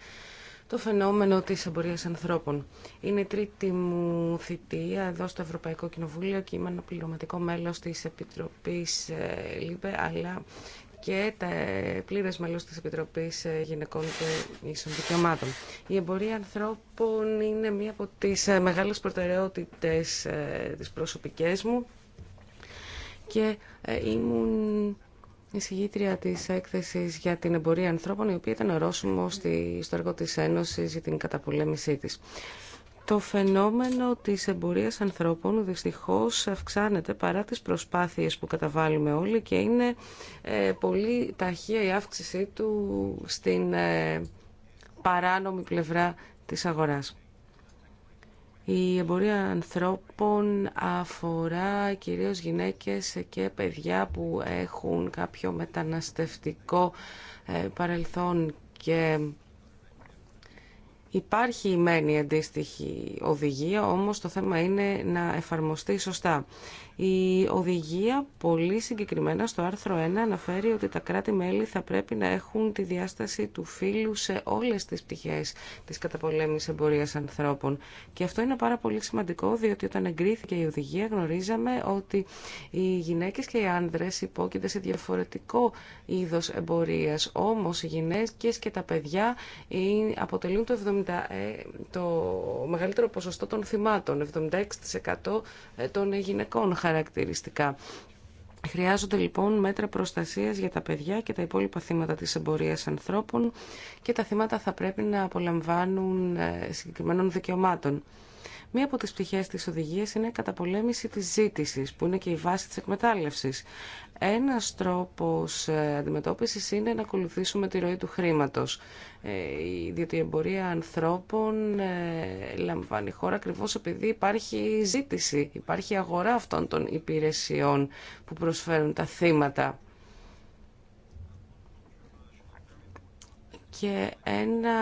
το φαινόμενο της εμπορίας ανθρώπων. Είναι η τρίτη μου θητεία εδώ στο Ευρωπαϊκό Κοινοβούλιο και είμαι ένα πληρωματικό μέλος της Επιτροπής ε, ΛΥΠΕ, αλλά και τα ε, πλήρε μέλο τη Επιτροπή ε, Γυναικών και Ίσων Δικαιωμάτων. Η εμπορία ανθρώπων είναι μία από τι μεγάλε προτεραιότητε τη προσωπικέ μου και ε, ήμουν εισηγήτρια της έκθεσης για την εμπορία ανθρώπων, η οποία ήταν ορόσημο στη, στο έργο της Ένωσης για την καταπολέμησή της. Το φαινόμενο της εμπορίας ανθρώπων δυστυχώς αυξάνεται παρά τις προσπάθειες που καταβάλουμε όλοι και είναι ε, πολύ ταχεία η αύξησή του στην ε, παράνομη πλευρά της αγοράς. Η εμπορία ανθρώπων αφορά κυρίως γυναίκες και παιδιά που έχουν κάποιο μεταναστευτικό ε, παρελθόν και υπάρχει η μένη αντίστοιχη οδηγία, όμως το θέμα είναι να εφαρμοστεί σωστά. Η οδηγία πολύ συγκεκριμένα στο άρθρο 1 αναφέρει ότι τα κράτη-μέλη θα πρέπει να έχουν τη διάσταση του φύλου σε όλες τις πτυχές της καταπολέμησης εμπορίας ανθρώπων. Και αυτό είναι πάρα πολύ σημαντικό διότι όταν εγκρίθηκε η οδηγία γνωρίζαμε ότι οι γυναίκες και οι άνδρες υπόκειται σε διαφορετικό είδος εμπορίας. Όμως οι γυναίκες και τα παιδιά αποτελούν το, ε, το μεγαλύτερο ποσοστό των θυμάτων, 76% ε, των γυναικών χαρακτηριστικά. Χρειάζονται λοιπόν μέτρα προστασία για τα παιδιά και τα υπόλοιπα θύματα τη εμπορία ανθρώπων και τα θύματα θα πρέπει να απολαμβάνουν ε, συγκεκριμένων δικαιωμάτων. Μία από τις πτυχές της οδηγίας είναι η καταπολέμηση της ζήτησης, που είναι και η βάση της εκμετάλλευσης. Ένας τρόπος ε, αντιμετώπισης είναι να ακολουθήσουμε τη ροή του χρήματος, ε, διότι η εμπορία ανθρώπων ε, λαμβάνει χώρα ακριβώς επειδή υπάρχει ζήτηση, υπάρχει αγορά αυτών των υπηρεσιών που προσφέρουν τα θύματα. Και ένα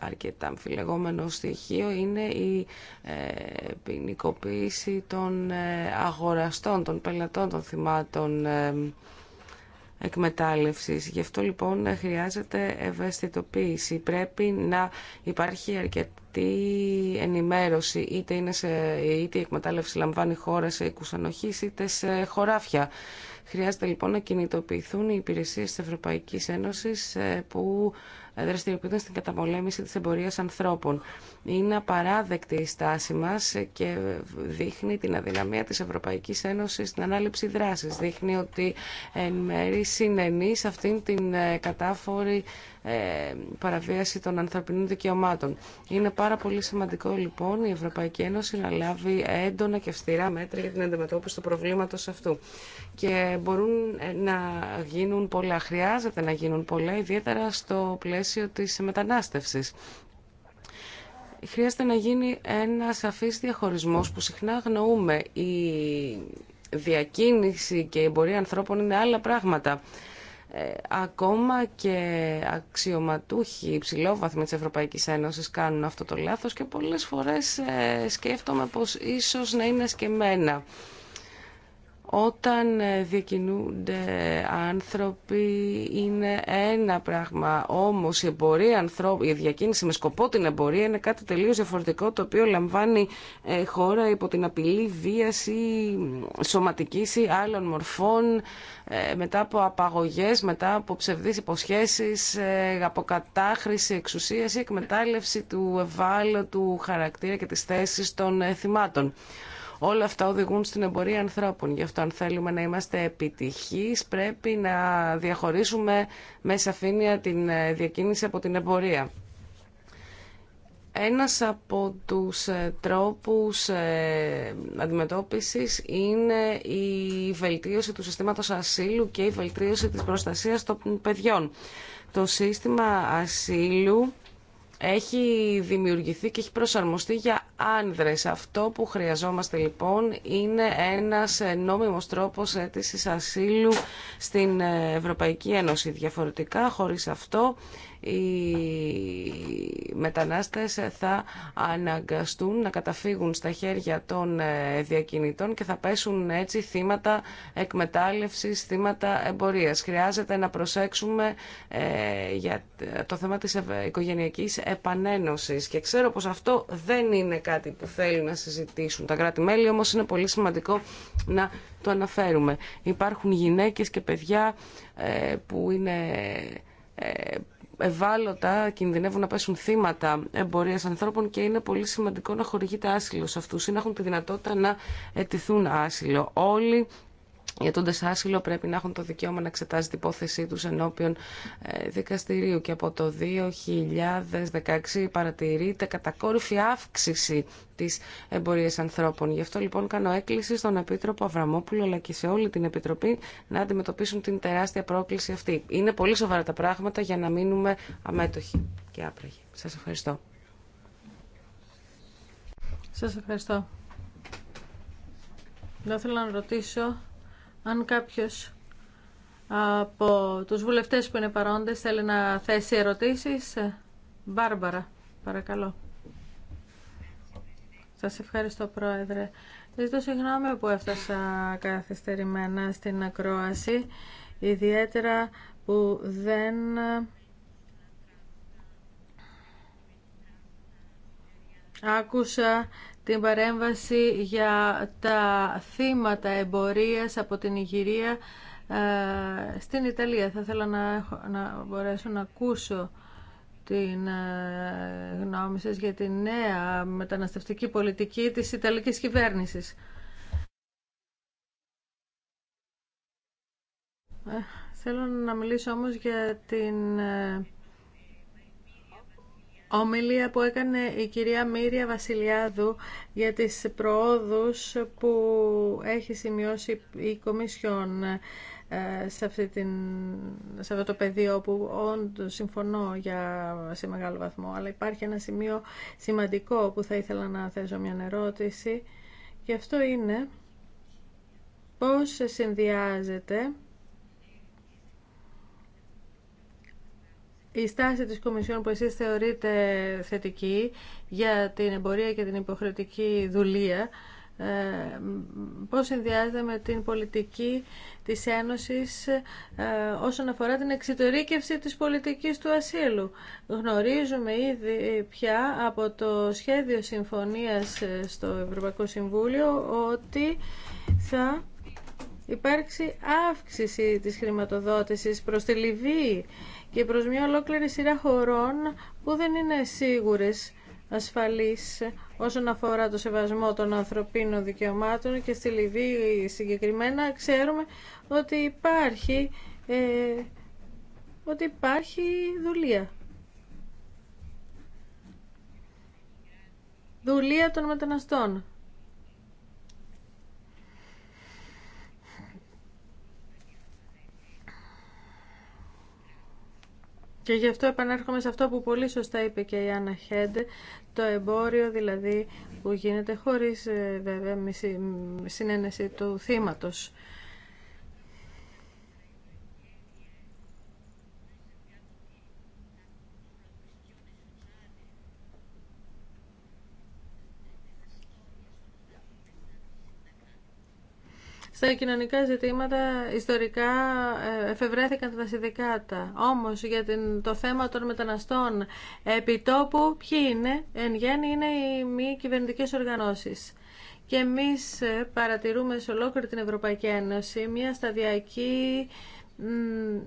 αρκετά αμφιλεγόμενο στοιχείο είναι η ε, ποινικοποίηση των ε, αγοραστών, των πελατών, των θυμάτων ε, εκμετάλλευσης. Γι' αυτό λοιπόν χρειάζεται ευαισθητοποίηση. Πρέπει να υπάρχει αρκετή ενημέρωση, είτε, είναι σε, είτε η εκμετάλλευση λαμβάνει χώρα σε οικουσανοχής, είτε σε χωράφια. Χρειάζεται λοιπόν να κινητοποιηθούν οι υπηρεσίες της Ευρωπαϊκής Ένωσης ε, που δραστηριοποιούνται στην καταπολέμηση της εμπορίας ανθρώπων. Είναι απαράδεκτη η στάση μας και δείχνει την αδυναμία της Ευρωπαϊκής Ένωσης στην ανάληψη δράσης. Δείχνει ότι εν μέρη συνενεί σε αυτήν την ε, κατάφορη ε, παραβίαση των ανθρωπινών δικαιωμάτων. Είναι πάρα πολύ σημαντικό λοιπόν η Ευρωπαϊκή Ένωση να λάβει έντονα και αυστηρά μέτρα για την αντιμετώπιση του προβλήματος αυτού. Και μπορούν ε, να γίνουν πολλά, χρειάζεται να γίνουν πολλά, ιδιαίτερα στο πλαίσιο πλαίσιο της μετανάστευσης. Χρειάζεται να γίνει ένα σαφής διαχωρισμός που συχνά αγνοούμε. Η διακίνηση και η εμπορία ανθρώπων είναι άλλα πράγματα. Ε, ακόμα και αξιωματούχοι υψηλόβαθμοι της Ευρωπαϊκής Ένωσης κάνουν αυτό το λάθος και πολλές φορές ε, σκέφτομαι πως ίσως να είναι σκεμμένα όταν ε, διακινούνται άνθρωποι είναι ένα πράγμα, όμως η, εμπορία, η διακίνηση με σκοπό την εμπορία είναι κάτι τελείως διαφορετικό το οποίο λαμβάνει ε, χώρα υπό την απειλή βίας ή σωματικής ή άλλων μορφών ε, μετά από απαγωγές, μετά από ψευδείς υποσχέσεις, από κατάχρηση εξουσίας ή εκμετάλλευση του ευάλωτου χαρακτήρα και της θέσης των θυμάτων. Όλα αυτά οδηγούν στην εμπορία ανθρώπων. Γι' αυτό αν θέλουμε να είμαστε επιτυχείς πρέπει να διαχωρίσουμε με σαφήνεια την ε, διακίνηση από την εμπορία. Ένας από τους ε, τρόπους ε, αντιμετώπισης είναι η βελτίωση του συστήματος ασύλου και η βελτίωση της προστασίας των παιδιών. Το σύστημα ασύλου έχει δημιουργηθεί και έχει προσαρμοστεί για άνδρες. Αυτό που χρειαζόμαστε λοιπόν είναι ένας νόμιμος τρόπος αίτησης ασύλου στην Ευρωπαϊκή Ένωση. Διαφορετικά, χωρίς αυτό, οι μετανάστες θα αναγκαστούν να καταφύγουν στα χέρια των ε, διακινητών και θα πέσουν έτσι θύματα εκμετάλλευσης, θύματα εμπορίας. Χρειάζεται να προσέξουμε ε, για το θέμα της οικογενειακής επανένωσης και ξέρω πως αυτό δεν είναι κάτι που θέλουν να συζητήσουν τα κράτη-μέλη, όμως είναι πολύ σημαντικό να το αναφέρουμε. Υπάρχουν γυναίκες και παιδιά ε, που είναι ευάλωτα κινδυνεύουν να πέσουν θύματα εμπορία ανθρώπων και είναι πολύ σημαντικό να χορηγείται άσυλο σε αυτούς ή να έχουν τη δυνατότητα να αιτηθούν άσυλο. Όλοι οι τον άσυλο πρέπει να έχουν το δικαίωμα να εξετάζει την υπόθεσή του ενώπιον ε, δικαστηρίου. Και από το 2016 παρατηρείται κατακόρυφη αύξηση τη εμπορία ανθρώπων. Γι' αυτό λοιπόν κάνω έκκληση στον Επίτροπο Αβραμόπουλο αλλά και σε όλη την Επιτροπή να αντιμετωπίσουν την τεράστια πρόκληση αυτή. Είναι πολύ σοβαρά τα πράγματα για να μείνουμε αμέτωχοι και άπραγοι. Σα ευχαριστώ. Σας ευχαριστώ. Δεν θέλω να ρωτήσω αν κάποιος από τους βουλευτές που είναι παρόντες θέλει να θέσει ερωτήσεις, ε, Μπάρμπαρα, παρακαλώ. Σας ευχαριστώ, Πρόεδρε. Ζητώ συγγνώμη που έφτασα καθυστερημένα στην ακρόαση, ιδιαίτερα που δεν... Ε, άκουσα την παρέμβαση για τα θύματα εμπορίας από την Ιγυρία ε, στην Ιταλία. Θα ήθελα να, να μπορέσω να ακούσω την ε, γνώμη σας για τη νέα μεταναστευτική πολιτική της Ιταλικής κυβέρνησης. Ε, θέλω να μιλήσω όμως για την ομιλία που έκανε η κυρία Μύρια Βασιλιάδου για τις προόδους που έχει σημειώσει η Κομισιόν ε, σε, την, σε αυτό το πεδίο που όντως συμφωνώ για, σε μεγάλο βαθμό αλλά υπάρχει ένα σημείο σημαντικό που θα ήθελα να θέσω μια ερώτηση και αυτό είναι πώς συνδυάζεται η στάση της Κομισιόν που εσείς θεωρείτε θετική για την εμπορία και την υποχρεωτική δουλεία ε, πώς συνδυάζεται με την πολιτική της Ένωσης ε, όσον αφορά την εξωτερήκευση της πολιτικής του ασύλου. Γνωρίζουμε ήδη πια από το σχέδιο συμφωνίας ε, στο Ευρωπαϊκό Συμβούλιο ότι θα υπάρξει αύξηση της χρηματοδότησης προς τη Λιβύη και προς μια ολόκληρη σειρά χωρών που δεν είναι σίγουρες ασφαλής όσον αφορά το σεβασμό των ανθρωπίνων δικαιωμάτων και στη Λιβύη συγκεκριμένα ξέρουμε ότι υπάρχει, ε, ότι υπάρχει δουλεία. Δουλεία των μεταναστών. Και γι' αυτό επανέρχομαι σε αυτό που πολύ σωστά είπε και η Άννα Χέντ, το εμπόριο δηλαδή που γίνεται χωρίς ε, βέβαια συνένεση του θύματος. Στα κοινωνικά ζητήματα ιστορικά ε, εφευρέθηκαν τα συνδικάτα. Όμως για το θέμα των μεταναστών επιτόπου ποιοι είναι, εν γέννη είναι οι μη κυβερνητικές οργανώσεις. Και εμείς ε, παρατηρούμε σε ολόκληρη την Ευρωπαϊκή Ένωση μια σταδιακή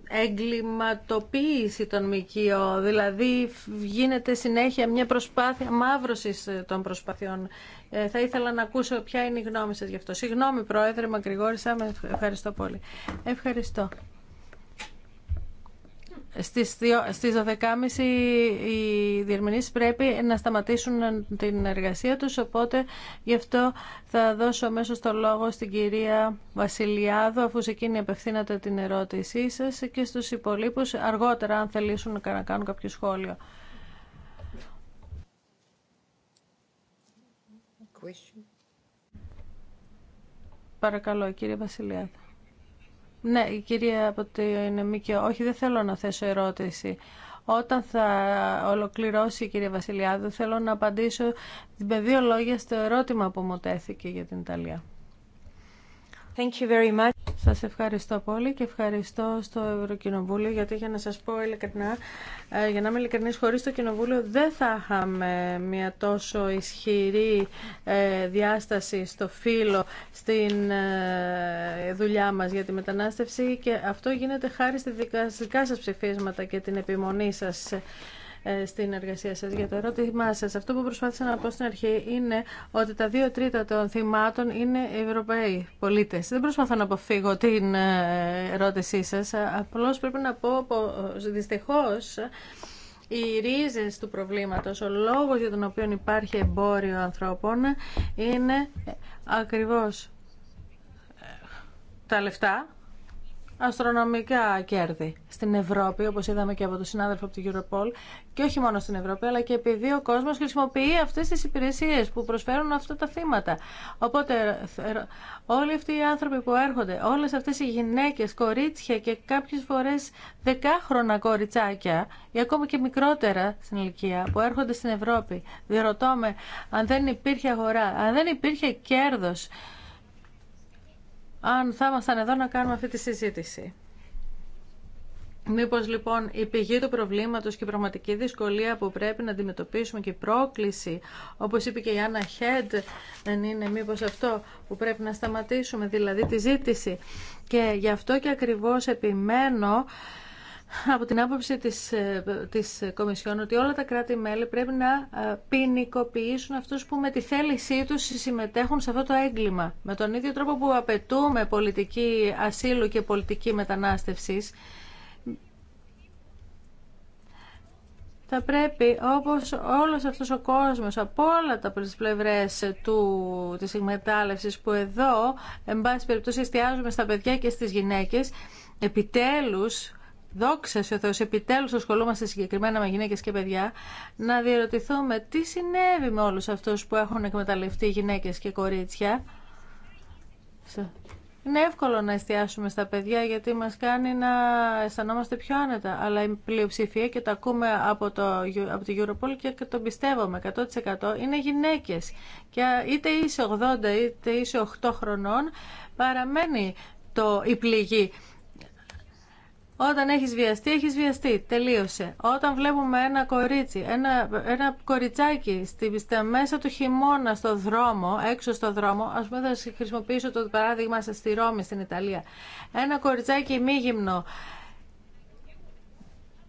εγκληματοποίηση των ΜΚΟ, δηλαδή γίνεται συνέχεια μια προσπάθεια μαύρωσης ε, των προσπαθειών. Ε, θα ήθελα να ακούσω ποια είναι η γνώμη σας γι' αυτό. Συγγνώμη Πρόεδρε, μακρηγόρησα, με ευχαριστώ πολύ. Ευχαριστώ. Στις, 12.30 οι διερμηνείς πρέπει να σταματήσουν την εργασία τους, οπότε γι' αυτό θα δώσω μέσα το λόγο στην κυρία Βασιλιάδου, αφού σε εκείνη απευθύνατε την ερώτησή σας και στους υπολείπους αργότερα αν θελήσουν να κάνουν κάποιο σχόλιο. Παρακαλώ, κύριε Βασιλιάδου. Ναι, η κυρία από την ΜΚΟ. Όχι, δεν θέλω να θέσω ερώτηση. Όταν θα ολοκληρώσει η κυρία Βασιλιάδου, θέλω να απαντήσω με δύο λόγια στο ερώτημα που μου τέθηκε για την Ιταλία. Thank you very much. Σας ευχαριστώ πολύ και ευχαριστώ στο Ευρωκοινοβούλιο γιατί για να σας πω ειλικρινά, ε, για να είμαι ειλικρινής, χωρίς το Κοινοβούλιο δεν θα είχαμε μια τόσο ισχυρή ε, διάσταση στο φύλλο στην ε, δουλειά μας για τη μετανάστευση και αυτό γίνεται χάρη στη δικά σας ψηφίσματα και την επιμονή σας. Ε, στην εργασία σας. Για το ερώτημά σας, αυτό που προσπάθησα να πω στην αρχή είναι ότι τα δύο τρίτα των θυμάτων είναι Ευρωπαίοι πολίτες. Δεν προσπαθώ να αποφύγω την ε, ερώτησή σας, απλώς πρέπει να πω δυστυχώς οι ρίζες του προβλήματος, ο λόγος για τον οποίο υπάρχει εμπόριο ανθρώπων είναι ε, ακριβώς τα λεφτά αστρονομικά κέρδη στην Ευρώπη, όπως είδαμε και από τον συνάδελφο από την Europol, και όχι μόνο στην Ευρώπη, αλλά και επειδή ο κόσμος χρησιμοποιεί αυτές τις υπηρεσίες που προσφέρουν αυτά τα θύματα. Οπότε ε, όλοι αυτοί οι άνθρωποι που έρχονται, όλες αυτές οι γυναίκες, κορίτσια και κάποιες φορές δεκάχρονα κοριτσάκια ή ακόμα και μικρότερα στην ηλικία που έρχονται στην Ευρώπη, διερωτώ αν δεν υπήρχε αγορά, αν δεν υπήρχε κέρδος, αν θα ήμασταν εδώ να κάνουμε αυτή τη συζήτηση. Μήπως λοιπόν η πηγή του προβλήματος και η πραγματική δυσκολία που πρέπει να αντιμετωπίσουμε και η πρόκληση, όπως είπε και η Άννα Χέντ, δεν είναι μήπως αυτό που πρέπει να σταματήσουμε, δηλαδή τη ζήτηση. Και γι' αυτό και ακριβώς επιμένω από την άποψη της, ε, της Κομισιόν ότι όλα τα κράτη-μέλη πρέπει να ε, ποινικοποιήσουν αυτούς που με τη θέλησή τους συμμετέχουν σε αυτό το έγκλημα. Με τον ίδιο τρόπο που απαιτούμε πολιτική ασύλου και πολιτική μετανάστευσης, θα πρέπει όπως όλος αυτός ο κόσμος από όλα τα πλευρές του, της εκμετάλλευσης που εδώ, εν πάση περιπτώσει, εστιάζουμε στα παιδιά και στις γυναίκες, επιτέλους δόξα σε Θεός, επιτέλους ασχολούμαστε συγκεκριμένα με γυναίκε και παιδιά, να διερωτηθούμε τι συνέβη με όλους αυτούς που έχουν εκμεταλλευτεί γυναίκες και κορίτσια. Είναι εύκολο να εστιάσουμε στα παιδιά γιατί μας κάνει να αισθανόμαστε πιο άνετα. Αλλά η πλειοψηφία και το ακούμε από το, από το Europol και το πιστεύουμε 100% είναι γυναίκες. Και είτε είσαι 80 είτε είσαι 8 χρονών παραμένει το, η πληγή όταν έχεις βιαστεί, έχεις βιαστεί. Τελείωσε. Όταν βλέπουμε ένα κορίτσι, ένα, ένα κοριτσάκι στη, μέσα του χειμώνα στο δρόμο, έξω στο δρόμο, ας πούμε θα χρησιμοποιήσω το παράδειγμα σας στη Ρώμη, στην Ιταλία. Ένα κοριτσάκι μη γυμνό.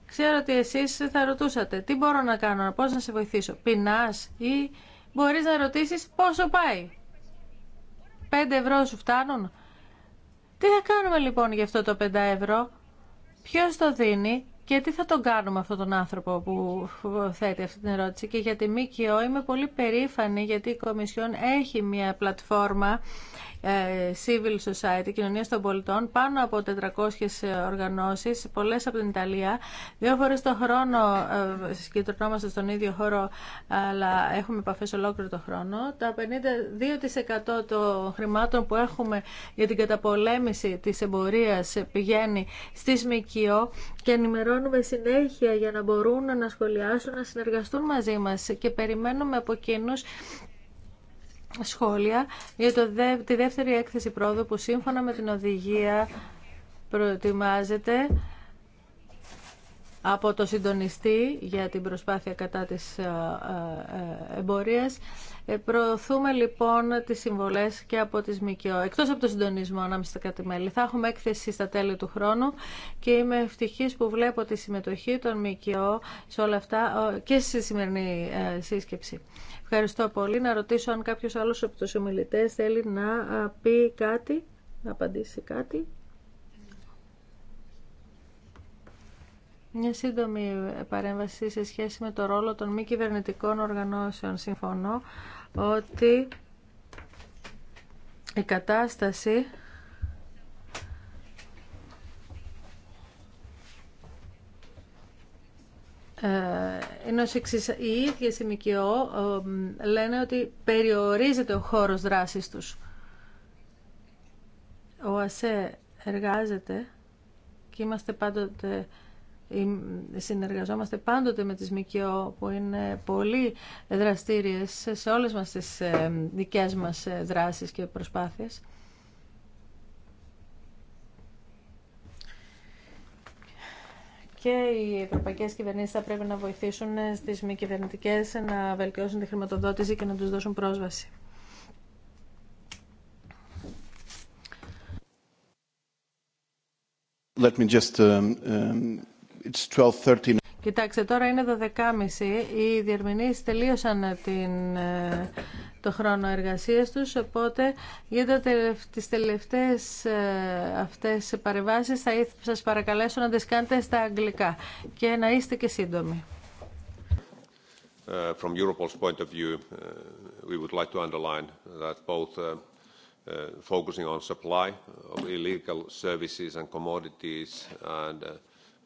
Ξέρω ότι εσείς θα ρωτούσατε, τι μπορώ να κάνω, πώς να σε βοηθήσω. Πεινάς ή μπορείς να ρωτήσεις πόσο πάει. Πέντε ευρώ σου φτάνουν. Τι θα κάνουμε λοιπόν γι' αυτό το 5 ευρώ. Ποιος το δίνει και τι θα τον κάνουμε αυτόν τον άνθρωπο που θέτει αυτή την ερώτηση. Και για τη ΜΚΟ είμαι πολύ περήφανη γιατί η Κομισιόν έχει μια πλατφόρμα ε, civil Society, Κοινωνία των πολιτών, πάνω από 400 ε, οργανώσεις, πολλές από την Ιταλία. Δύο φορές το χρόνο ε, συγκεντρωνόμαστε στον ίδιο χώρο, αλλά έχουμε επαφές ολόκληρο το χρόνο. Τα 52% των χρημάτων που έχουμε για την καταπολέμηση της εμπορίας πηγαίνει στις ΣΜΚΙΟ και ενημερώνουμε συνέχεια για να μπορούν να σχολιάσουν, να συνεργαστούν μαζί μας και περιμένουμε από κοινού σχόλια για το τη δεύτερη έκθεση πρόοδου που σύμφωνα με την οδηγία προετοιμάζεται από το συντονιστή για την προσπάθεια κατά της ε, ε, εμπορίας. Ε, προωθούμε λοιπόν τις συμβολές και από τις ΜΚΟ. Εκτός από το συντονισμό ανάμεσα στα μέλη. Θα έχουμε έκθεση στα τέλη του χρόνου και είμαι ευτυχής που βλέπω τη συμμετοχή των ΜΚΟ σε όλα αυτά και στη σημερινή σύσκεψη. Ευχαριστώ πολύ. Να ρωτήσω αν κάποιος άλλος από τους ομιλητές θέλει να πει κάτι, να απαντήσει κάτι. Μια σύντομη ε, παρέμβαση σε σχέση με το ρόλο των μη κυβερνητικών οργανώσεων. Συμφωνώ ότι η κατάσταση Ε, ενώ οι ίδιες οι ΜΚΟ ε, λένε ότι περιορίζεται ο χώρος δράσης τους. Ο ΑΣΕ εργάζεται και είμαστε πάντοτε συνεργαζόμαστε πάντοτε με τις ΜΚΟ που είναι πολύ δραστήριες σε όλες μας τις ε, δικές μας δράσεις και προσπάθειες. και οι ευρωπαϊκέ κυβερνήσει θα πρέπει να βοηθήσουν στι μη κυβερνητικέ να βελτιώσουν τη χρηματοδότηση και να του δώσουν πρόσβαση. Let me just, um, um it's Κοιτάξτε, τώρα είναι 12.30. Οι διερμηνείς τελείωσαν την, ε, το χρόνο εργασίας τους, οπότε για τις τελευταίες ε, αυτές παρεμβάσεις θα σας παρακαλέσω να τις κάνετε στα αγγλικά και να είστε και σύντομοι. Uh, from Europol's point of view, uh, we would like to underline that both uh, focusing on supply of illegal services and commodities and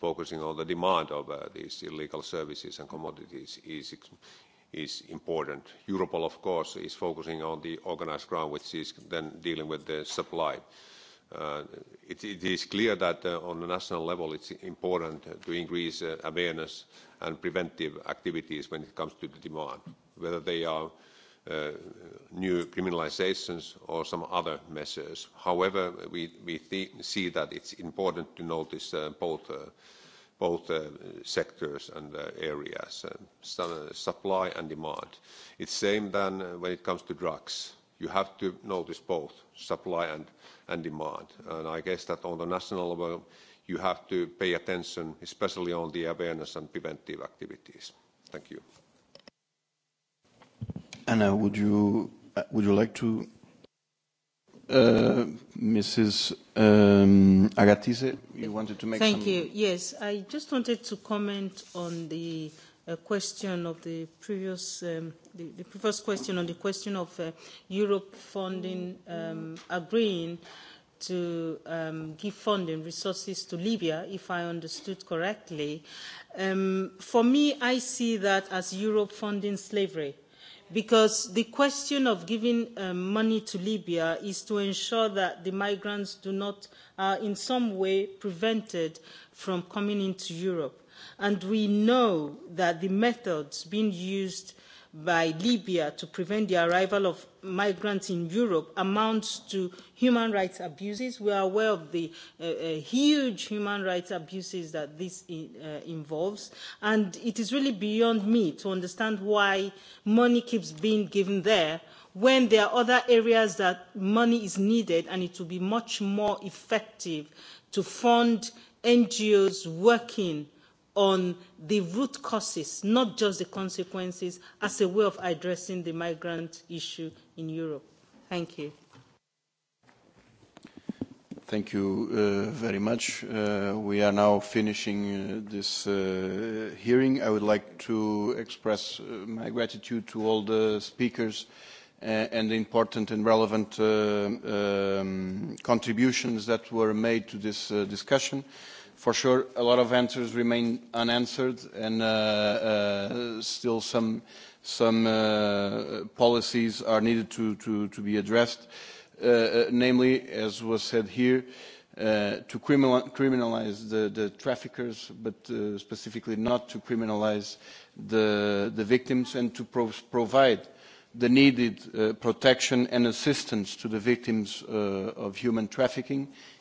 focusing on the demand of these illegal services and commodities is is important. Europol, of course, is focusing on the organized crime, which is then dealing with the supply. It is clear that on the national level it's important to increase awareness and preventive activities when it comes to the demand, whether they are new criminalizations or some other measures. However, we we see that it's important to notice both both sectors and areas, supply and demand. It's same than when it comes to drugs. You have to notice both supply and and demand. And I guess that on the national level, you have to pay attention, especially on the awareness and preventive activities. Thank you. Anna, would you would you like to? Mrs. Agatise, you wanted to make. Thank you. Yes, I just wanted to comment on the question of the previous the previous question on the question of Europe funding agreeing to give funding resources to Libya, if I understood correctly. For me, I see that as Europe funding slavery because the question of giving money to Libya is to ensure that the migrants do not are in some way prevented from coming into Europe. And we know that the methods being used by Libya to prevent the arrival of migrants in Europe amounts to human rights abuses. We are aware of the huge human rights abuses that this involves, and it is really beyond me to understand why money keeps being given there when there are other areas that money is needed and it will be much more effective to fund NGOs working on the root causes, not just the consequences, as a way of addressing the migrant issue in Europe. Thank you. Thank you very much. We are now finishing this hearing. I would like to express my gratitude to all the speakers and the important and relevant contributions that were made to this discussion. For sure, a lot of answers remain unanswered, and still some some policies are needed to to to be addressed. Namely, as was said here, to criminalize the traffickers, but specifically not to criminalize the the victims, and to provide the needed protection and assistance to the victims of human trafficking